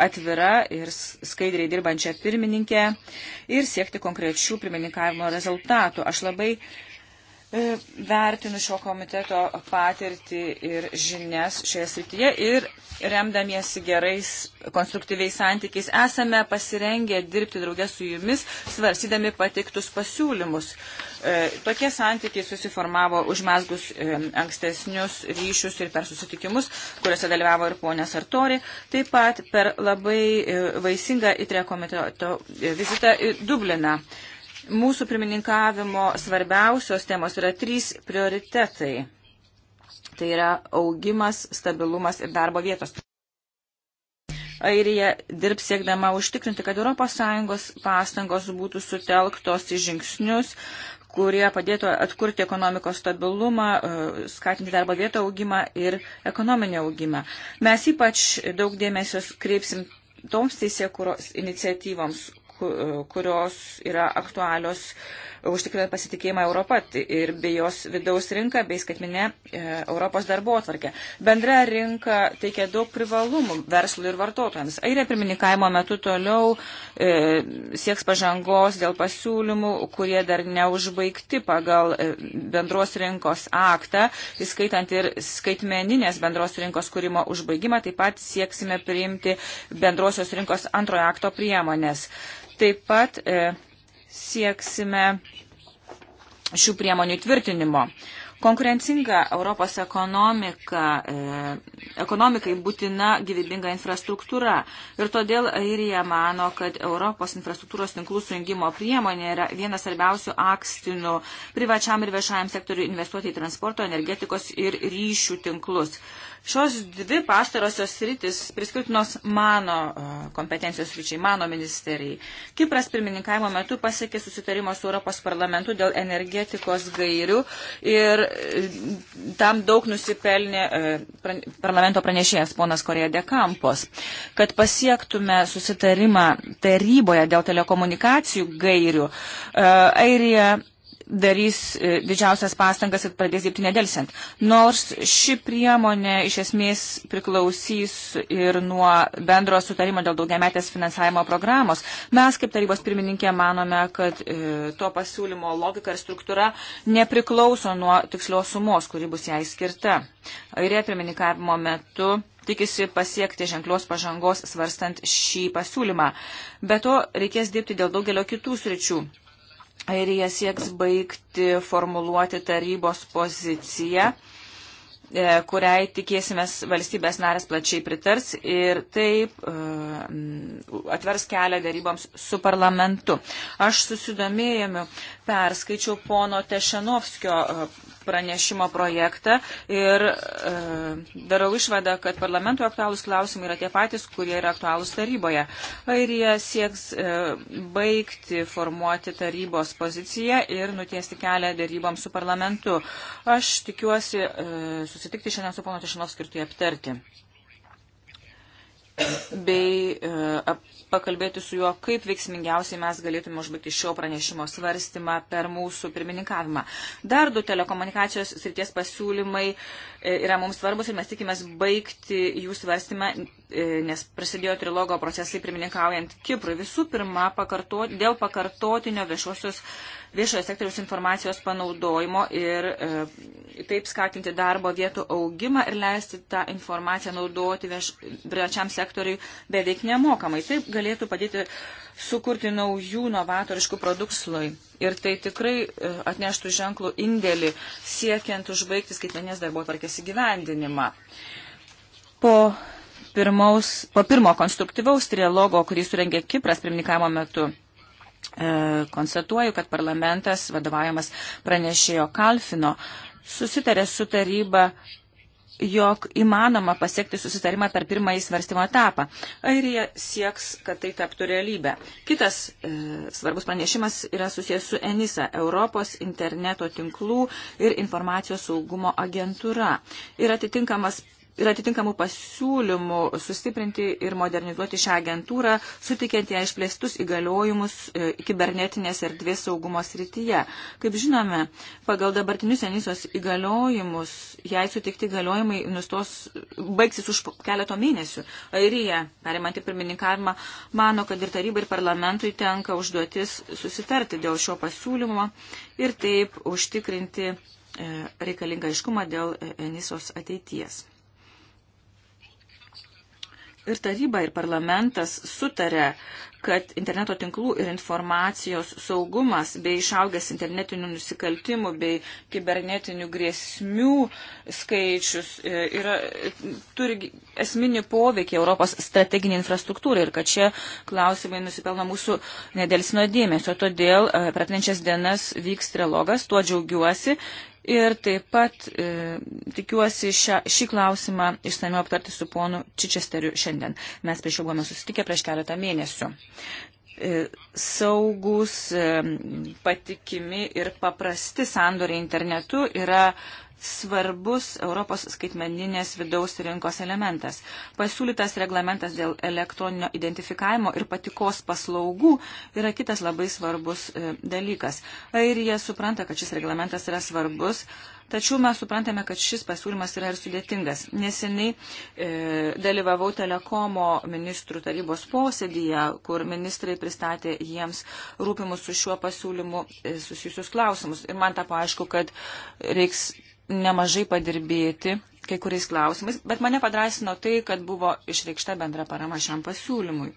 atvira ir skaidriai dirbančia pirmininkė ir siekti konkrečių pirmininkavimo rezultatų. Aš labai uh, E, vertinu šio komiteto patirtį ir žinias šioje srityje ir remdamiesi gerais konstruktyviais santykiais esame pasirengę dirbti draugę su jumis, svarsydami patiktus pasiūlymus. E, tokie santykiai susiformavo užmesgus e, ankstesnius ryšius ir per susitikimus, kuriuose dalyvavo ir ponė Sartori, taip pat per labai vaisingą įtrė komiteto vizitą į Dubliną. Mūsų pirmininkavimo svarbiausios temos yra trys prioritetai. Tai yra augimas, stabilumas ir darbo vietos. Airija dirbs siekdama užtikrinti, kad ES pastangos būtų sutelktos į žingsnius, kurie padėtų atkurti ekonomikos stabilumą, e, skatinti darbo vietų augimą ir ekonominį augimą. Mes ypač daug dėmesio kreipsim toms teisėkuros iniciatyvoms, kurios yra aktualios užtikrinant pasitikėjimą Europą ir bei jos vidaus rinką, bei skaitminę e, Europos darbo atvarkę. Bendra rinka teikia daug privalumų verslui ir vartotojams. Airė pirmininkavimo metu toliau e, sieks pažangos dėl pasiūlymų, kurie dar neužbaigti pagal e, bendros rinkos aktą, įskaitant ir skaitmeninės bendros rinkos kūrimo užbaigimą, taip pat sieksime priimti bendrosios rinkos antrojo akto priemonės. Taip pat e, sieksime šių priemonių tvirtinimo. Konkurencinga Europos ekonomika, e, ekonomikai būtina gyvybinga infrastruktūra ir todėl Airija mano, kad Europos infrastruktūros tinklų sujungimo priemonė yra vienas svarbiausių akstinų privačiam ir viešajam sektoriu investuoti į transporto, energetikos ir ryšių tinklus. E, Šios dvi pastarosios rytis priskirtinos mano e, kompetencijos ryčiai, mano ministerijai. Kipras pirmininkavimo metu pasiekė susitarimo su Europos parlamentu dėl energetikos gairių ir e, tam daug nusipelnė e, parlamento pranešėjas ponas Korėja de Campos. Kad pasiektume susitarimą taryboje dėl telekomunikacijų gairių, Airija darys e, didžiausias pastangas ir pradės dirbti nedelsiant. Nors ši priemonė iš esmės priklausys ir nuo bendro sutarimo dėl daugiametės finansavimo programos, mes kaip tarybos pirmininkė manome, kad e, to pasiūlymo logika ir struktūra nepriklauso nuo tikslios sumos, kuri bus jai skirta. Airė pirmininkavimo metu tikisi pasiekti ženklios pažangos svarstant šį pasiūlymą. Be to reikės dirbti dėl daugelio kitų sričių ir jie sieks baigti formuluoti tarybos poziciją e, kuriai tikėsimės valstybės narės plačiai pritars ir taip uh, atvers kelią daryboms su parlamentu. Aš susidomėjimu perskaičiau pono Tešenovskio e, pranešimo projektą ir e, darau išvadą, kad parlamentui aktualūs klausimai yra tie patys, kurie yra aktualūs taryboje. Airija sieks e, baigti formuoti tarybos poziciją ir nutiesti kelią dėryboms su parlamentu. Aš tikiuosi e, susitikti šiandien su pono Tešinovskiu ir tai aptarti. Bei e, ap, pakalbėti su juo, kaip veiksmingiausiai mes galėtume užbaigti šio pranešimo svarstymą per mūsų pirmininkavimą. Dar du telekomunikacijos srities pasiūlymai e, yra mums svarbus ir mes tikimės baigti jų svarstymą, e, nes prasidėjo trilogo procesai pirmininkaujant Kiprui. Visų pirma, pakartot, dėl pakartotinio viešosios viešojo sektoriaus informacijos panaudojimo ir e, taip skatinti darbo vietų augimą ir leisti tą informaciją naudoti privačiam sektoriui beveik nemokamai. Taip galėtų padėti sukurti naujų novatoriškų produkslui. Ir tai tikrai e, atneštų ženklų indėlį siekiant užbaigti skaitmenės darbo tvarkės įgyvendinimą. Po pirmaus, po pirmo konstruktyvaus trialogo, kurį surengė Kipras pirmininkavimo metu. E, konstatuoju, kad parlamentas, vadovaujamas pranešėjo Kalfino, susitarė su taryba jog įmanoma pasiekti susitarimą per pirmąjį svarstymo etapą. Airija sieks, kad tai taptų realybę. Kitas e, svarbus pranešimas yra susijęs su ENISA, Europos interneto tinklų ir informacijos saugumo agentūra. Ir atitinkamas ir atitinkamų pasiūlymų sustiprinti ir modernizuoti šią agentūrą, sutikiant ją išplėstus įgaliojimus e, kibernetinės erdvės saugumo srityje. Kaip žinome, pagal dabartinius Enisos įgaliojimus, jai sutikti įgaliojimai nustos, baigsis už keleto mėnesių. Airija, perimanti pirmininkavimą, mano, kad ir tarybai, ir parlamentui tenka užduotis susitarti dėl šio pasiūlymo ir taip užtikrinti e, reikalingą iškumą dėl Enisos ateities ir taryba, ir parlamentas sutarė, kad interneto tinklų ir informacijos saugumas bei išaugęs internetinių nusikaltimų bei kibernetinių grėsmių skaičius e, yra, e, turi esminį poveikį Europos strateginį infrastruktūrą ir kad šie klausimai nusipelno mūsų nedelsino dėmesio. Todėl e, pratinčias dienas vyks trilogas, tuo džiaugiuosi Ir taip pat e, tikiuosi šią, šį klausimą išsamiau aptarti su ponu Čičesteriu šiandien. Mes prieš jau buvome susitikę prieš keletą mėnesių. E, saugus, e, patikimi ir paprasti sandoriai internetu yra svarbus Europos skaitmeninės vidaus rinkos elementas. Pasiūlytas reglamentas dėl elektroninio identifikavimo ir patikos paslaugų yra kitas labai svarbus e, dalykas. Airija supranta, kad šis reglamentas yra svarbus. Tačiau mes suprantame, kad šis pasiūlymas yra ir sudėtingas. Neseniai e, dalyvavau telekomo ministrų tarybos posėdyje, kur ministrai pristatė jiems rūpimus su šiuo pasiūlymu e, susijusius klausimus. Ir man tapo aišku, kad reiks nemažai padirbėti kai kuriais klausimais, bet mane padrasino tai, kad buvo išreikšta bendra parama šiam pasiūlymui.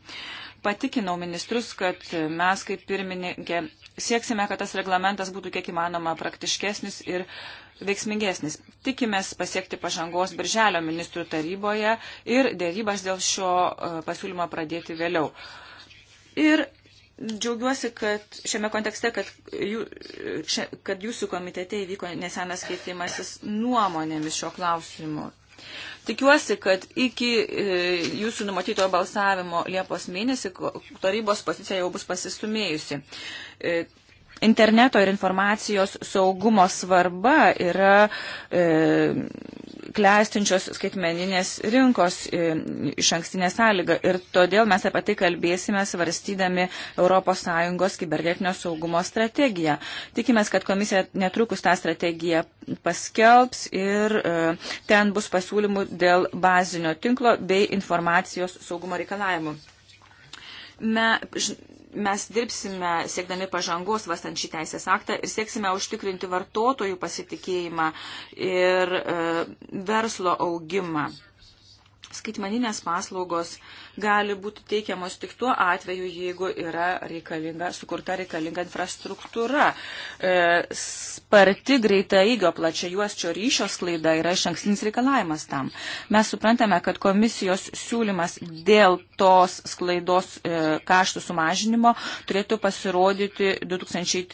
Patikinau ministrus, kad mes kaip pirmininkė sieksime, kad tas reglamentas būtų kiek įmanoma praktiškesnis ir veiksmingesnis. Tikimės pasiekti pažangos Birželio ministrų taryboje ir dėrybas dėl šio e, pasiūlymo pradėti vėliau. Ir Džiaugiuosi, kad šiame kontekste, kad, jų, šia, kad jūsų komitete įvyko nesenas keitimasis nuomonėmis šio klausimu. Tikiuosi, kad iki e, jūsų numatyto balsavimo Liepos mėnesį tarybos pozicija jau bus pasistumėjusi. E, interneto ir informacijos saugumo svarba yra e, klestinčios skaitmeninės rinkos e, iš ankstinė sąlyga. Ir todėl mes apie tai kalbėsime svarstydami ES kibernetinio saugumo strategiją. Tikimės, kad komisija netrukus tą strategiją paskelbs ir e, ten bus pasiūlymų dėl bazinio tinklo bei informacijos saugumo reikalavimų. Me, ž, mes dirbsime siekdami pažangos vastant šį teisės aktą ir sieksime užtikrinti vartotojų pasitikėjimą ir e, verslo augimą. Skaitmaninės paslaugos gali būti teikiamos tik tuo atveju, jeigu yra reikalinga, sukurta reikalinga infrastruktūra. E, sparti greita įgio plačia juosčio ryšio sklaida yra iš ankstinis reikalavimas tam. Mes suprantame, kad komisijos siūlymas dėl tos sklaidos e, kaštų sumažinimo turėtų pasirodyti 2013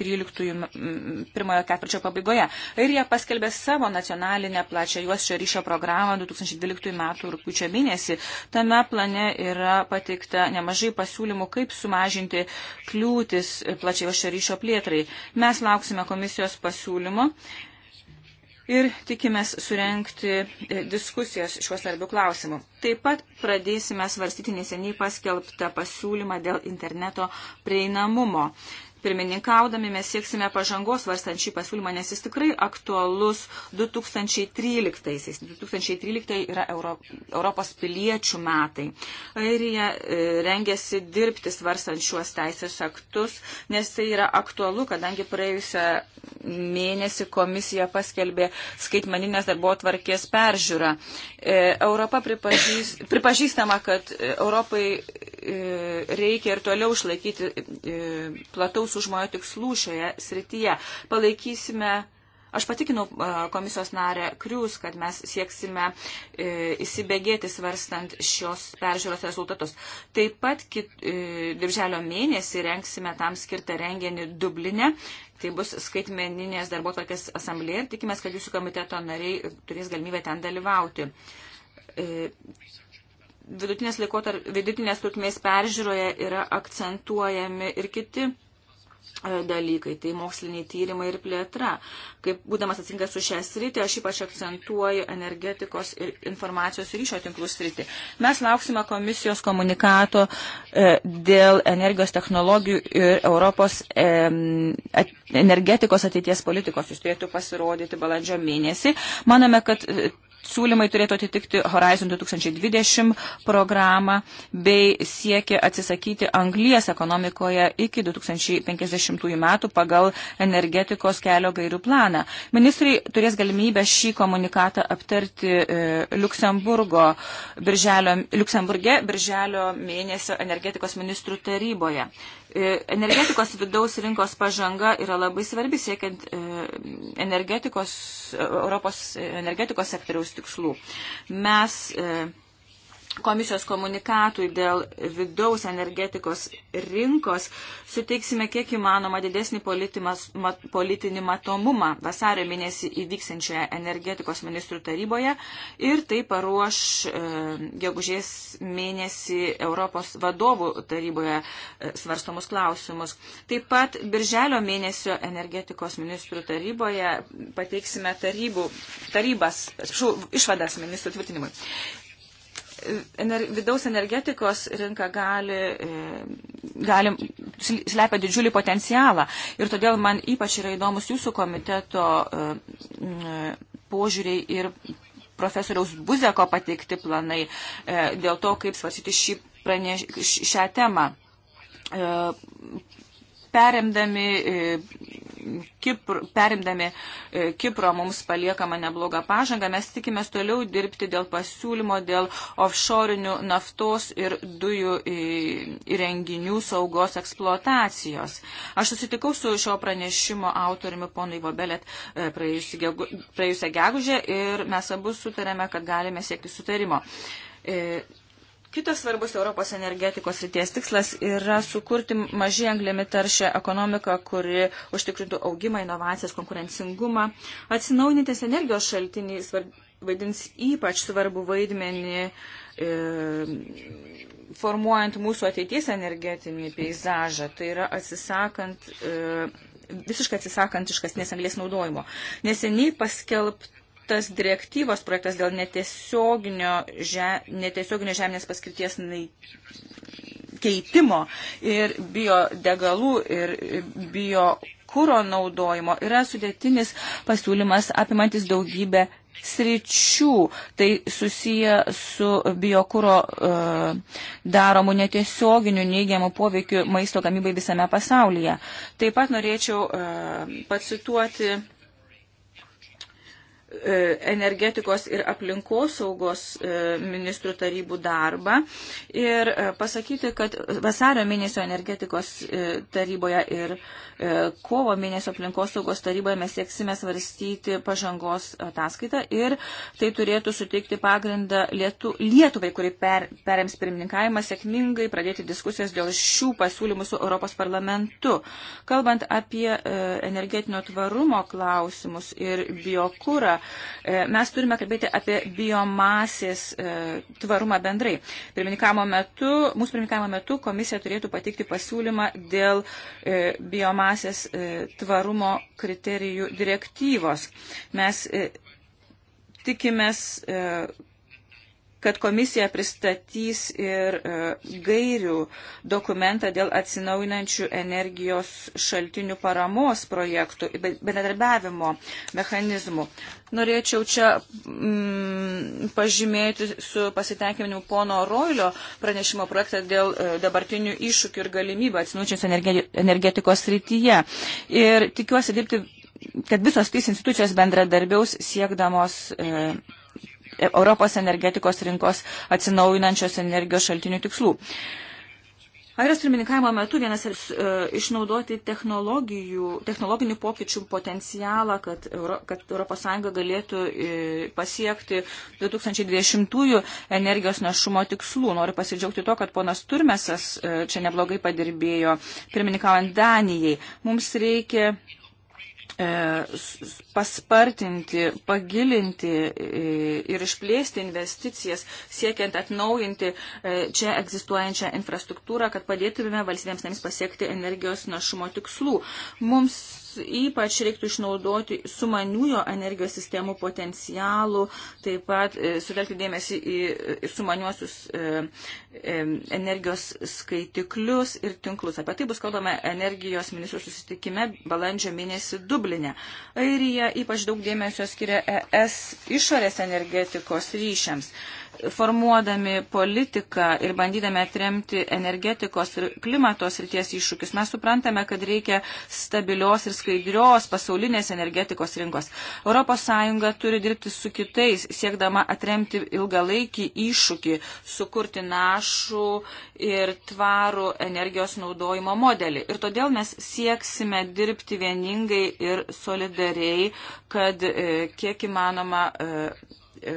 pirmojo ketvirčio pabaigoje. Ir jie paskelbė savo nacionalinę plačią juosčio ryšio programą 2012 m. rūpiučio mėnesį. Tame plane yra pateikta nemažai pasiūlymų, kaip sumažinti kliūtis plačiai šio ryšio plėtrai. Mes lauksime komisijos pasiūlymo. Ir tikimės surenkti diskusijas šiuo svarbiu klausimu. Taip pat pradėsime svarstyti neseniai paskelbtą pasiūlymą dėl interneto prieinamumo. Pirmininkaudami mes sieksime pažangos varstant šį pasiūlymą, nes jis tikrai aktualus 2013. 2013 yra Euro, Europos piliečių metai. Airija e, rengiasi dirbti svarstant šiuos teisės aktus, nes tai yra aktualu, kadangi praėjusią mėnesį komisija paskelbė skaitmaninės darbo tvarkės peržiūrą. E, Europa pripažys, pripažįstama, kad e, Europai e, reikia ir toliau išlaikyti e, plataus mūsų žmojo tikslų šioje srityje. Palaikysime. Aš patikinau e, komisijos narę Krius, kad mes sieksime e, įsibėgėti svarstant šios peržiūros rezultatus. Taip pat kit, dirželio e, mėnesį renksime tam skirtą renginį Dublinę. Tai bus skaitmeninės darbo tokias asamblėje ir tikimės, kad jūsų komiteto nariai turės galimybę ten dalyvauti vidutinės, laikotar, vidutinės trukmės peržiūroje yra akcentuojami ir kiti E, dalykai, tai moksliniai tyrimai ir plėtra. Kaip būdamas atsakingas už šią sritį, aš ypač akcentuoju energetikos ir informacijos ryšio tinklų sritį. Mes lauksime komisijos komunikato e, dėl energijos technologijų ir Europos e, at, energetikos ateities politikos. Jis turėtų pasirodyti balandžio mėnesį. Manome, kad e, siūlymai turėtų atitikti Horizon 2020 programą bei siekia atsisakyti anglijas ekonomikoje iki 2050 metų pagal energetikos kelio gairių planą. Ministrai turės galimybę šį komunikatą aptarti e, Luxemburgo, birželio, Luxemburge birželio mėnesio energetikos ministrų taryboje. E, energetikos vidaus rinkos pažanga yra labai svarbi siekiant e, energetikos, e, Europos energetikos sektoriaus tikslų. Mes komisijos komunikatui dėl vidaus energetikos rinkos suteiksime kiek įmanoma didesnį mat, politinį matomumą vasario mėnesį įvyksiančioje energetikos ministrų taryboje ir tai paruoš e, gegužės mėnesį Europos vadovų taryboje e, svarstomus klausimus. Taip pat birželio mėnesio energetikos ministrų taryboje pateiksime tarybų, tarybas, šau, išvadas ministrų tvirtinimui ener, vidaus energetikos rinka gali, e, gali slepia didžiulį potencialą. Ir todėl man ypač yra įdomus jūsų komiteto e, e, požiūriai ir profesoriaus Buzeko pateikti planai dėl to, kaip svarsyti šį praneš, šią temą Perimdami, e, Kipr, perimdami e, Kipro mums paliekama neblogą pažangą, mes tikime toliau dirbti dėl pasiūlymo, dėl offshore'inių naftos ir dujų e, įrenginių saugos eksploatacijos. Aš susitikau su šio pranešimo autoriumi ponui Vobelet praėjusią gegužę ir mes abu sutarėme, kad galime siekti sutarimo. Kitas svarbus Europos energetikos ryties tikslas yra sukurti mažai anglėmi taršę ekonomiką, kuri užtikrintų augimą, inovacijas, konkurencingumą. Atsinaujantis energijos šaltiniai vaidins ypač svarbu vaidmenį e, formuojant mūsų ateities energetinį peizažą. Tai yra atsisakant. E, visiškai atsisakant iškasnės anglės naudojimo. Neseniai paskelbt pateiktas direktyvos projektas dėl netiesioginio, že, netiesioginio žemės paskirties naik, keitimo ir biodegalų ir bio kūro naudojimo yra sudėtinis pasiūlymas apimantis daugybę sričių. Tai susiję su biokūro uh, daromu netiesioginiu neigiamu poveikiu maisto gamybai visame pasaulyje. Taip pat norėčiau uh, pacituoti E, energetikos ir aplinkosaugos e, ministrų tarybų darbą ir e, pasakyti, kad vasario mėnesio energetikos taryboje ir kovo mėnesio aplinkosaugos taryboje mes sieksime svarstyti pažangos ataskaitą ir tai turėtų suteikti pagrindą Lietu, Lietuvai, kuri per, perėms pirmininkavimą, sėkmingai pradėti diskusijas dėl šių pasiūlymų su Europos parlamentu. Kalbant apie energetinio tvarumo klausimus ir biokūrą, E, mes turime kalbėti apie biomasės e, tvarumą bendrai. Pirmininkamo metu, mūsų pirmininkamo metu komisija turėtų pateikti pasiūlymą dėl e, biomasės tvarumo kriterijų direktyvos. Mes tikimės kad komisija pristatys ir e, gairių dokumentą dėl atsinaujinančių energijos šaltinių paramos projektų, bendradarbiavimo mechanizmų. Norėčiau čia mm, pažymėti su pasitenkinimu pono Roilio pranešimo projektą dėl e, dabartinių iššūkių ir galimybių atsinaujinančios energetikos srityje. Ir tikiuosi dirbti kad visos trys institucijos bendradarbiaus siekdamos e, Europos energetikos rinkos atsinaujinančios energijos šaltinių tikslų. Airijos pirmininkavimo metu vienas ir e, išnaudoti technologinių pokyčių potencialą, kad, Euro, kad ES galėtų e, pasiekti 2020-ųjų energijos našumo tikslų. Noriu pasidžiaugti to, kad ponas Turmesas e, čia neblogai padirbėjo pirmininkaujant Danijai. Mums reikia E, paspartinti, pagilinti e, ir išplėsti investicijas, siekiant atnaujinti e, čia egzistuojančią infrastruktūrą, kad padėtume valstybėms nams pasiekti energijos našumo tikslų. Mums ypač reiktų išnaudoti sumaniųjo energijos sistemų potencialų, taip pat e, sutelkti dėmesį į sumaniuosius e, e, energijos skaitiklius ir tinklus. Apie tai bus kalbama energijos ministrų susitikime balandžio mėnesį Dublinė. Airija ypač daug dėmesio skiria ES išorės energetikos ryšiams formuodami politiką ir bandydami atremti energetikos ir klimatos ryties iššūkius, mes suprantame, kad reikia stabilios ir skaidrios pasaulinės energetikos rinkos. ES turi dirbti su kitais, siekdama atremti ilgalaikį iššūkį, sukurti našų ir tvarų energijos naudojimo modelį. Ir todėl mes sieksime dirbti vieningai ir solidariai, kad e, kiek įmanoma e, E,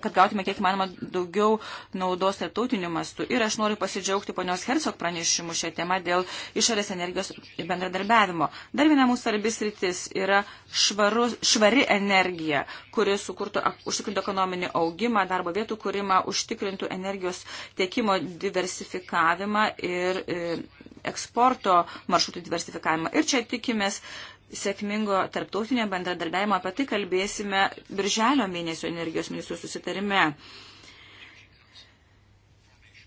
kad gautume kiek manoma daugiau naudos tarptautiniu mastu. Ir aš noriu pasidžiaugti ponios Hersok pranešimu šią temą dėl išorės energijos bendradarbiavimo. Dar viena mūsų svarbis rytis yra švarus, švari energija, kuri sukurtų, užtikrintų ekonominį augimą, darbo vietų kūrimą, užtikrintų energijos tiekimo diversifikavimą ir e, eksporto maršrutų diversifikavimą. Ir čia tikimės sėkmingo tarptautinio bendradarbiavimo, apie tai kalbėsime Birželio mėnesio energijos ministrų susitarime.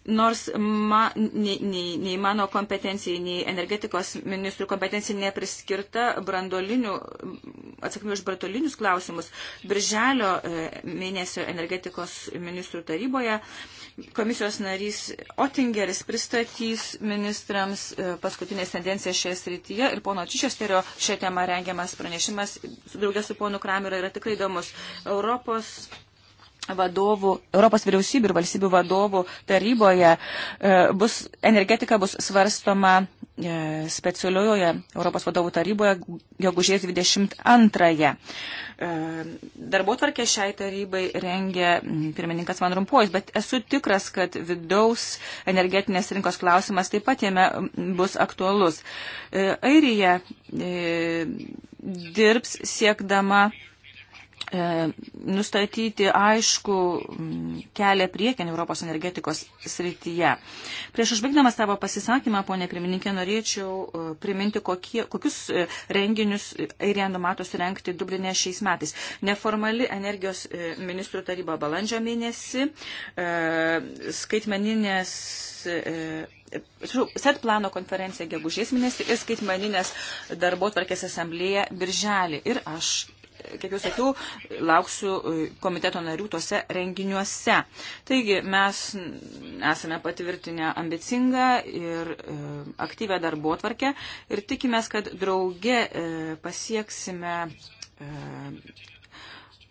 Nors ma, nei, nei, nei mano kompetencijai, nei energetikos ministrų kompetencijai nepriskirta atsakymė už brandolinius klausimus, Birželio e, mėnesio energetikos ministrų taryboje uh, Komisijos narys Otingeris pristatys ministrams e, paskutinės tendencijas šioje srityje ir pono Čišesterio šią temą rengiamas pranešimas, draugė su ponu Kramira, yra tikrai įdomus. Europos vadovų, Europos vyriausybių ir valstybių vadovų taryboje e, bus, energetika bus svarstoma E, specialiojoje Europos vadovų taryboje gegužės 22-ąją. E, Darbo tvarkė šiai tarybai rengia pirmininkas Van Rumpojus, bet esu tikras, kad vidaus energetinės rinkos klausimas taip pat jame bus aktualus. E, Airija dirbs siekdama E, nustatyti aišku kelią priekin Europos energetikos srityje. Prieš užbaigdamas savo pasisakymą, ponė pirmininkė, norėčiau e, priminti, kokie, kokius e, renginius Airija numato surenkti Dublinė šiais metais. Neformali energijos ministrų taryba balandžio mėnesį, skaitmeninės set plano konferencija gegužės mėnesį ir skaitmaninės darbo tvarkės asamblėje birželį. Ir aš kaip jau sakiau, lauksiu e, komiteto narių tose renginiuose. Taigi mes esame patvirtinę ambicingą ir e, aktyvę darbo atvarkę ir tikimės, kad drauge e, pasieksime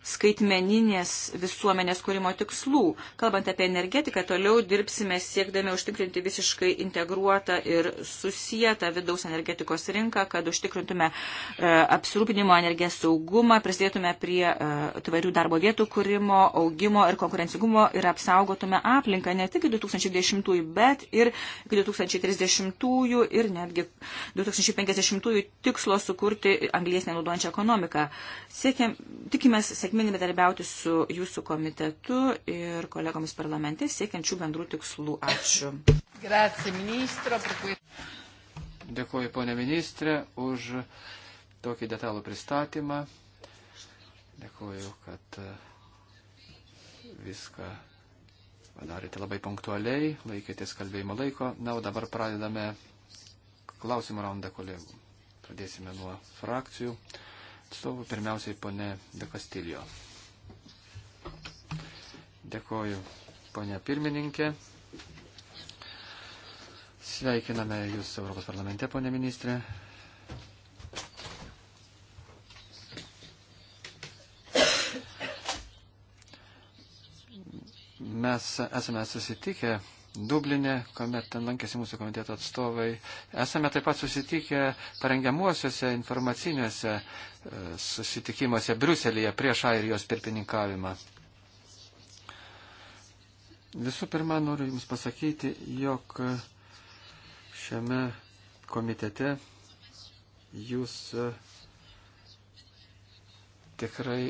skaitmeninės visuomenės kūrimo tikslų. Kalbant apie energetiką, toliau dirbsime siekdami užtikrinti visiškai integruotą ir susijęta vidaus energetikos rinką, kad užtikrintume e, apsirūpinimo energijos saugumą, prisidėtume prie e, tvarių darbo vietų kūrimo, augimo ir konkurencingumo ir apsaugotume aplinką ne tik 2010-ųjų, bet ir 2030-ųjų ir netgi 2050-ųjų tikslo sukurti anglies nenaudojančią ekonomiką. Siekiam, tikimės, sėkmės sėkmingai bedarbiauti su jūsų komitetu ir kolegomis parlamente siekiančių bendrų tikslų. Ačiū. Grazie, ministro. Dėkuoju, ponė ministrė, už tokį detalų pristatymą. Dėkuoju, kad e, viską padarėte labai punktualiai, laikėtės kalbėjimo laiko. Na, o dabar pradedame klausimų raundą kolegų. Pradėsime nuo frakcijų atstovų, pirmiausiai ponė De Castillo. Dėkoju, ponė pirmininkė. Sveikiname Jūs Europos parlamente, ponė ministrė. Mes esame susitikę Dublinė, kuomet ten lankėsi mūsų komiteto atstovai. Esame taip pat susitikę parengiamuosiuose informaciniuose e, susitikimuose Briuselėje prieš Airijos pirpininkavimą. Visų pirma, noriu Jums pasakyti, jog šiame komitete Jūs e, tikrai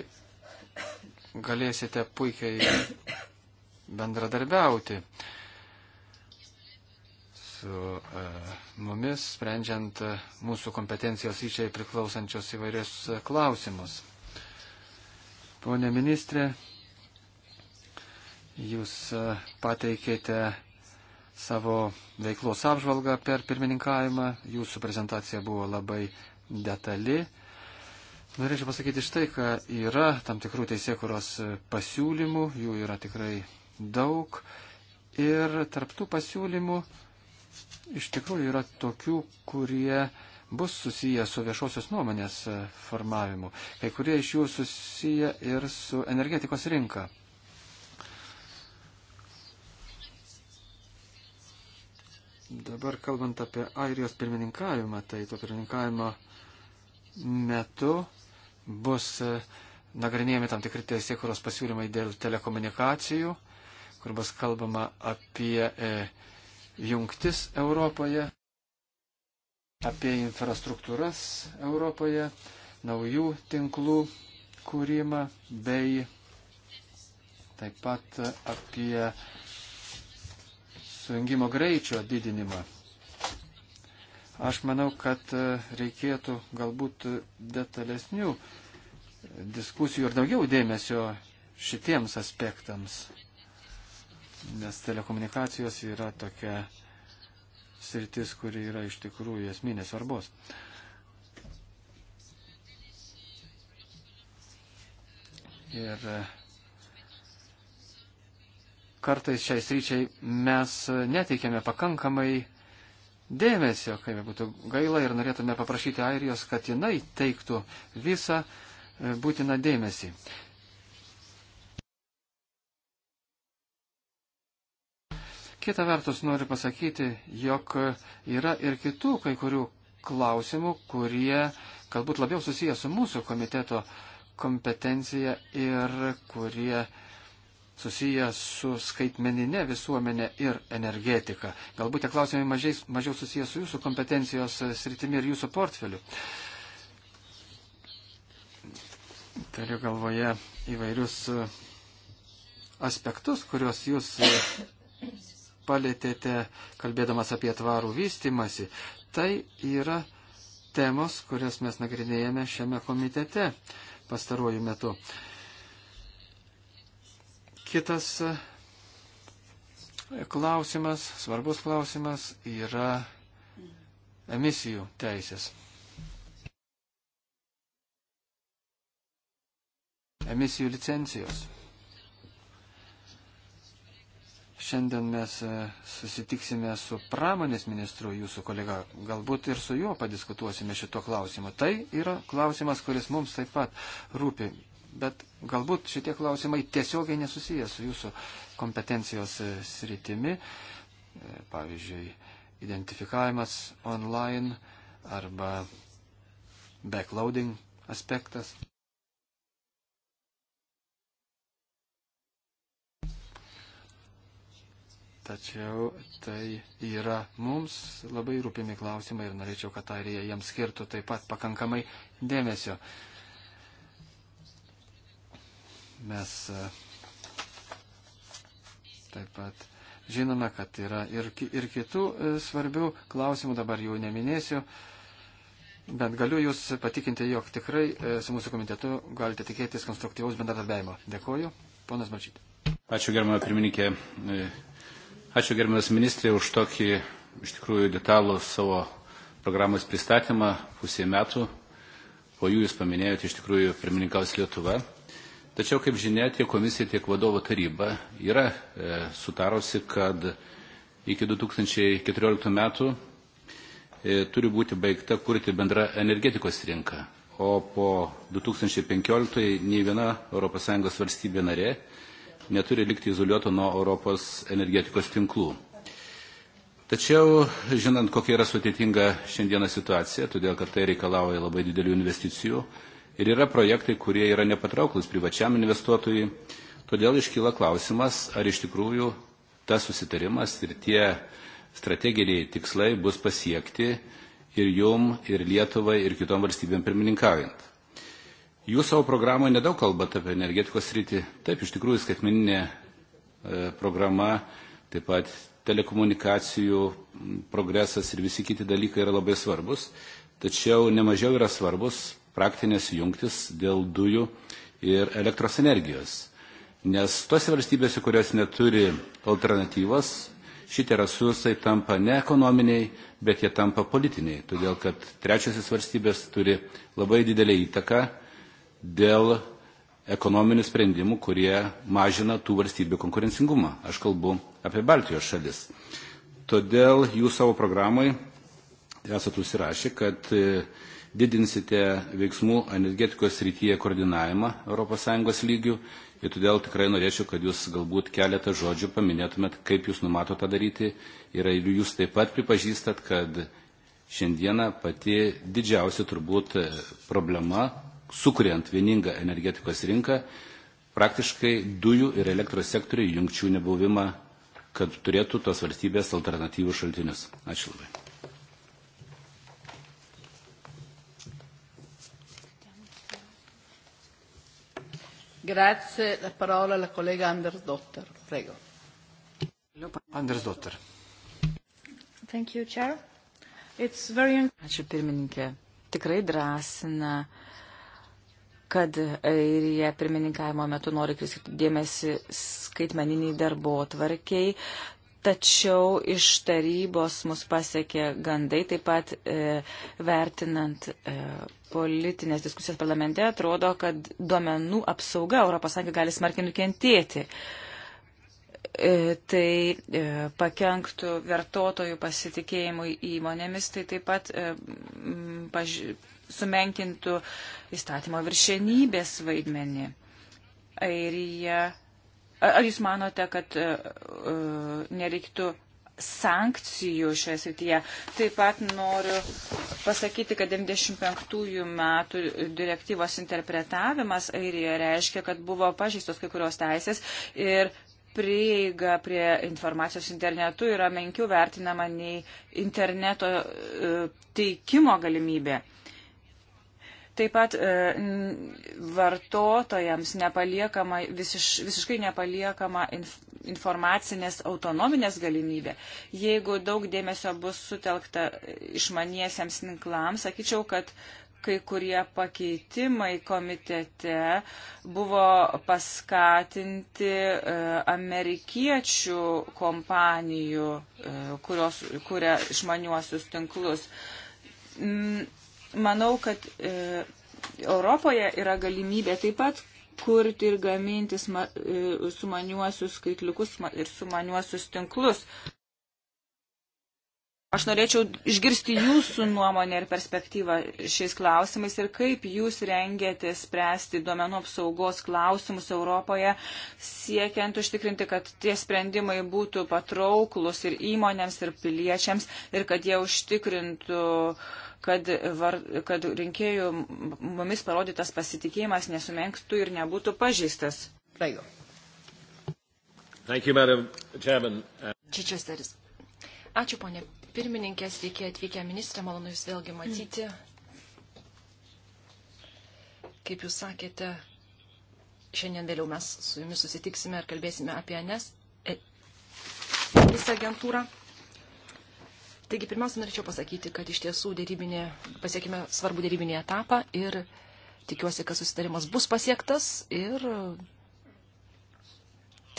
galėsite puikiai bendradarbiauti su e, mumis, sprendžiant e, mūsų kompetencijos išėjai priklausančios įvairius e, klausimus. Pone ministrė, jūs pateikėte savo veiklos apžvalgą per pirmininkavimą, jūsų prezentacija buvo labai detali. Norėčiau pasakyti štai, kad yra tam tikrų teisėkuros pasiūlymų, jų yra tikrai daug. Ir tarptų pasiūlymų iš tikrųjų yra tokių, kurie bus susiję su viešosios nuomonės e, formavimu. Kai kurie iš jų susiję ir su energetikos rinka. Dabar kalbant apie Airijos pirmininkavimą, tai to pirmininkavimo metu bus e, nagrinėjami tam tikri teisėkuros pasiūlymai dėl telekomunikacijų, kur bus kalbama apie e, jungtis Europoje, apie infrastruktūras Europoje, naujų tinklų kūrimą bei taip pat apie sujungimo greičio didinimą. Aš manau, kad reikėtų galbūt detalesnių diskusijų ir daugiau dėmesio šitiems aspektams nes telekomunikacijos yra tokia sritis, kuri yra iš tikrųjų esminės svarbos. Ir e, kartais šiai sryčiai mes neteikėme pakankamai dėmesio, kaip būtų gaila, ir norėtume paprašyti Airijos, kad jinai teiktų visą e, būtiną dėmesį. Kita vertus noriu pasakyti, jog yra ir kitų kai kurių klausimų, kurie galbūt labiau susiję su mūsų komiteto kompetencija ir kurie susiję su skaitmeninė visuomenė ir energetika. Galbūt tie klausimai mažiais, mažiau susiję su jūsų kompetencijos sritimi ir jūsų portfeliu. Turiu galvoje įvairius aspektus, kuriuos jūs palėtėte, kalbėdamas apie tvarų vystimasi, tai yra temos, kurias mes nagrinėjame šiame komitete pastaruoju metu. Kitas e, klausimas, svarbus klausimas yra emisijų teisės. Emisijų licencijos. Šiandien mes e, susitiksime su pramonės ministru, jūsų kolega, galbūt ir su juo padiskutuosime šito klausimu. Tai yra klausimas, kuris mums taip pat rūpi, bet galbūt šitie klausimai tiesiogiai nesusiję su jūsų kompetencijos e, sritimi, e, pavyzdžiui, identifikavimas online arba backloading aspektas. Tačiau tai yra mums labai rūpimi klausimai ir norėčiau, kad Airija jam skirtų taip pat pakankamai dėmesio. Mes e, taip pat žinome, kad yra ir, ir kitų e, svarbių klausimų, dabar jų neminėsiu, bet galiu Jūs patikinti, jog tikrai e, su mūsų komitetu galite tikėtis konstruktyvaus bendradarbiavimo. Dėkoju, ponas Balčytis. Ačiū, gerbama pirmininkė. Ačiū gerbiamas ministrė už tokį iš tikrųjų detalų savo programos pristatymą pusė metų. Po jų jūs paminėjote iš tikrųjų pirmininkaus Lietuva. Tačiau, kaip žinia, tiek komisija, tiek vadovo taryba yra e, sutarusi, kad iki 2014 metų e, turi būti baigta kurti bendra energetikos rinka. O po 2015 nei viena ES valstybė narė neturi likti izoliuota nuo Europos energetikos tinklų. Tačiau, žinant, kokia yra sudėtinga šiandieną situacija, todėl kad tai reikalauja labai didelių investicijų ir yra projektai, kurie yra nepatrauklus privačiam investuotojui, todėl iškyla klausimas, ar iš tikrųjų tas susitarimas ir tie strateginiai tikslai bus pasiekti ir jum, ir Lietuvai, ir kitom valstybėm pirmininkaujant. Jūs savo programoje nedaug kalbate apie energetikos rytį. Taip, iš tikrųjų, skaitmeninė e, programa, taip pat telekomunikacijų progresas ir visi kiti dalykai yra labai svarbus, tačiau nemažiau yra svarbus praktinės jungtis dėl dujų ir elektros energijos. Nes tose valstybėse, kurios neturi alternatyvos, šitie resursai tampa ne ekonominiai, bet jie tampa politiniai, todėl kad trečiasis valstybės turi labai didelį įtaką dėl ekonominių sprendimų, kurie mažina tų valstybių konkurencingumą. Aš kalbu apie Baltijos šalis. Todėl jūs savo programai esate užsirašę, kad e, didinsite veiksmų energetikos rytyje koordinavimą ES lygių ir todėl tikrai norėčiau, kad jūs galbūt keletą žodžių paminėtumėt, kaip jūs numato tą daryti ir ar jūs taip pat pripažįstat, kad šiandieną pati didžiausia turbūt e, problema sukuriant vieningą energetikos rinką, praktiškai dujų ir elektros sektoriai jungčių nebuvimą, kad turėtų tos valstybės alternatyvų šaltinius. Ačiū labai. Grazie, la parola alla collega Anders Dotter. Prego. Anders Dotter. Thank you, Chair. It's very... Ačiū pirmininkė. Tikrai drąsina uh, kad airija pirmininkavimo metu nori kristi dėmesį skaitmeniniai darbo tvarkiai, tačiau iš tarybos mus pasiekė gandai, taip pat e, vertinant e, politinės diskusijas parlamente, atrodo, kad duomenų apsauga ES gali smarkiai nukentėti. E, tai e, pakenktų vartotojų pasitikėjimui įmonėmis, tai taip pat e, paž, sumenkintų įstatymo viršenybės vaidmenį. Airija, ar jūs manote, kad uh, nereiktų sankcijų šioje srityje. Taip pat noriu pasakyti, kad 95 metų direktyvos interpretavimas Airijoje reiškia, kad buvo pažįstos kai kurios teisės ir prieiga prie informacijos internetu yra menkiau vertinama nei interneto e, teikimo galimybė. Taip pat e, vartotojams nepaliekama, visiš, visiškai nepaliekama inf, informacinės autonominės galimybė. Jeigu daug dėmesio bus sutelkta e, išmaniesiems tinklams, sakyčiau, kad kai kurie pakeitimai komitete buvo paskatinti e, amerikiečių kompanijų, e, kurios kuria išmaniuosius tinklus. Mm manau, kad e, Europoje yra galimybė taip pat kurti ir gaminti sma, e, sumaniuosius skaitliukus sma, ir sumaniuosius tinklus. Aš norėčiau išgirsti jūsų nuomonę ir perspektyvą šiais klausimais ir kaip jūs rengėte spręsti duomenų apsaugos klausimus Europoje, siekiant užtikrinti, kad tie sprendimai būtų patrauklus ir įmonėms, ir piliečiams, ir kad jie užtikrintų uh, kad, var, kad rinkėjų mumis parodytas pasitikėjimas nesumenkstų ir nebūtų pažeistas. Praigo. Čičesteris. Ačiū, ponė pirmininkė, sveiki atvykę ministrė, malonu Jūs vėlgi matyti. Kaip Jūs sakėte, šiandien vėliau mes su Jumis susitiksime ir kalbėsime apie NES, visą e agentūrą. Taigi, pirmiausia, norėčiau pasakyti, kad iš tiesų dėrybinė, pasiekime svarbų dėrybinį etapą ir tikiuosi, kad susitarimas bus pasiektas ir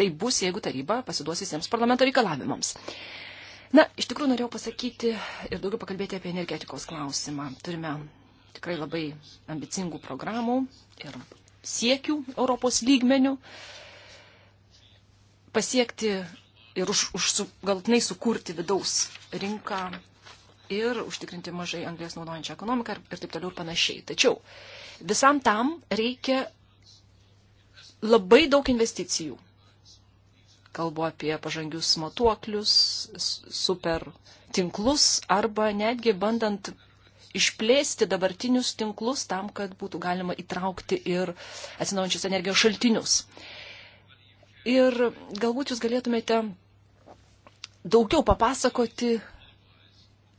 tai bus, jeigu taryba pasiduos visiems parlamento reikalavimams. Na, iš tikrųjų norėjau pasakyti ir daugiau pakalbėti apie energetikos klausimą. Turime tikrai labai ambicingų programų ir siekių Europos lygmenių pasiekti ir už, už su, galtinai sukurti vidaus rinką ir užtikrinti mažai anglės naudojančią ekonomiką ir, ir taip toliau ir panašiai. Tačiau visam tam reikia labai daug investicijų. Kalbu apie pažangius matuoklius, super tinklus arba netgi bandant išplėsti dabartinius tinklus tam, kad būtų galima įtraukti ir atsinaujančius energijos šaltinius. Ir galbūt jūs galėtumėte daugiau papasakoti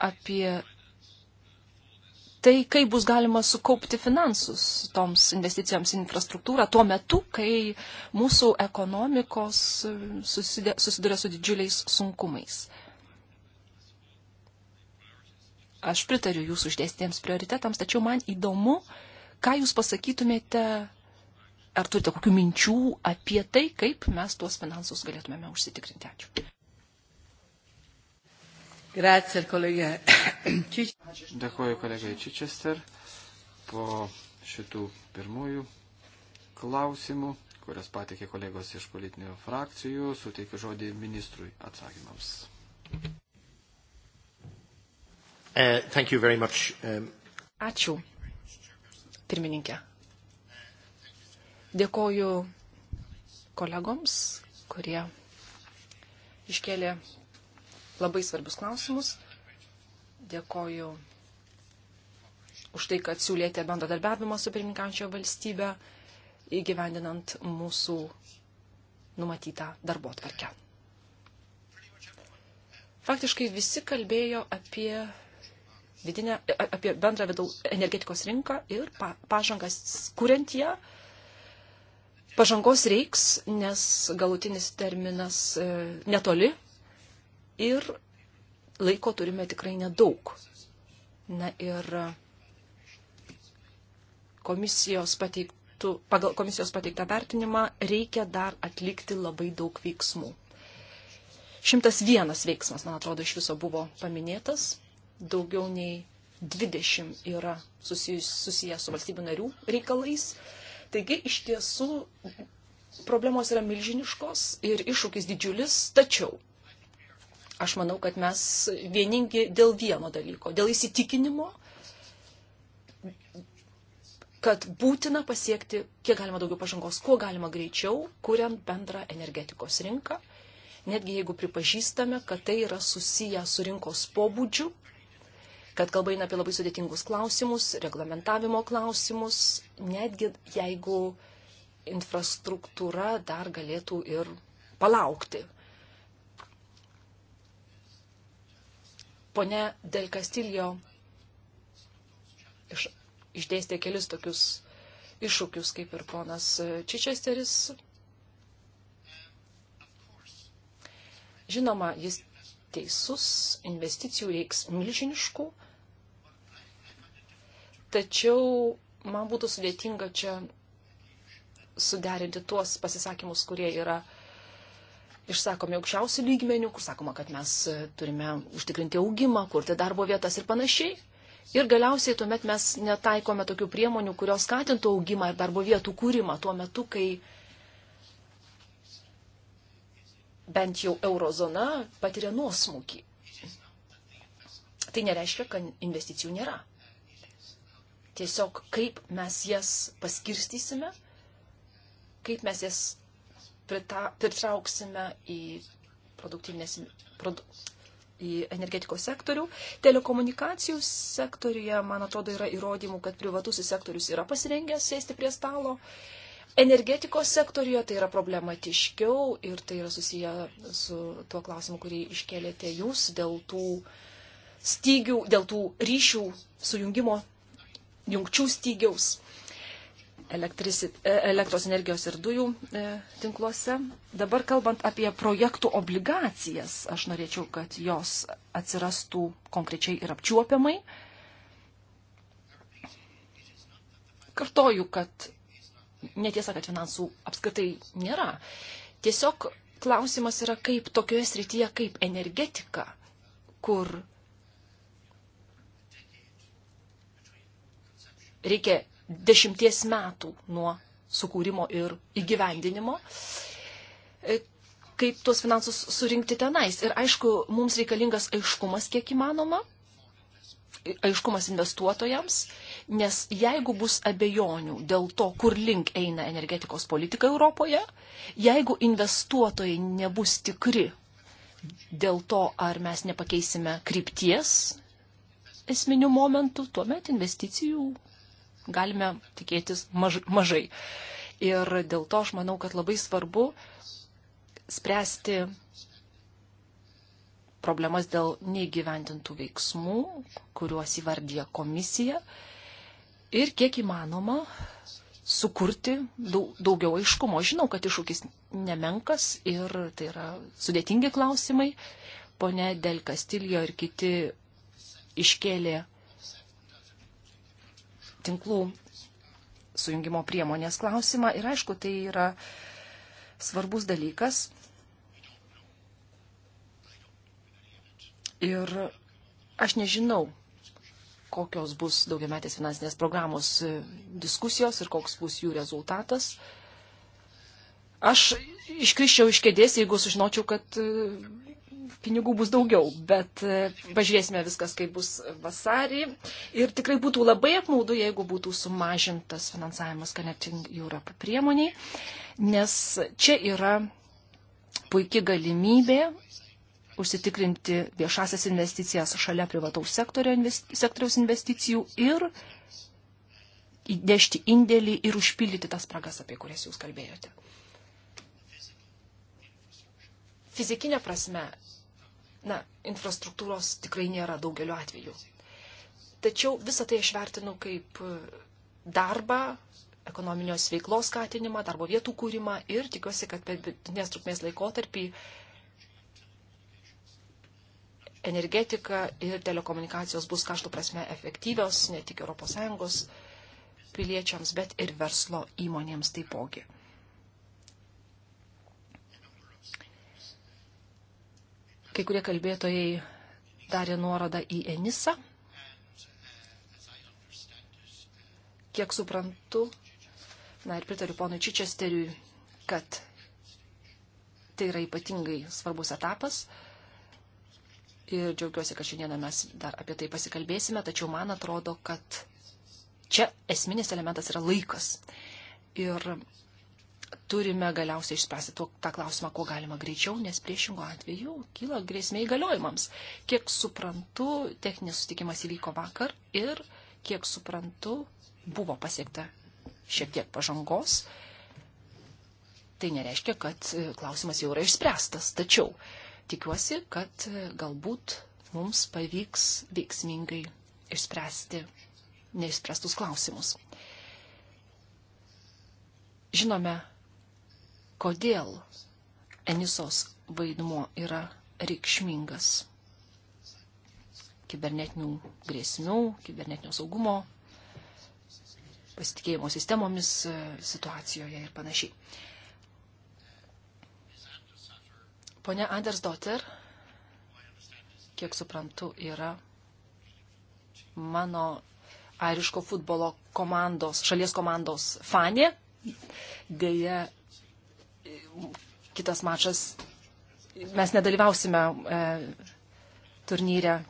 apie tai, kaip bus galima sukaupti finansus toms investicijoms į infrastruktūrą tuo metu, kai mūsų ekonomikos susiduria su didžiuliais sunkumais. Aš pritariu jūsų išdėstėms prioritetams, tačiau man įdomu, ką jūs pasakytumėte, ar turite kokių minčių apie tai, kaip mes tuos finansus galėtumėme užsitikrinti. Ačiū. Grazie, kolegė Čičester. Dėkuoju kolegai Čičester po šitų pirmųjų klausimų, kurias patikė kolegos iš politinių frakcijų, suteikiu žodį ministrui atsakymams. Uh, much, um... Ačiū, pirmininkė. Dėkoju kolegoms, kurie iškėlė labai svarbius klausimus. Dėkoju už tai, kad siūlėte bendradarbiavimą su pirmininkančio valstybe įgyvendinant mūsų numatytą darbo atvarkę. Faktiškai visi kalbėjo apie, vidinę, apie bendrą vidau energetikos rinką ir pažangas kuriant ją. Pažangos reiks, nes galutinis terminas e, netoli ir laiko turime tikrai nedaug. Na ir komisijos pateiktų, pagal komisijos pateiktą vertinimą reikia dar atlikti labai daug veiksmų. 101 veiksmas, man atrodo, iš viso buvo paminėtas, daugiau nei 20 yra susijęs susiję su valstybių narių reikalais. Taigi iš tiesų problemos yra milžiniškos ir iššūkis didžiulis, tačiau Aš manau, kad mes vieningi dėl vieno dalyko, dėl įsitikinimo, kad būtina pasiekti kiek galima daugiau pažangos, kuo galima greičiau, kuriant bendrą energetikos rinką, netgi jeigu pripažįstame, kad tai yra susiję su rinkos pobūdžiu, kad kalba eina apie labai sudėtingus klausimus, reglamentavimo klausimus, netgi jeigu infrastruktūra dar galėtų ir palaukti, Pone Del Castillo iš, išdėstė kelis tokius iššūkius, kaip ir ponas Čičesteris. Žinoma, jis teisus, investicijų reiks milžiniškų, tačiau man būtų sudėtinga čia suderinti tuos pasisakymus, kurie yra uh, išsakomi aukščiausių lygmenių, kur sakoma, kad mes e, turime užtikrinti augimą, kurti darbo vietas ir panašiai. Ir galiausiai tuomet mes netaikome tokių priemonių, kurios skatintų augimą ir darbo vietų kūrimą tuo metu, kai bent jau eurozona patiria nuosmukį. Tai nereiškia, kad investicijų nėra. Tiesiog kaip mes jas paskirstysime, kaip mes jas pritrauksime į, produ, į energetikos sektorių. Telekomunikacijų sektoriuje, man atrodo, yra įrodymų, kad privatus sektorius yra pasirengęs sėsti prie stalo. Energetikos sektoriuje tai yra problematiškiau ir tai yra susiję su tuo klausimu, kurį iškėlėte jūs dėl tų stygių, dėl tų ryšių sujungimo, jungčių stygiaus. E, elektros energijos ir dujų e, tinkluose. Dabar kalbant apie projektų obligacijas, aš norėčiau, kad jos atsirastų konkrečiai ir apčiuopiamai. Kartoju, kad netiesa, kad finansų apskritai nėra. Tiesiog klausimas yra, kaip tokioje srityje, kaip energetika, kur reikia dešimties metų nuo sukūrimo ir įgyvendinimo. E, kaip tuos finansus surinkti tenais. Ir aišku, mums reikalingas aiškumas kiek įmanoma, aiškumas investuotojams, nes jeigu bus abejonių dėl to, kur link eina energetikos politika Europoje, jeigu investuotojai nebus tikri dėl to, ar mes nepakeisime krypties esminių momentų, tuomet investicijų galime tikėtis maž, mažai. Ir dėl to aš manau, kad labai svarbu spręsti problemas dėl neįgyventintų veiksmų, kuriuos įvardyja komisija. Ir kiek įmanoma sukurti daugiau aiškumo. Žinau, kad iššūkis nemenkas ir tai yra sudėtingi klausimai. Pone Del Castillo ir kiti iškėlė tinklų sujungimo priemonės klausimą. Ir aišku, tai yra svarbus dalykas. Ir aš nežinau, kokios bus daugiametės finansinės programos diskusijos ir koks bus jų rezultatas. Aš iškriščiau iš kėdės, jeigu sužinočiau, kad pinigų bus daugiau, bet e, pažiūrėsime viskas, kaip bus vasarį. Ir tikrai būtų labai apmaudu, jeigu būtų sumažintas finansavimas Connecting Europe priemoniai, nes čia yra puikia galimybė užsitikrinti viešasias investicijas šalia privataus sektoriaus investicijų ir įdėšti indėlį ir užpildyti tas spragas, apie kurias jūs kalbėjote. Fizikinė prasme na, infrastruktūros tikrai nėra daugeliu atveju. Tačiau visą tai aš vertinu kaip e, darbą, ekonominios veiklos skatinimą, darbo vietų kūrimą ir tikiuosi, kad per vidutinės trukmės laikotarpį energetika ir telekomunikacijos bus kaštų prasme efektyvios ne tik ES piliečiams, bet ir verslo įmonėms taipogi. Kai kurie kalbėtojai darė nuorodą į Enisą. Kiek suprantu, na ir pritariu ponui Čičesteriui, kad tai yra ypatingai svarbus etapas. Ir džiaugiuosi, kad šiandieną mes dar apie tai pasikalbėsime, tačiau man atrodo, kad čia esminis elementas yra laikas. Ir turime galiausiai išspręsti tą klausimą, kuo galima greičiau, nes priešingo atveju kyla grėsmė įgaliojimams. Kiek suprantu, techninis sutikimas įvyko vakar ir, kiek suprantu, buvo pasiekta šiek tiek pažangos. Tai nereiškia, kad e, klausimas jau yra išspręstas, tačiau tikiuosi, kad e, galbūt mums pavyks veiksmingai išspręsti neišspręstus klausimus. Žinome, kodėl Enisos vaidmuo yra reikšmingas kibernetinių grėsmių, kibernetinio saugumo, pasitikėjimo sistemomis e, situacijoje ir panašiai. Pone Anders Dotter, kiek suprantu, yra mano airiško futbolo komandos, šalies komandos fanė. Deja, kitas mačas mes nedalyvausime e, turnyre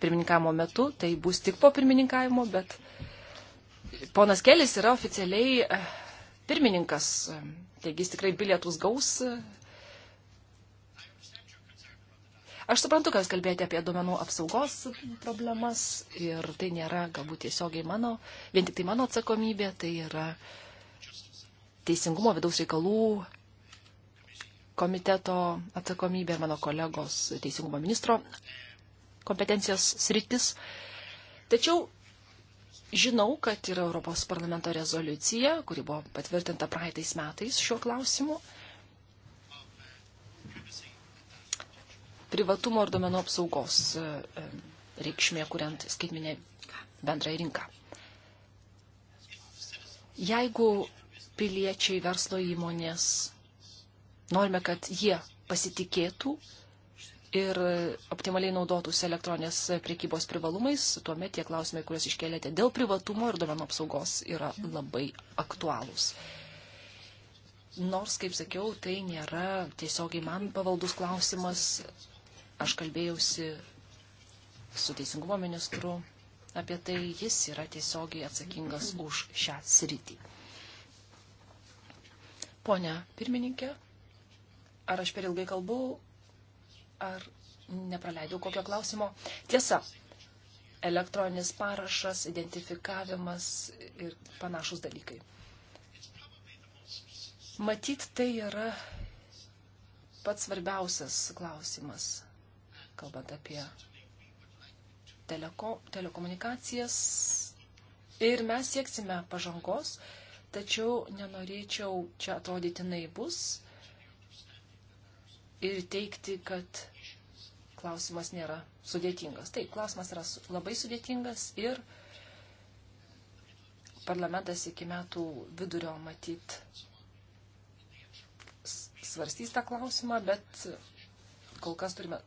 pirmininkavimo metu, tai bus tik po pirmininkavimo, bet ponas Kelis yra oficialiai e, pirmininkas, taigi jis tikrai bilietus gaus. Aš suprantu, kad kalbėjote apie duomenų apsaugos problemas ir tai nėra galbūt tiesiogiai mano, vien tik tai mano atsakomybė, tai yra teisingumo vidaus reikalų komiteto atsakomybė ir mano kolegos teisingumo ministro kompetencijos sritis. Tačiau žinau, kad yra Europos parlamento rezoliucija, kuri buvo patvirtinta praeitais metais šiuo klausimu. Privatumo ir domenų apsaugos e, reikšmė, kuriant skaitminę bendrąją rinką. Jeigu piliečiai, verslo įmonės Norime, kad jie pasitikėtų ir optimaliai naudotųsi elektroninės priekybos privalumais, tuomet tie klausimai, kuriuos iškėlėte dėl privatumo ir duomenų apsaugos, yra labai aktualūs. Nors, kaip sakiau, tai nėra tiesiogiai man pavaldus klausimas. Aš kalbėjausi su teisingumo ministru apie tai, jis yra tiesiogiai atsakingas už šią sritį. Pone pirmininkė, Ar aš per ilgai kalbu, ar nepraleidau kokio klausimo? Tiesa, elektroninis parašas, identifikavimas ir panašus dalykai. Matyt, tai yra pats svarbiausias klausimas, kalbant apie teleko, telekomunikacijas. Ir mes sieksime pažangos, tačiau nenorėčiau čia atrodyti naivus ir teikti, kad klausimas nėra sudėtingas. Taip, klausimas yra labai sudėtingas ir parlamentas iki metų vidurio matyt svarstys tą klausimą, bet kol kas turime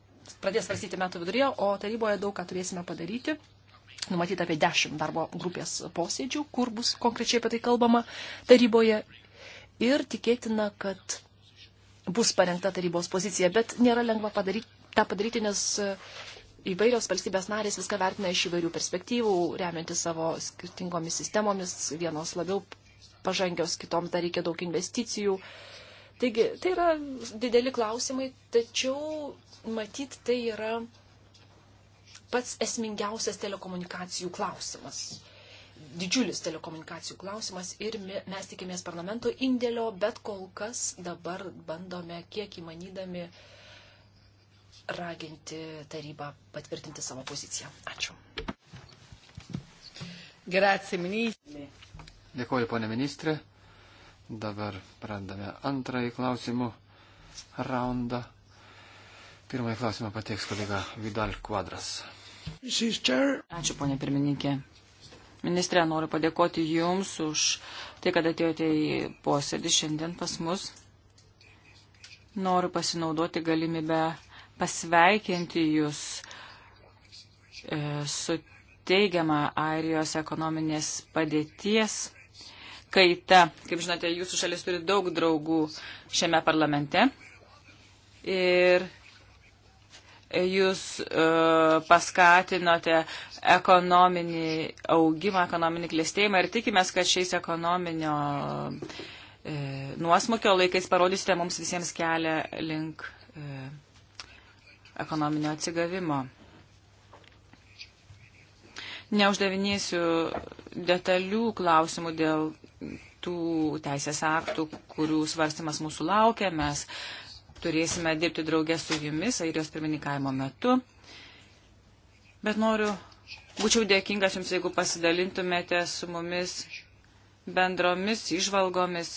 pradės svarstyti metų viduryje, o taryboje daug ką turėsime padaryti. Numatyta apie 10 darbo grupės posėdžių, kur bus konkrečiai apie tai kalbama taryboje. Ir tikėtina, kad bus parengta tarybos pozicija, bet nėra lengva padaryti, tą padaryti, nes e, įvairios valstybės narės viską vertina iš įvairių perspektyvų, remianti savo skirtingomis sistemomis, vienos labiau pažangios, kitoms dar reikia daug investicijų. Taigi, tai yra dideli klausimai, tačiau matyt, tai yra pats esmingiausias telekomunikacijų klausimas didžiulis telekomunikacijų klausimas ir mes tikimės parlamento indėlio, bet kol kas dabar bandome kiek įmanydami raginti tarybą patvirtinti savo poziciją. Ačiū. Grazie, ministrė. Dėkuoju, ponė ministrė. Dabar pradame antrąjį klausimų raundą. Pirmąjį klausimą pateiks kolega Vidal Quadras. Ačiū, ponė pirmininkė. Ministrė, noriu padėkoti Jums už tai, kad atėjote į posėdį šiandien pas mus. Noriu pasinaudoti galimybę pasveikinti Jūs e, su teigiama Airijos ekonominės padėties kaita. Kaip žinote, Jūsų šalis turi daug draugų šiame parlamente. Ir jūs e, paskatinote ekonominį augimą, ekonominį klėstėjimą ir tikimės, kad šiais ekonominio e, nuosmukio laikais parodysite mums visiems kelią link e, ekonominio atsigavimo. Neuždavinėsiu detalių klausimų dėl tų teisės aktų, kurių svarstymas mūsų laukia. Mes turėsime dirbti draugę su jumis airijos pirmininkavimo metu. Bet noriu Būčiau dėkingas Jums, jeigu pasidalintumėte su mumis bendromis išvalgomis,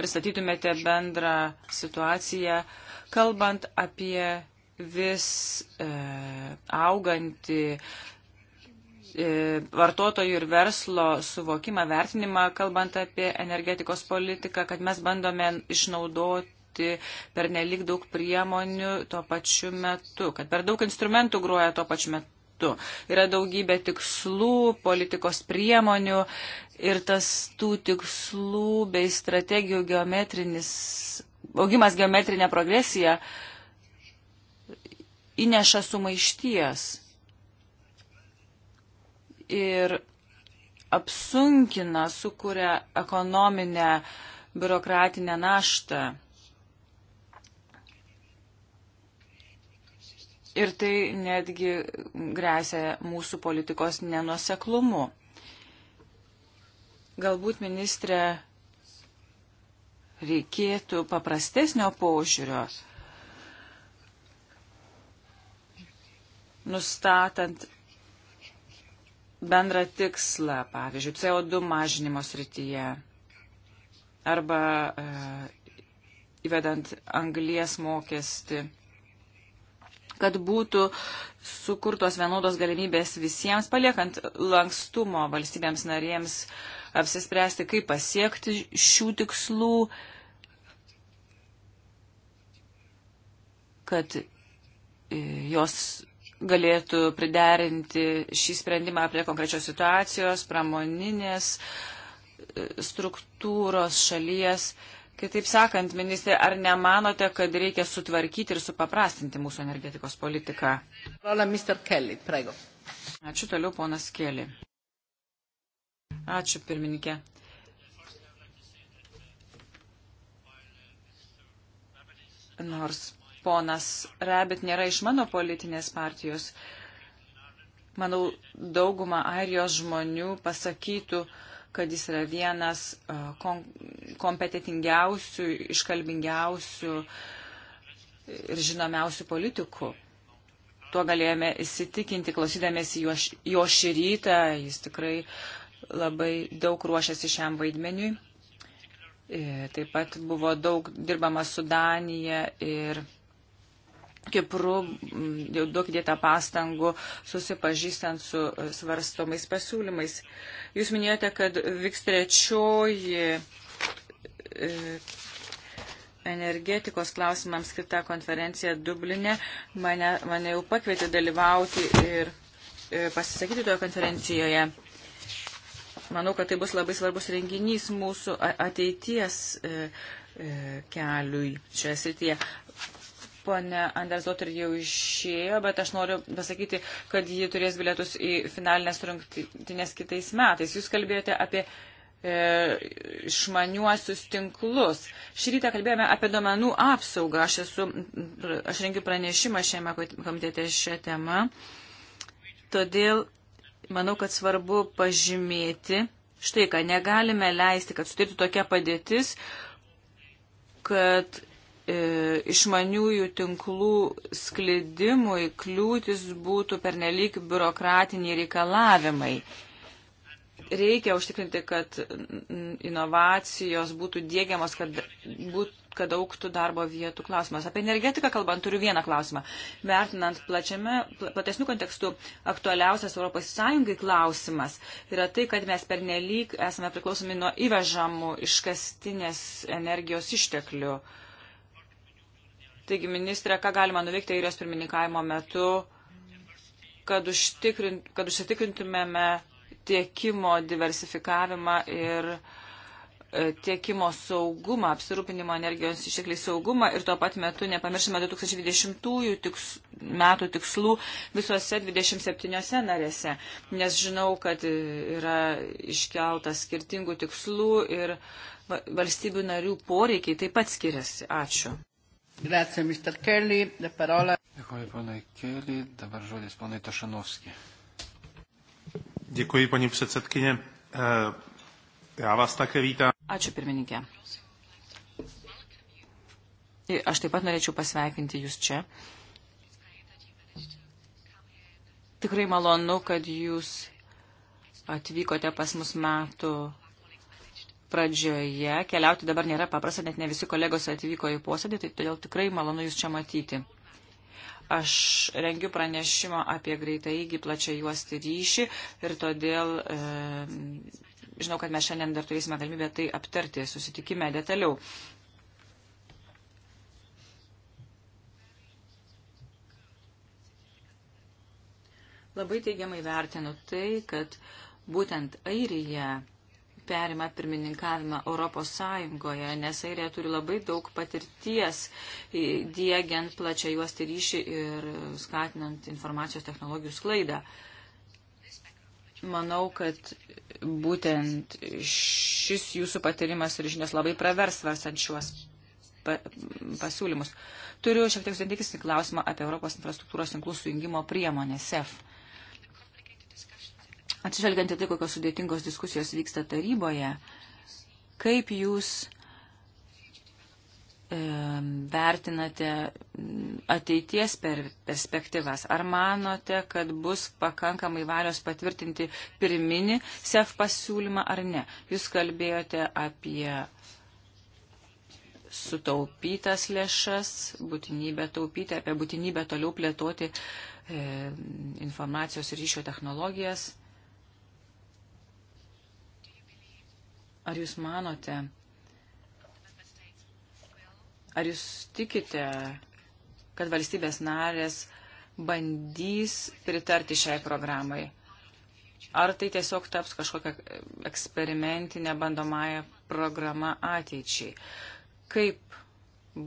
pristatytumėte bendrą situaciją, kalbant apie vis e, augantį e, vartotojų ir verslo suvokimą, vertinimą, kalbant apie energetikos politiką, kad mes bandome išnaudoti per nelik daug priemonių tuo pačiu metu, kad per daug instrumentų gruoja tuo pačiu metu metu. Yra daugybė tikslų, politikos priemonių ir tas tų tikslų bei strategijų geometrinis, augimas geometrinė progresija įneša sumaišties ir apsunkina, sukuria ekonominę biurokratinę naštą. Ir tai netgi grėsia mūsų politikos nenuoseklumu. Galbūt ministrė reikėtų paprastesnio požiūrio, nustatant bendrą tikslą, pavyzdžiui, CO2 mažinimo srityje arba e, įvedant anglies mokestį kad būtų sukurtos vienodos galimybės visiems, paliekant lankstumo valstybėms narėms apsispręsti, kaip pasiekti šių tikslų, kad e, jos galėtų priderinti šį sprendimą prie konkrečios situacijos, pramoninės e, struktūros šalies. Kitaip sakant, ministrė, ar nemanote, kad reikia sutvarkyti ir supaprastinti mūsų energetikos politiką? Kelly, Ačiū toliau, ponas Kelly. Ačiū, pirmininkė. Nors ponas Rebit nėra iš mano politinės partijos, manau, dauguma airijos žmonių pasakytų, uh, kad jis yra vienas kom kompetitingiausių, iškalbingiausių ir žinomiausių politikų. Tuo galėjome įsitikinti, klausydamėsi jo, jo šį rytą, jis tikrai labai daug ruošiasi šiam vaidmeniui. E, taip pat buvo daug dirbama su Danija ir Kipru, jau duokite tą pastangų, susipažįstant su e, svarstomais pasiūlymais. Jūs minėjote, kad vyks trečioji e, energetikos klausimams skirta konferencija Dublinė. Mane, mane jau pakvietė dalyvauti ir e, pasisakyti toje konferencijoje. Manau, kad tai bus labai svarbus renginys mūsų ateities keliui šioje srityje. Pone Andersdotter jau išėjo, bet aš noriu pasakyti, kad ji turės bilietus į finalinės rungtynės kitais metais. Jūs kalbėjote apie e, išmaniuosius tinklus. Šį rytą kalbėjome apie domenų apsaugą. Aš, esu, aš rengiu pranešimą šiame komitete šią temą. Todėl manau, kad svarbu pažymėti, štai ką negalime leisti, kad sutirtų tokia padėtis, kad E, išmaniųjų tinklų sklidimui kliūtis būtų pernelyg biurokratiniai reikalavimai. Reikia užtikrinti, kad inovacijos būtų dėgiamos, kad, būt, kad auktų darbo vietų klausimas. Apie energetiką kalbant turiu vieną klausimą. Vertinant plačiame, platesnių kontekstų aktualiausias ES klausimas yra tai, kad mes pernelyg esame priklausomi nuo įvežamų iškastinės energijos išteklių. Uh, Taigi, ministrė, ką galima nuveikti airijos pirmininkavimo metu, kad, užtikrint, kad užsitikrintumėme tiekimo diversifikavimą ir e, tiekimo saugumą, apsirūpinimo energijos ištekliai saugumą ir tuo pat metu nepamiršime 2020 tiks, metų tikslų visose 27 narėse, nes žinau, kad e, yra iškeltas skirtingų tikslų ir valstybių narių poreikiai taip pat skiriasi. Ačiū. Grazie, Mr. Kelly. La parola. Dėkuoju, ponai Kelly. Dabar žodis ponai Tošanovski. Dėkuoju, poniai předsedkinė. E, Já vás také vítám. Ačiū, pirmininkė. Aš taip pat norėčiau pasveikinti jūs čia. Tikrai malonu, kad jūs atvykote pas mus metų pradžioje. Keliauti dabar nėra paprasta, net ne visi kolegos atvyko į posėdį, tai todėl tikrai malonu Jūs čia matyti. Aš rengiu pranešimą apie greitą įgį plačią juostį ryšį ir todėl e, žinau, kad mes šiandien dar turėsime galimybę tai aptarti, susitikime detaliau. Labai teigiamai vertinu tai, kad būtent Airija perima pirmininkavimą Europos Sąjungoje, nes Airija turi labai daug patirties diegiant plačią juostį ryšį ir skatinant informacijos technologijų sklaidą. Manau, kad būtent šis jūsų patyrimas ir žinios labai pravers svarstant šiuos pasiūlymus. Turiu šiek tiek sudėtikisnį klausimą apie Europos infrastruktūros tinklų sujungimo priemonę SEF atsižvelgiant į tai, kokios sudėtingos diskusijos vyksta taryboje, kaip jūs e, vertinate ateities per perspektyvas? Ar manote, kad bus pakankamai valios patvirtinti pirminį SEF pasiūlymą ar ne? Jūs kalbėjote apie sutaupytas lėšas, būtinybę taupyti, apie būtinybę toliau plėtoti e, informacijos ir ryšio technologijas. Ar jūs manote, ar jūs tikite, kad valstybės narės bandys pritarti šiai programai? Ar tai tiesiog taps kažkokia eksperimentinė bandomąją programa ateičiai? Kaip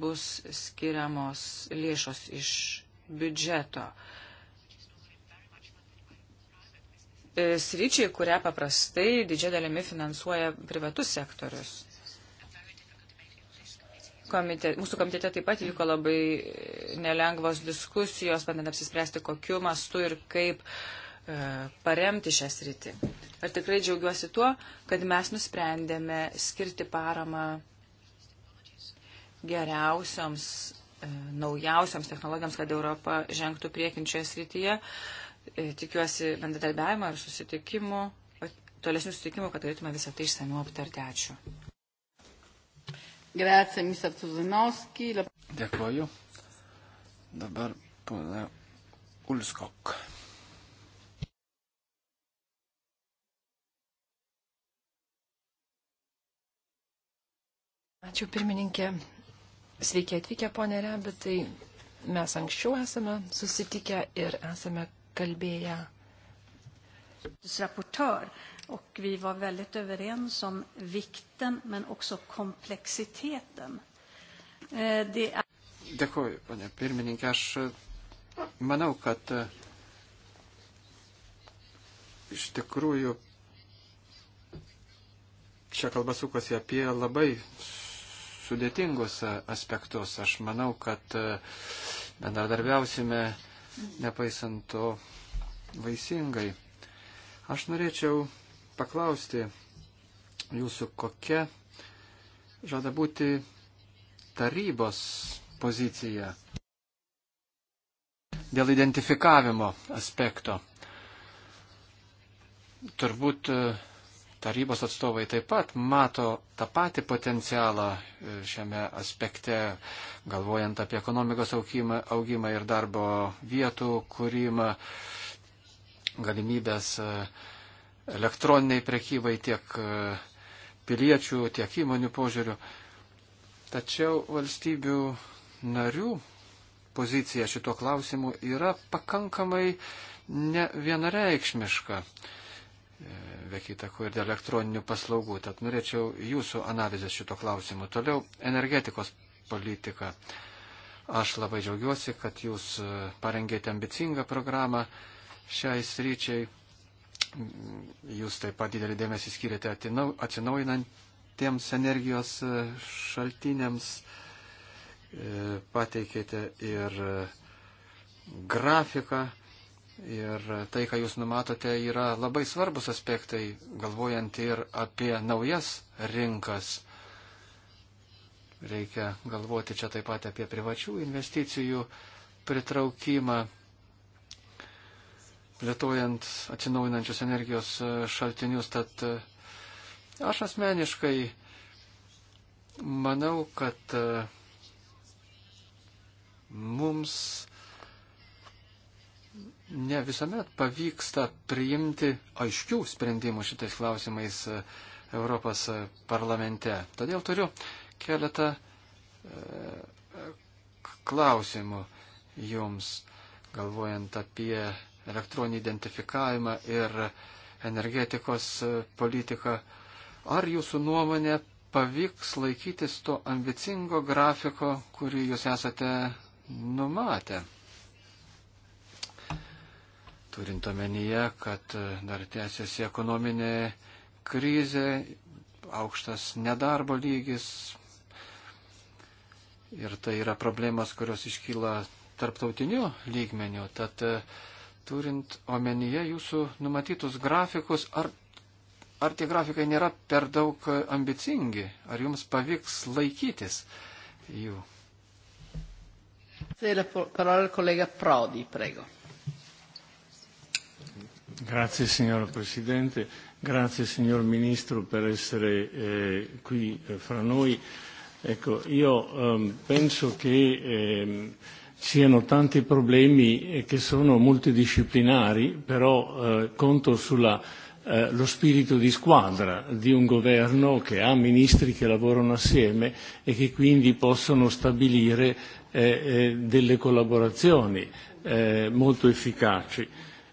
bus skiriamos lėšos iš biudžeto? Uh, E, sryčiai, kurią paprastai didžia dalimi finansuoja privatus sektorius. Komite, mūsų komitete taip pat vyko labai e, nelengvos diskusijos, bandant apsispręsti, kokiu mastu ir kaip e, paremti šią sritį. Ir tikrai džiaugiuosi tuo, kad mes nusprendėme skirti paramą geriausioms, e, naujausioms technologijoms, kad Europa žengtų priekinčioje srityje. E, E, tikiuosi bendradarbiavimo ir susitikimų, tolesnių susitikimų, kad galėtume visą tai išsamiau aptarti. Ačiū. Grazie, mister Tuzinovski. Dėkuoju. Dabar pana Ulskok. Ačiū pirmininkė. Sveiki atvykę, ponė Rebi, tai mes anksčiau esame susitikę ir esame kalbėję. Rapportör och vi var väldigt överens om vikten men också komplexiteten. Eh, det är... Dėkuoju, ponia pirmininkė. Aš eh, manau, kad eh, iš tikrųjų čia kalba sukosi apie labai sudėtingus aspektus. Aš manau, kad bendradarbiausime nepaisant to vaisingai. Aš norėčiau paklausti jūsų, kokia žada būti tarybos pozicija dėl identifikavimo aspekto. Turbūt tarybos atstovai taip pat mato tą patį potencialą e, šiame aspekte, galvojant apie ekonomikos augimą, augimą ir darbo vietų kūrimą, galimybės e, elektroniniai prekybai tiek e, piliečių, tiek įmonių požiūrių. Tačiau valstybių narių pozicija šito klausimu yra pakankamai nevienareikšmiška be kita ko ir dėl elektroninių paslaugų. Tad norėčiau jūsų analizės šito klausimu. Toliau energetikos politika. Aš labai džiaugiuosi, kad jūs e, parengėte ambicingą programą šiai sryčiai. Jūs taip pat didelį dėmesį skiriate atsinaujinantiems energijos e, šaltiniams. E, pateikėte ir grafiką Ir tai, ką jūs numatote, yra labai svarbus aspektai, galvojant ir apie naujas rinkas. Reikia galvoti čia taip pat apie privačių investicijų pritraukimą, plėtojant atsinaujinančius energijos šaltinius. Tad e, aš asmeniškai manau, kad e, mums ne visuomet pavyksta priimti aiškių sprendimų šitais klausimais e, Europos e, parlamente. Todėl turiu keletą e, klausimų jums, galvojant apie elektroninį identifikavimą ir energetikos politiką. Ar jūsų nuomonė pavyks laikytis to ambicingo grafiko, kurį jūs esate numatę? turint omenyje, kad e, dar tęsiasi ekonominė krizė, aukštas nedarbo lygis. Ir tai yra problemas, kurios iškyla tarptautiniu lygmeniu. Tad e, turint omenyje jūsų numatytus grafikus, ar, ar tie grafikai nėra per daug e, ambicingi, ar jums pavyks laikytis jų? Parola kolega Prodi, prego. Grazie signora Presidente, grazie signor Ministro per essere eh, qui eh, fra noi. Ecco, io ehm, penso che ehm, siano tanti problemi eh, che sono multidisciplinari, però eh, conto sulla eh, lo spirito di squadra di un governo che ha ministri che lavorano assieme e che quindi possono stabilire eh, eh, delle collaborazioni eh, molto efficaci.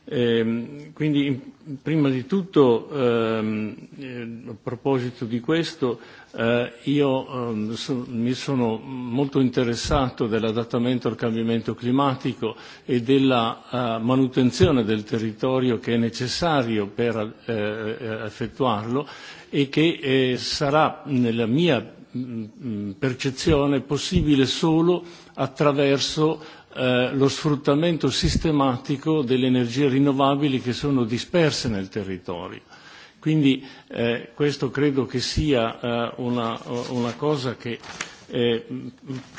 Eh, quindi in, prima di tutto ehm, eh, a proposito di questo eh, io ehm, so, mi sono molto interessato dell'adattamento al cambiamento climatico e della eh, manutenzione del territorio che è necessario per eh, eh effettuarlo e che eh, sarà nella mia mh, mm, mm, percezione possibile solo attraverso eh, lo sfruttamento sistematico delle energie rinnovabili che sono disperse nel territorio. Quindi eh, questo credo che sia eh, una, una cosa che eh,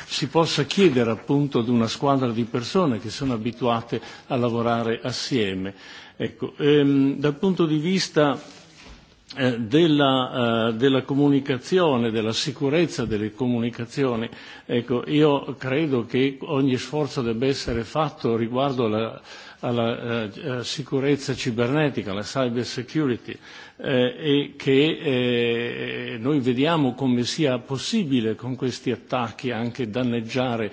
si possa chiedere appunto ad una squadra di persone che sono abituate a lavorare assieme. Ecco, ehm, dal punto di vista eh, della, eh, della comunicazione, della sicurezza delle comunicazioni. Ecco, io credo che ogni sforzo debba essere fatto riguardo alla, alla eh, eh, sicurezza cibernetica, alla cyber security, eh, e che eh, noi vediamo come sia possibile con questi attacchi anche danneggiare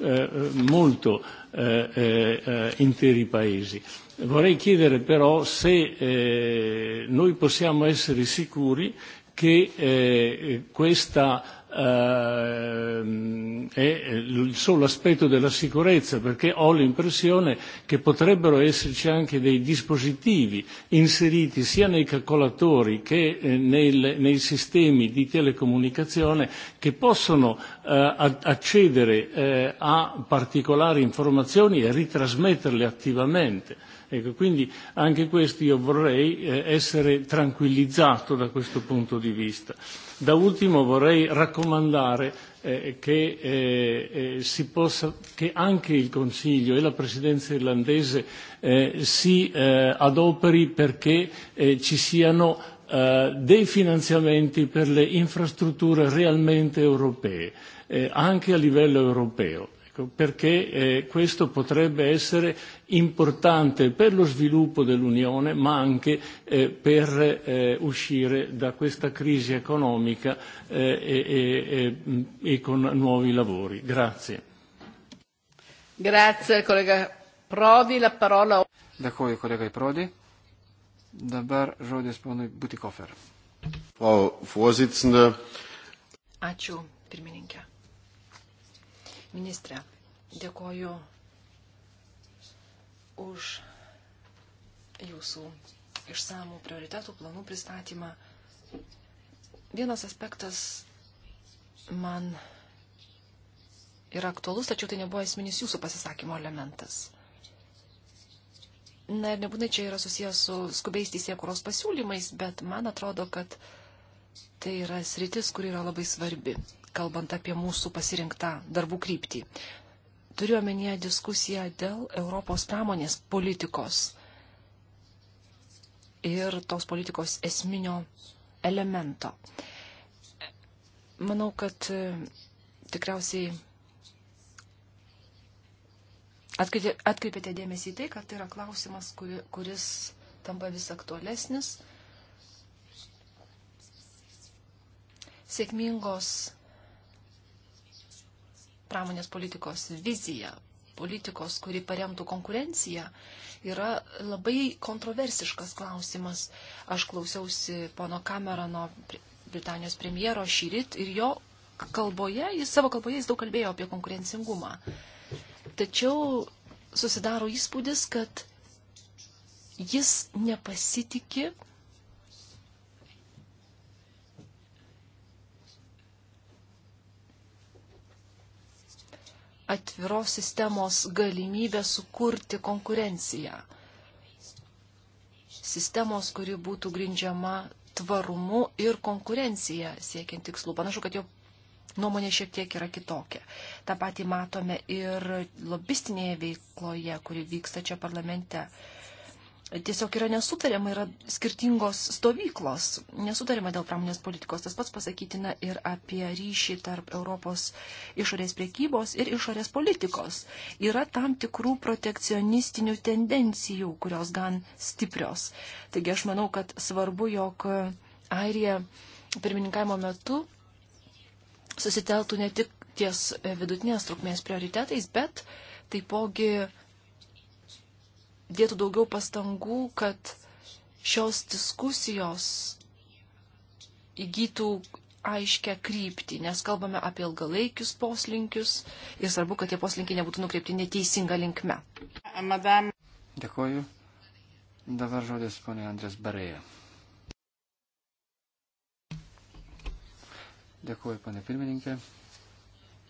eh, molto eh, eh, eh interi paesi. Eh, Vorrei chiedere però se eh, noi possiamo essere sicuri che eh, questa eh, è il solo aspetto della sicurezza, perché ho l'impressione che potrebbero esserci anche dei dispositivi inseriti sia nei calcolatori che eh, nel, nei sistemi di telecomunicazione che possono eh, accedere eh, a particolari informazioni e ritrasmetterle attivamente Ecco, quindi anche questo io vorrei eh, essere tranquillizzato da questo punto di vista. Da ultimo vorrei raccomandare eh, che, eh, eh, si possa, che anche il Consiglio e la Presidenza irlandese eh, si eh, adoperi perché eh, ci siano eh, dei finanziamenti per le infrastrutture realmente europee, eh, anche a livello europeo, ecco, perché eh, questo potrebbe essere importante per lo sviluppo dell'Unione ma anche eh, per eh, uscire da questa crisi economica eh, e, e, e, e con nuovi lavori. Grazie. Grazie kolega Prodi, la parola. Dėkuoju kolegai Prodi. Dabar žodis ponui Butikofer. Frau Vorsitzende. Ačiū, pirmininkė. Ministre, dėkoju už jūsų išsamų prioritetų planų pristatymą. Vienas aspektas man yra aktualus, tačiau tai nebuvo esminis jūsų pasisakymo elementas. Na ir nebūtinai čia yra susijęs su skubiais teisėkuros pasiūlymais, bet man atrodo, kad tai yra sritis, kur yra labai svarbi, kalbant apie mūsų pasirinktą darbų kryptį turiuomenėje diskusiją dėl Europos pramonės politikos ir tos politikos esminio elemento. Manau, kad e, tikriausiai atkreipėte dėmesį į tai, kad tai yra klausimas, kuri, kuris tampa vis aktualesnis. Sėkmingos pramonės politikos vizija, politikos, kuri paremtų konkurenciją, yra labai kontroversiškas klausimas. Aš klausiausi pono Camerono, Britanijos premjero, šyrit ir jo kalboje, jis savo kalboje jis daug kalbėjo apie konkurencingumą. Tačiau susidaro įspūdis, kad jis nepasitikė atviros sistemos galimybę sukurti konkurenciją. Sistemos, kuri būtų grindžiama tvarumu ir konkurencija siekiant tikslų. Panašu, kad jo nuomonė šiek tiek yra kitokia. Ta pati matome ir lobistinėje veikloje, kuri vyksta čia parlamente. Uh, tiesiog yra nesutariama, yra skirtingos stovyklos, nesutariama dėl pramonės politikos. Tas pats pasakytina ir apie ryšį tarp Europos išorės priekybos ir išorės politikos. Yra tam tikrų protekcionistinių tendencijų, kurios gan stiprios. Taigi aš manau, kad svarbu, jog Airija pirmininkavimo metu susiteltų ne tik ties vidutinės trukmės prioritetais, bet taipogi dėtų daugiau pastangų, kad šios diskusijos įgytų aiškę kryptį, nes kalbame apie ilgalaikius poslinkius ir svarbu, kad tie poslinkiai nebūtų nukreipti neteisinga linkme. Madame. Dėkuoju. Dabar žodis ponė Andrės Barėja. Dėkuoju, ponė pirmininkė,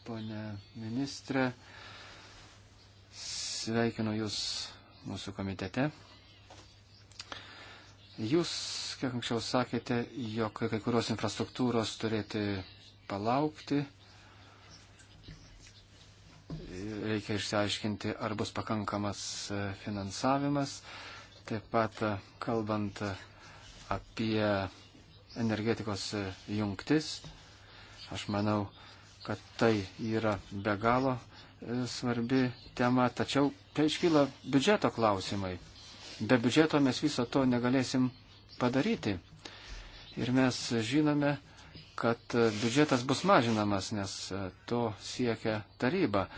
ponė ministrė. Sveikinu Jūs mūsų komitete. Jūs, kiek anksčiau sakėte, jog kai kurios infrastruktūros turėti palaukti. Reikia išsiaiškinti, ar bus pakankamas e, finansavimas. Taip pat e, kalbant apie energetikos e, jungtis, aš manau, kad tai yra be galo svarbi tema, tačiau tai iškyla biudžeto klausimai. Be biudžeto mes viso to negalėsim padaryti. Ir mes žinome, kad biudžetas bus mažinamas, nes e, to siekia taryba.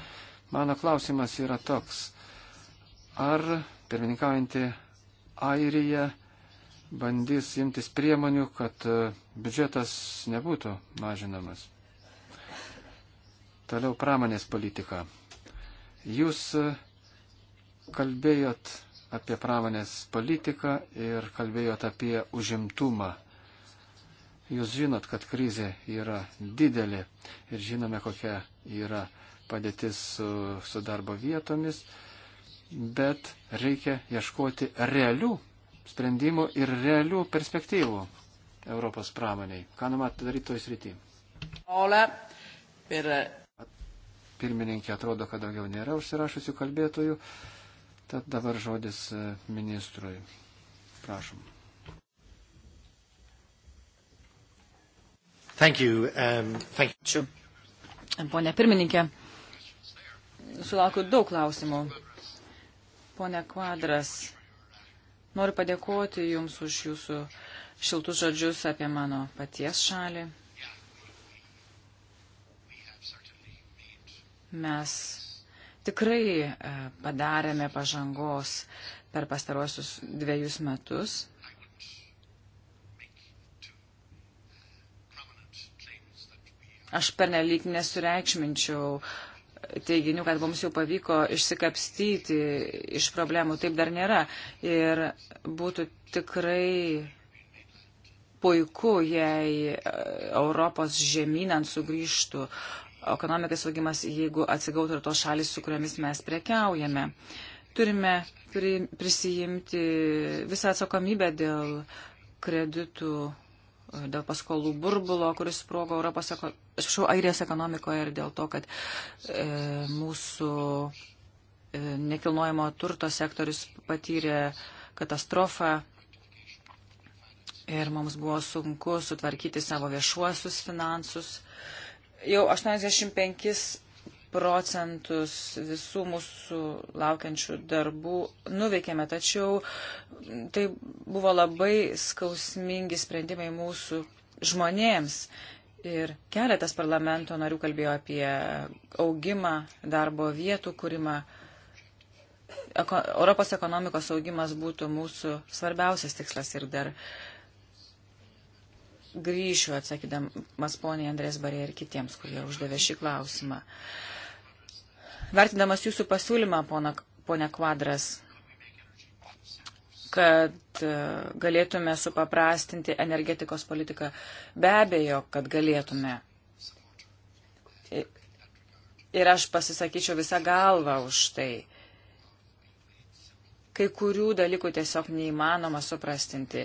Mano klausimas yra toks. Ar pirmininkaujantį Airiją bandys imtis priemonių, kad e, biudžetas nebūtų mažinamas? Toliau pramonės politika. Jūs e, kalbėjot apie pramonės politiką ir kalbėjot apie užimtumą. Jūs žinot, kad krizė yra didelė ir žinome, kokia yra padėtis su, su darbo vietomis, bet reikia ieškoti realių sprendimų ir realių perspektyvų Europos pramoniai. Ką numato daryti toj srity? Ola, per pirmininkė, atrodo, kad daugiau nėra užsirašusių kalbėtojų. Tad dabar žodis e, ministrui. Prašom. Thank you, um, thank you. Pone pirmininkė, sulaukiu daug klausimų. Pone Kvadras, noriu padėkoti Jums už Jūsų šiltus žodžius apie mano paties šalį. Mes tikrai e, padarėme pažangos per pastaruosius dviejus metus. Aš pernelyg nesureikšminčiau teiginių, kad mums jau pavyko išsikapstyti iš problemų. Taip dar nėra. Ir būtų tikrai puiku, jei e, Europos žemynant sugrįžtų ekonomikas augimas, jeigu atsigautų ir tos šalis, su kuriomis mes prekiaujame. Turime prisijimti visą atsakomybę dėl kreditų, dėl paskolų burbulo, kuris sprogo Europos, atsiprašau, Airijos ekonomikoje ir dėl to, kad e, mūsų e, nekilnojamo turto sektorius patyrė katastrofą ir mums buvo sunku sutvarkyti savo viešuosius finansus. E, jau 85 procentus visų mūsų laukiančių darbų nuveikėme, tačiau tai buvo labai skausmingi sprendimai mūsų žmonėms. Ir keletas parlamento narių kalbėjo apie augimą, darbo vietų kūrimą. Eko, Europos ekonomikos augimas būtų mūsų svarbiausias tikslas ir dar uh, grįšiu atsakydamas poniai Andrės Barė ir kitiems, kurie uždavė šį klausimą. Vertinamas jūsų pasiūlymą, pona, ponia Kvadras, kad e, galėtume supaprastinti energetikos politiką. Be abejo, kad galėtume. Ir aš pasisakyčiau visą galvą už tai kai kurių dalykų tiesiog neįmanoma suprastinti.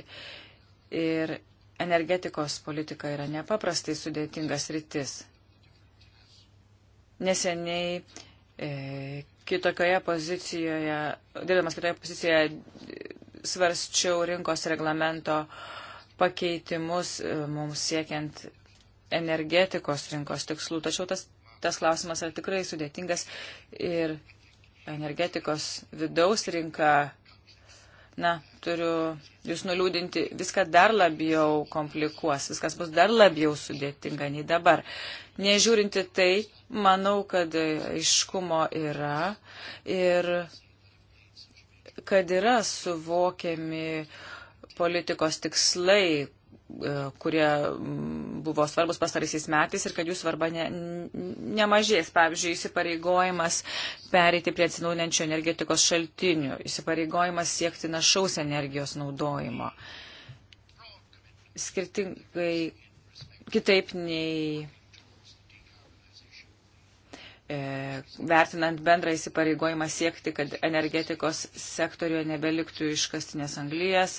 Ir energetikos politika yra nepaprastai sudėtingas rytis. Neseniai e, kitokioje pozicijoje, dėdamas kitoje pozicijoje, svarsčiau rinkos reglamento pakeitimus e, mums siekiant energetikos rinkos tikslų. Tačiau tas, tas klausimas yra tikrai sudėtingas ir energetikos vidaus rinka na, turiu jūs nuliūdinti, viską dar labiau komplikuos, viskas bus dar labiau sudėtinga nei dabar. Nežiūrinti tai, manau, kad aiškumo yra ir kad yra suvokiami politikos tikslai, E, kurie buvo svarbus pastarysiais metais ir kad jų svarba ne, nemažės. Pavyzdžiui, įsipareigojimas pereiti prie atsinaujinančio energetikos šaltinių, įsipareigojimas siekti našaus energijos naudojimo. Skirtingai, kitaip nei E, vertinant bendrą įsipareigojimą siekti, kad energetikos sektoriuje nebeliktų iškastinės anglijas,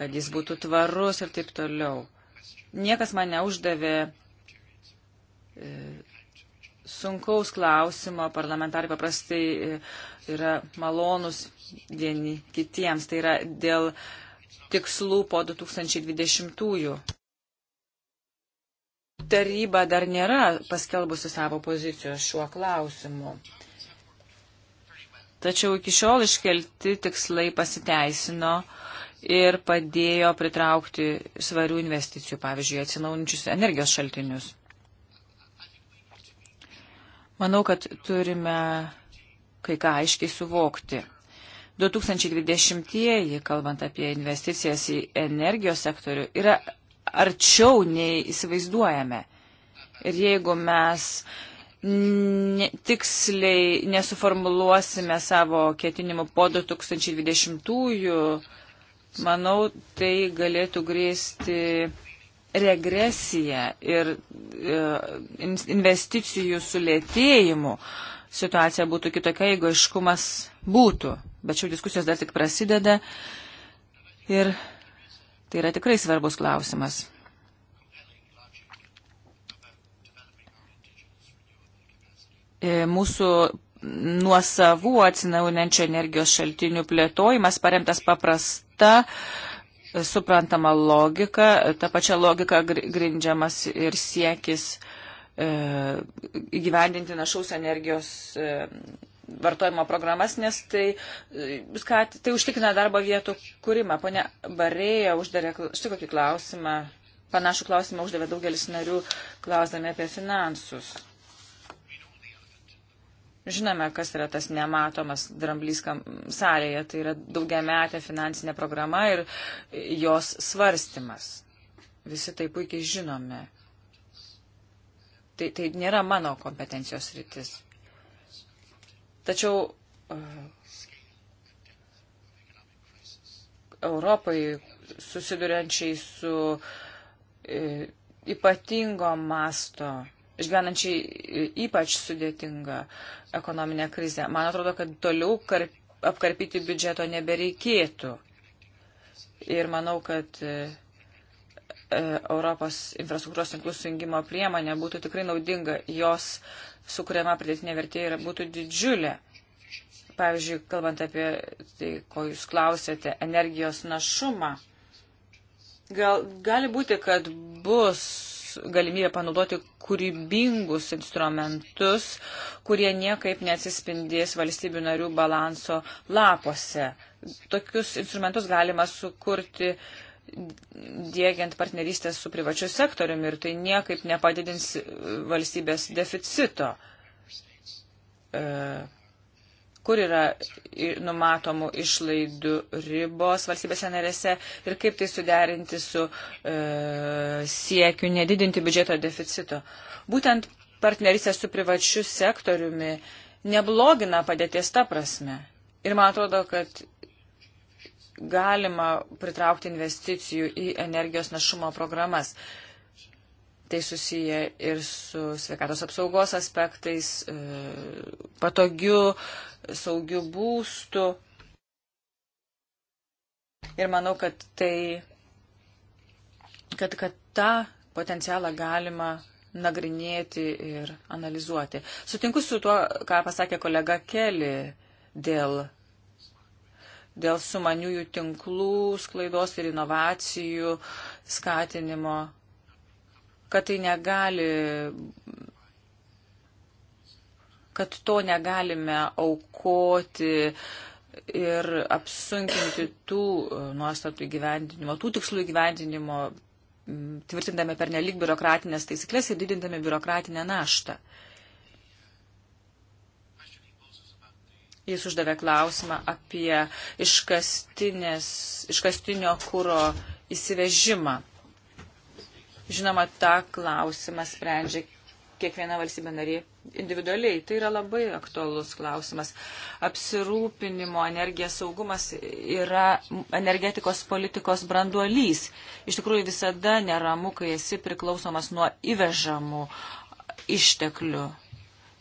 kad jis būtų tvarus ir taip toliau. Niekas man neuždavė e, sunkaus klausimo, parlamentarai paprastai e, yra malonus vieni kitiems, tai yra dėl tikslų po 2020-ųjų. Taryba dar nėra paskelbusi savo pozicijos šiuo klausimu. Tačiau iki šiol iškelti tikslai pasiteisino ir padėjo pritraukti svarių investicijų, pavyzdžiui, atsinaujinčius energijos šaltinius. Manau, kad turime kai ką aiškiai suvokti. 2020-ieji, kalbant apie investicijas į energijos sektorių, yra arčiau nei įsivaizduojame. Ir jeigu mes ne, tiksliai nesuformuluosime savo ketinimų po 2020-ųjų, manau, tai galėtų grėsti regresiją ir e, investicijų sulėtėjimu. Situacija būtų kitokia, jeigu aiškumas būtų. Bet šių diskusijos dar tik prasideda. Ir Tai yra tikrai svarbus klausimas. E, mūsų nuosavų atsinaujinančių energijos šaltinių plėtojimas paremtas paprasta, e, suprantama logika, ta pačia logika grindžiamas ir siekis e, įgyvendinti našaus energijos vartojimo programas, nes tai, e, skat, tai užtikrina darbo vietų kūrimą. Pone Barėja uždarė štai kokį klausimą, panašų klausimą uždavė daugelis narių, klausdami apie finansus. Žinome, kas yra tas nematomas dramblys salėje, tai yra daugiametė finansinė programa ir jos svarstymas. Visi tai puikiai žinome. Tai, tai nėra mano kompetencijos rytis. Tačiau e, Europai susiduriančiai su e, ypatingo masto, išgyvenančiai e, ypač sudėtingą ekonominę krizę. Man atrodo, kad toliau karp, apkarpyti biudžeto nebereikėtų. Ir manau, kad E, Europos infrastruktūros tinklų sujungimo priemonė būtų tikrai naudinga, jos sukuriama pridėtinė vertė yra būtų didžiulė. Pavyzdžiui, kalbant apie tai, ko jūs klausėte, energijos našumą. Gal, gali būti, kad bus galimybė panaudoti kūrybingus instrumentus, kurie niekaip neatsispindės valstybių narių balanso lapuose. Tokius instrumentus galima sukurti uh, dėgiant partnerystės su privačiu sektoriumi ir tai niekaip nepadidins e, valstybės deficito. E, kur yra numatomų išlaidų ribos valstybėse narėse ir kaip tai suderinti su e, siekiu nedidinti biudžeto deficito. Būtent partnerystė su privačiu sektoriumi neblogina padėties ta prasme. Ir man atrodo, kad galima pritraukti investicijų į energijos našumo programas. Tai susiję ir su sveikatos apsaugos aspektais, e, patogiu, saugiu būstu. Ir manau, kad tai, kad, kad tą potencialą galima nagrinėti ir analizuoti. Sutinku su tuo, ką pasakė kolega Keli dėl dėl sumaniųjų tinklų, sklaidos ir inovacijų skatinimo, kad tai negali kad to negalime aukoti ir apsunkinti tų nuostatų įgyvendinimo, tų tikslų įgyvendinimo, tvirtindami per nelik biurokratinės taisyklės ir didindami biurokratinę naštą. Jis uždavė klausimą apie iškastinio kūro įsivežimą. Žinoma, tą klausimą sprendžia kiekviena valstybė narė individualiai. Tai yra labai aktualus klausimas. Apsirūpinimo energija saugumas yra energetikos politikos branduolys. Iš tikrųjų visada neramu, kai esi priklausomas nuo įvežamų išteklių.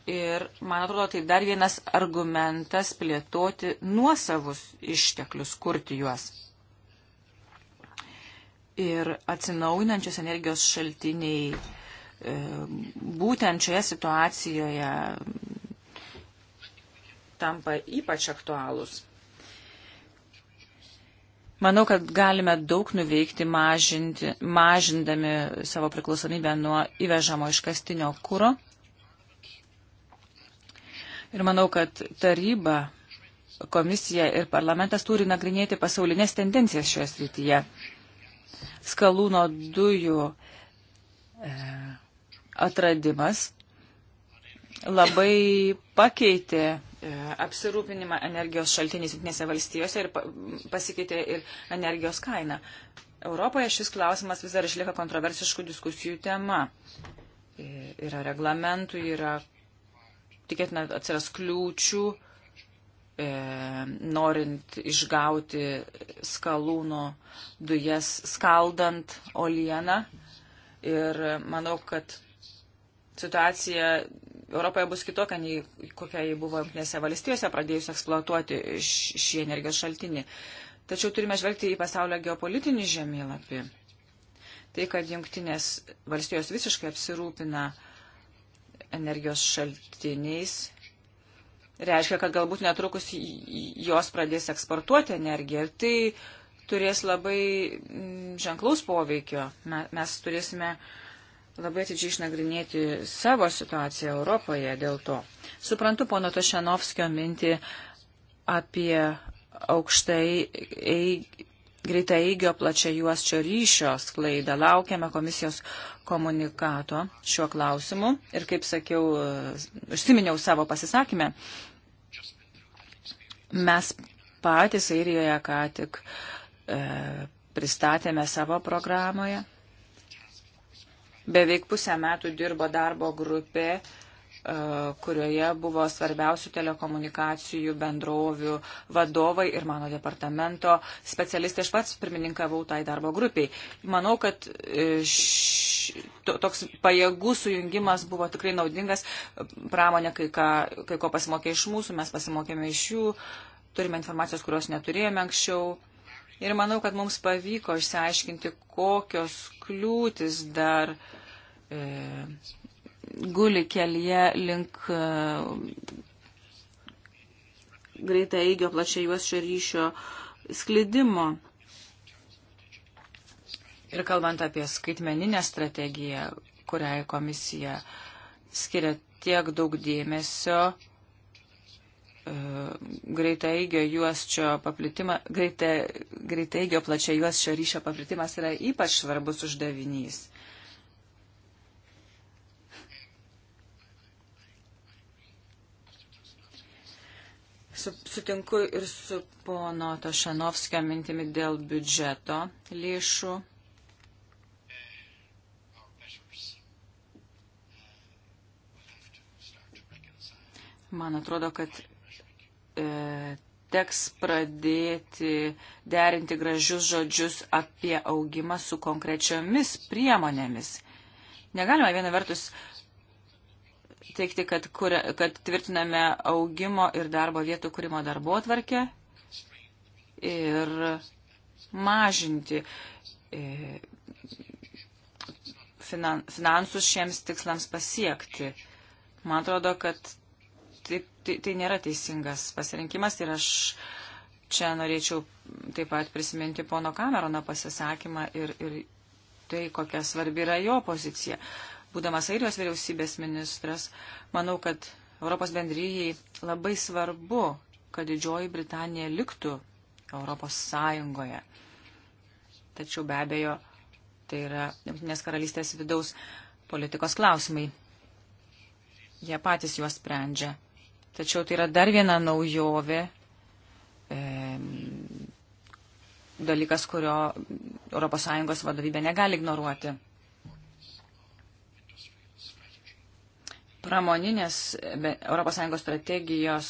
Ir, man atrodo, tai dar vienas argumentas plėtoti nuosavus išteklius, kurti juos. Ir atsinaujinančios energijos šaltiniai e, būtent šioje situacijoje tampa ypač aktualūs. Manau, kad galime daug nuveikti mažinti, mažindami savo priklausomybę nuo įvežamo iškastinio kūro Ir manau, kad taryba, komisija ir parlamentas turi nagrinėti pasaulinės tendencijas šioje srityje. Skalūno dujų e, atradimas labai pakeitė e, apsirūpinimą energijos šaltiniais Junktinėse valstijose ir pasikeitė ir energijos kaina. Europoje šis klausimas vis dar išlieka kontroversiškų diskusijų tema. E, yra reglamentų, yra tikėtina atsiras kliūčių, e, norint išgauti skalūno dujas, skaldant olieną. Ir manau, kad situacija Europoje bus kitokia, nei kokia jį buvo Junktinėse valstijose pradėjus eksploatuoti šį energijos šaltinį. Tačiau turime žvelgti į pasaulio geopolitinį žemėlapį. Tai, kad Junktinės valstijos visiškai apsirūpina uh, energijos šaltiniais reiškia, kad galbūt netrukus jos pradės eksportuoti energiją ir tai turės labai mm, ženklaus poveikio. Mes turėsime labai atidžiai išnagrinėti savo situaciją Europoje dėl to. Suprantu pono Tošenovskio mintį apie aukštai greitai įgio plačia juosčio ryšio sklaidą. Laukiame komisijos komunikato šiuo klausimu ir, kaip sakiau, užsiminiau savo pasisakymę. Mes patys Airijoje ką tik e, pristatėme savo programoje. Beveik pusę metų dirbo darbo grupė E, kurioje buvo svarbiausių telekomunikacijų bendrovių vadovai ir mano departamento specialistai. Aš pats pirmininkavau tai darbo grupiai. Manau, kad e, š... toks pajėgų sujungimas buvo tikrai naudingas. Pramonė kai, ką, kai ko pasimokė iš mūsų, mes pasimokėme iš jų, turime informacijos, kurios neturėjome anksčiau. Ir manau, kad mums pavyko išsiaiškinti, kokios kliūtis dar e, guli kelyje link e, greitai eigio plačiai juosčio ryšio sklidimo. Ir kalbant apie skaitmeninę strategiją, kuriai komisija skiria tiek daug dėmesio, e, greitaigio juosčio paplitimą, greitaigio plačia juosčio ryšio paplitimas yra ypač svarbus uždavinys. su, sutinku ir su pono Tošanovskio mintimi dėl biudžeto lėšų. Man atrodo, kad e, teks pradėti derinti gražius žodžius apie augimą su konkrečiomis priemonėmis. Negalima viena vertus e, teikti, kad, kur, kad tvirtiname augimo ir darbo vietų kūrimo darbo atvarkę ir mažinti e, finansus šiems tikslams pasiekti. Man atrodo, kad tai, tai, tai nėra teisingas pasirinkimas ir aš čia norėčiau taip pat prisiminti pono Kamerono pasisakymą ir, ir tai, kokia svarbi yra jo pozicija. Uh, būdamas Airijos vyriausybės ministras, manau, kad Europos bendryjai labai svarbu, kad Didžioji Britanija liktų Europos Sąjungoje. Tačiau be abejo, tai yra Junktinės karalystės vidaus politikos klausimai. Jie patys juos sprendžia. Tačiau tai yra dar viena naujovė, e, dalykas, kurio ES vadovybė negali ignoruoti. pramoninės ES strategijos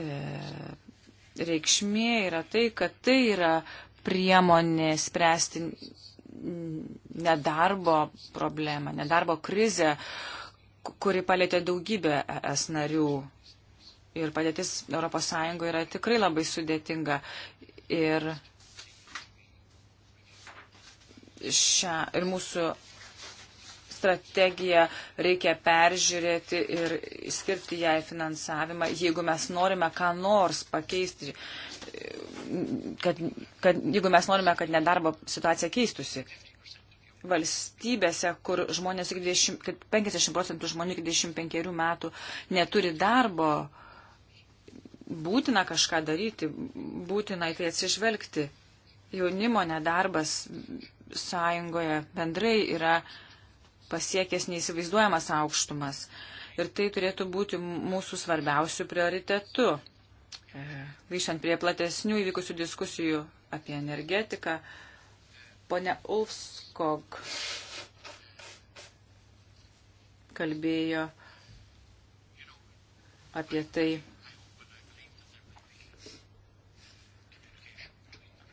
e, reikšmė yra tai, kad tai yra priemonė spręsti nedarbo problemą, nedarbo krizę, kuri palėtė daugybę es narių. Ir padėtis ES yra tikrai labai sudėtinga. Ir, šia, ir mūsų strategiją reikia peržiūrėti ir skirti jai finansavimą, jeigu mes norime ką nors pakeisti, kad, kad, jeigu mes norime, kad nedarbo situacija keistusi. Valstybėse, kur žmonės 20, 50 procentų žmonių iki 25 metų neturi darbo, būtina kažką daryti, būtina į tai atsižvelgti jaunimo nedarbas sąjungoje bendrai yra pasiekęs neįsivaizduojamas aukštumas. Ir tai turėtų būti mūsų svarbiausių prioritetų. E, grįžtant prie platesnių įvykusių diskusijų apie energetiką, ponia Ulfskog kalbėjo apie tai,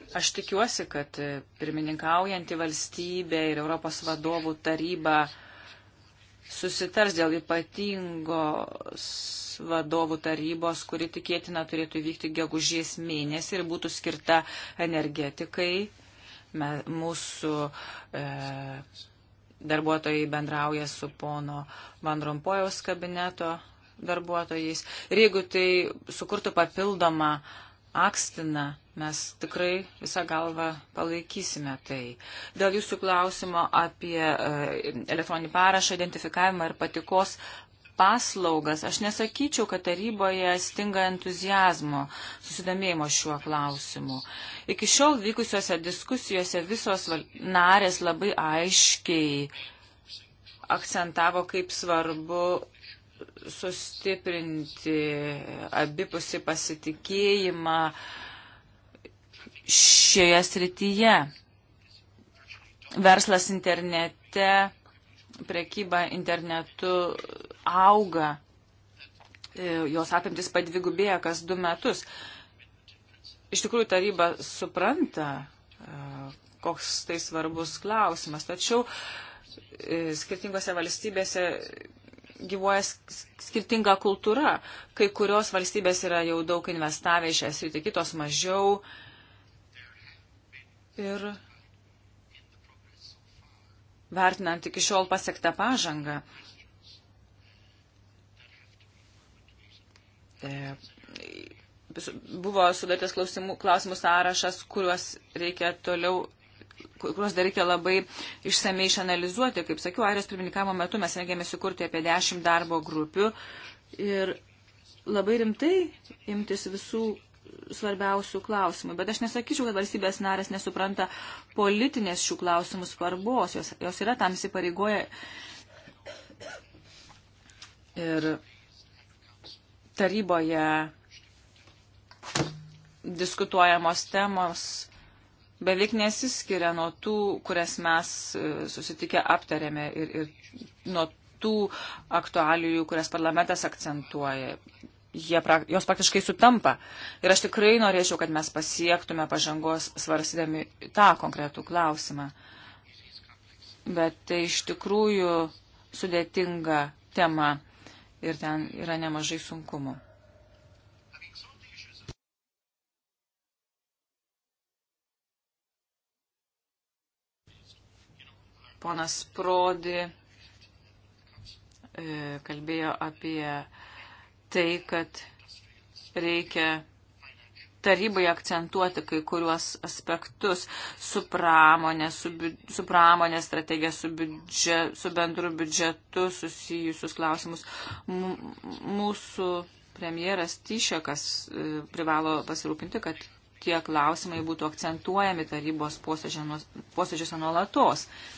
Aš tikiuosi, kad pirmininkaujanti valstybė ir Europos vadovų taryba susitars dėl ypatingos vadovų tarybos, kuri tikėtina turėtų vykti gegužės mėnesį ir būtų skirta energetikai. Mūsų e, darbuotojai bendrauja su pono Van Rompojaus kabineto darbuotojais. Ir jeigu tai sukurtų papildomą e, Akstiną mes tikrai visą galvą palaikysime tai. Dėl jūsų klausimo apie e, elektroninį parašą, identifikavimą ir patikos paslaugas, aš nesakyčiau, kad taryboje stinga entuzijazmo, susidomėjimo šiuo klausimu. Iki šiol vykusiuose diskusijose visos narės labai aiškiai akcentavo, kaip svarbu sustiprinti abipusi pasitikėjimą šioje srityje. Verslas internete, prekyba internetu auga, e, jos apimtis padvigubėja kas du metus. Iš tikrųjų, taryba supranta, e, koks tai svarbus klausimas, tačiau e, skirtingose valstybėse gyvuoja skirtinga kultūra. Kai kurios valstybės yra jau daug investavę į šią sritį, kitos mažiau. Ir vertinant iki šiol pasiektą pažangą, e, buvo sudarytas klausimų, klausimų sąrašas, kuriuos reikia toliau kuriuos dar reikia labai išsamei išanalizuoti. Kaip sakiau, Airijos pirmininkavimo metu mes rengėme sukurti apie dešimt darbo grupių ir labai rimtai imtis visų svarbiausių klausimų. Bet aš nesakyčiau, kad valstybės narės nesupranta politinės šių klausimų svarbos. Jos, jos yra tam įsipareigoję. Ir taryboje diskutuojamos temos beveik nesiskiria nuo tų, kurias mes e, susitikę aptarėme ir, ir nuo tų aktualijų, kurias parlamentas akcentuoja. Jie, jos praktiškai sutampa. Ir aš tikrai norėčiau, kad mes pasiektume pažangos svarsydami tą konkretų klausimą. Bet tai iš tikrųjų sudėtinga tema ir ten yra nemažai sunkumų. Ponas Prodi e, kalbėjo apie tai, kad reikia tarybai akcentuoti kai kuriuos aspektus su pramonė, su, su pramonė strategija, su, biudžet, su bendru biudžetu susijusius klausimus. M mūsų premjeras Tyšekas e, privalo pasirūpinti, kad tie klausimai būtų akcentuojami tarybos posėdžiuose nuolatos. Posėdžiuose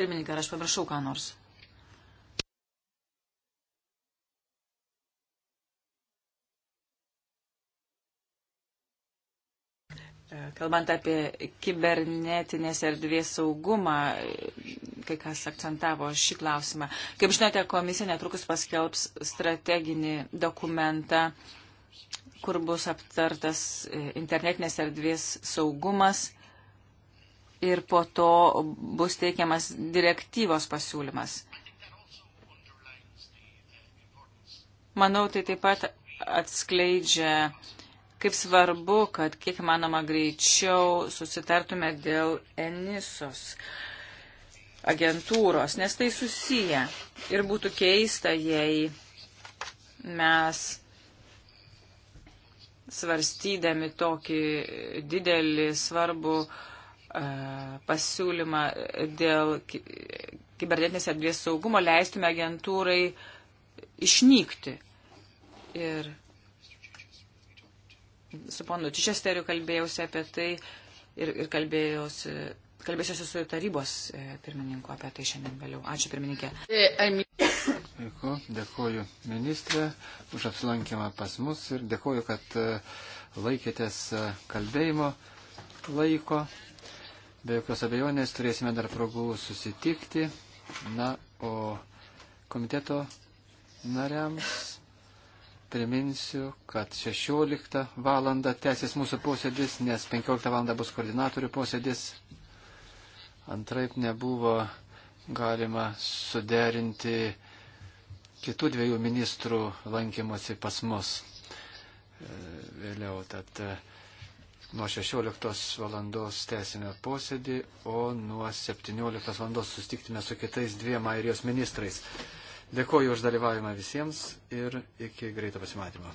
Pirmininkai, ar aš paprašau ką nors? Kalbant apie kibernetinės erdvės saugumą, kai kas akcentavo šį klausimą. Kaip žinote, komisija netrukus paskelbs strateginį dokumentą, kur bus aptartas internetinės erdvės saugumas ir po to bus teikiamas direktyvos pasiūlymas. Manau, tai taip pat atskleidžia, kaip svarbu, kad kiek manoma greičiau susitartume dėl Enisos agentūros, nes tai susiję. Ir būtų keista, jei mes svarstydami tokį didelį svarbų uh, pasiūlymą dėl kibernetinės erdvės saugumo leistume agentūrai išnykti. Ir su ponu Čičesteriu kalbėjausi apie tai ir, ir kalbėjausi. Kalbėsiuosi su tarybos e, pirmininku apie tai šiandien vėliau. Ačiū pirmininkė. Dėku, dėkuoju ministrė už apsilankymą pas mus ir dėkuoju, kad e, laikėtės e, kalbėjimo laiko. Be jokios abejonės turėsime dar progų susitikti. Na, o komiteto nariams priminsiu, kad 16 val. tęsis mūsų posėdis, nes 15 val. bus koordinatorių posėdis. Antraip nebuvo galima suderinti kitų dviejų ministrų lankymosi pas mus e, vėliau. Tad, e, Nuo 16 valandos tęsime posėdį, o nuo 17 valandos sustiktime su kitais dviem airijos ministrais. Dėkuoju už dalyvavimą visiems ir iki greito pasimatymo.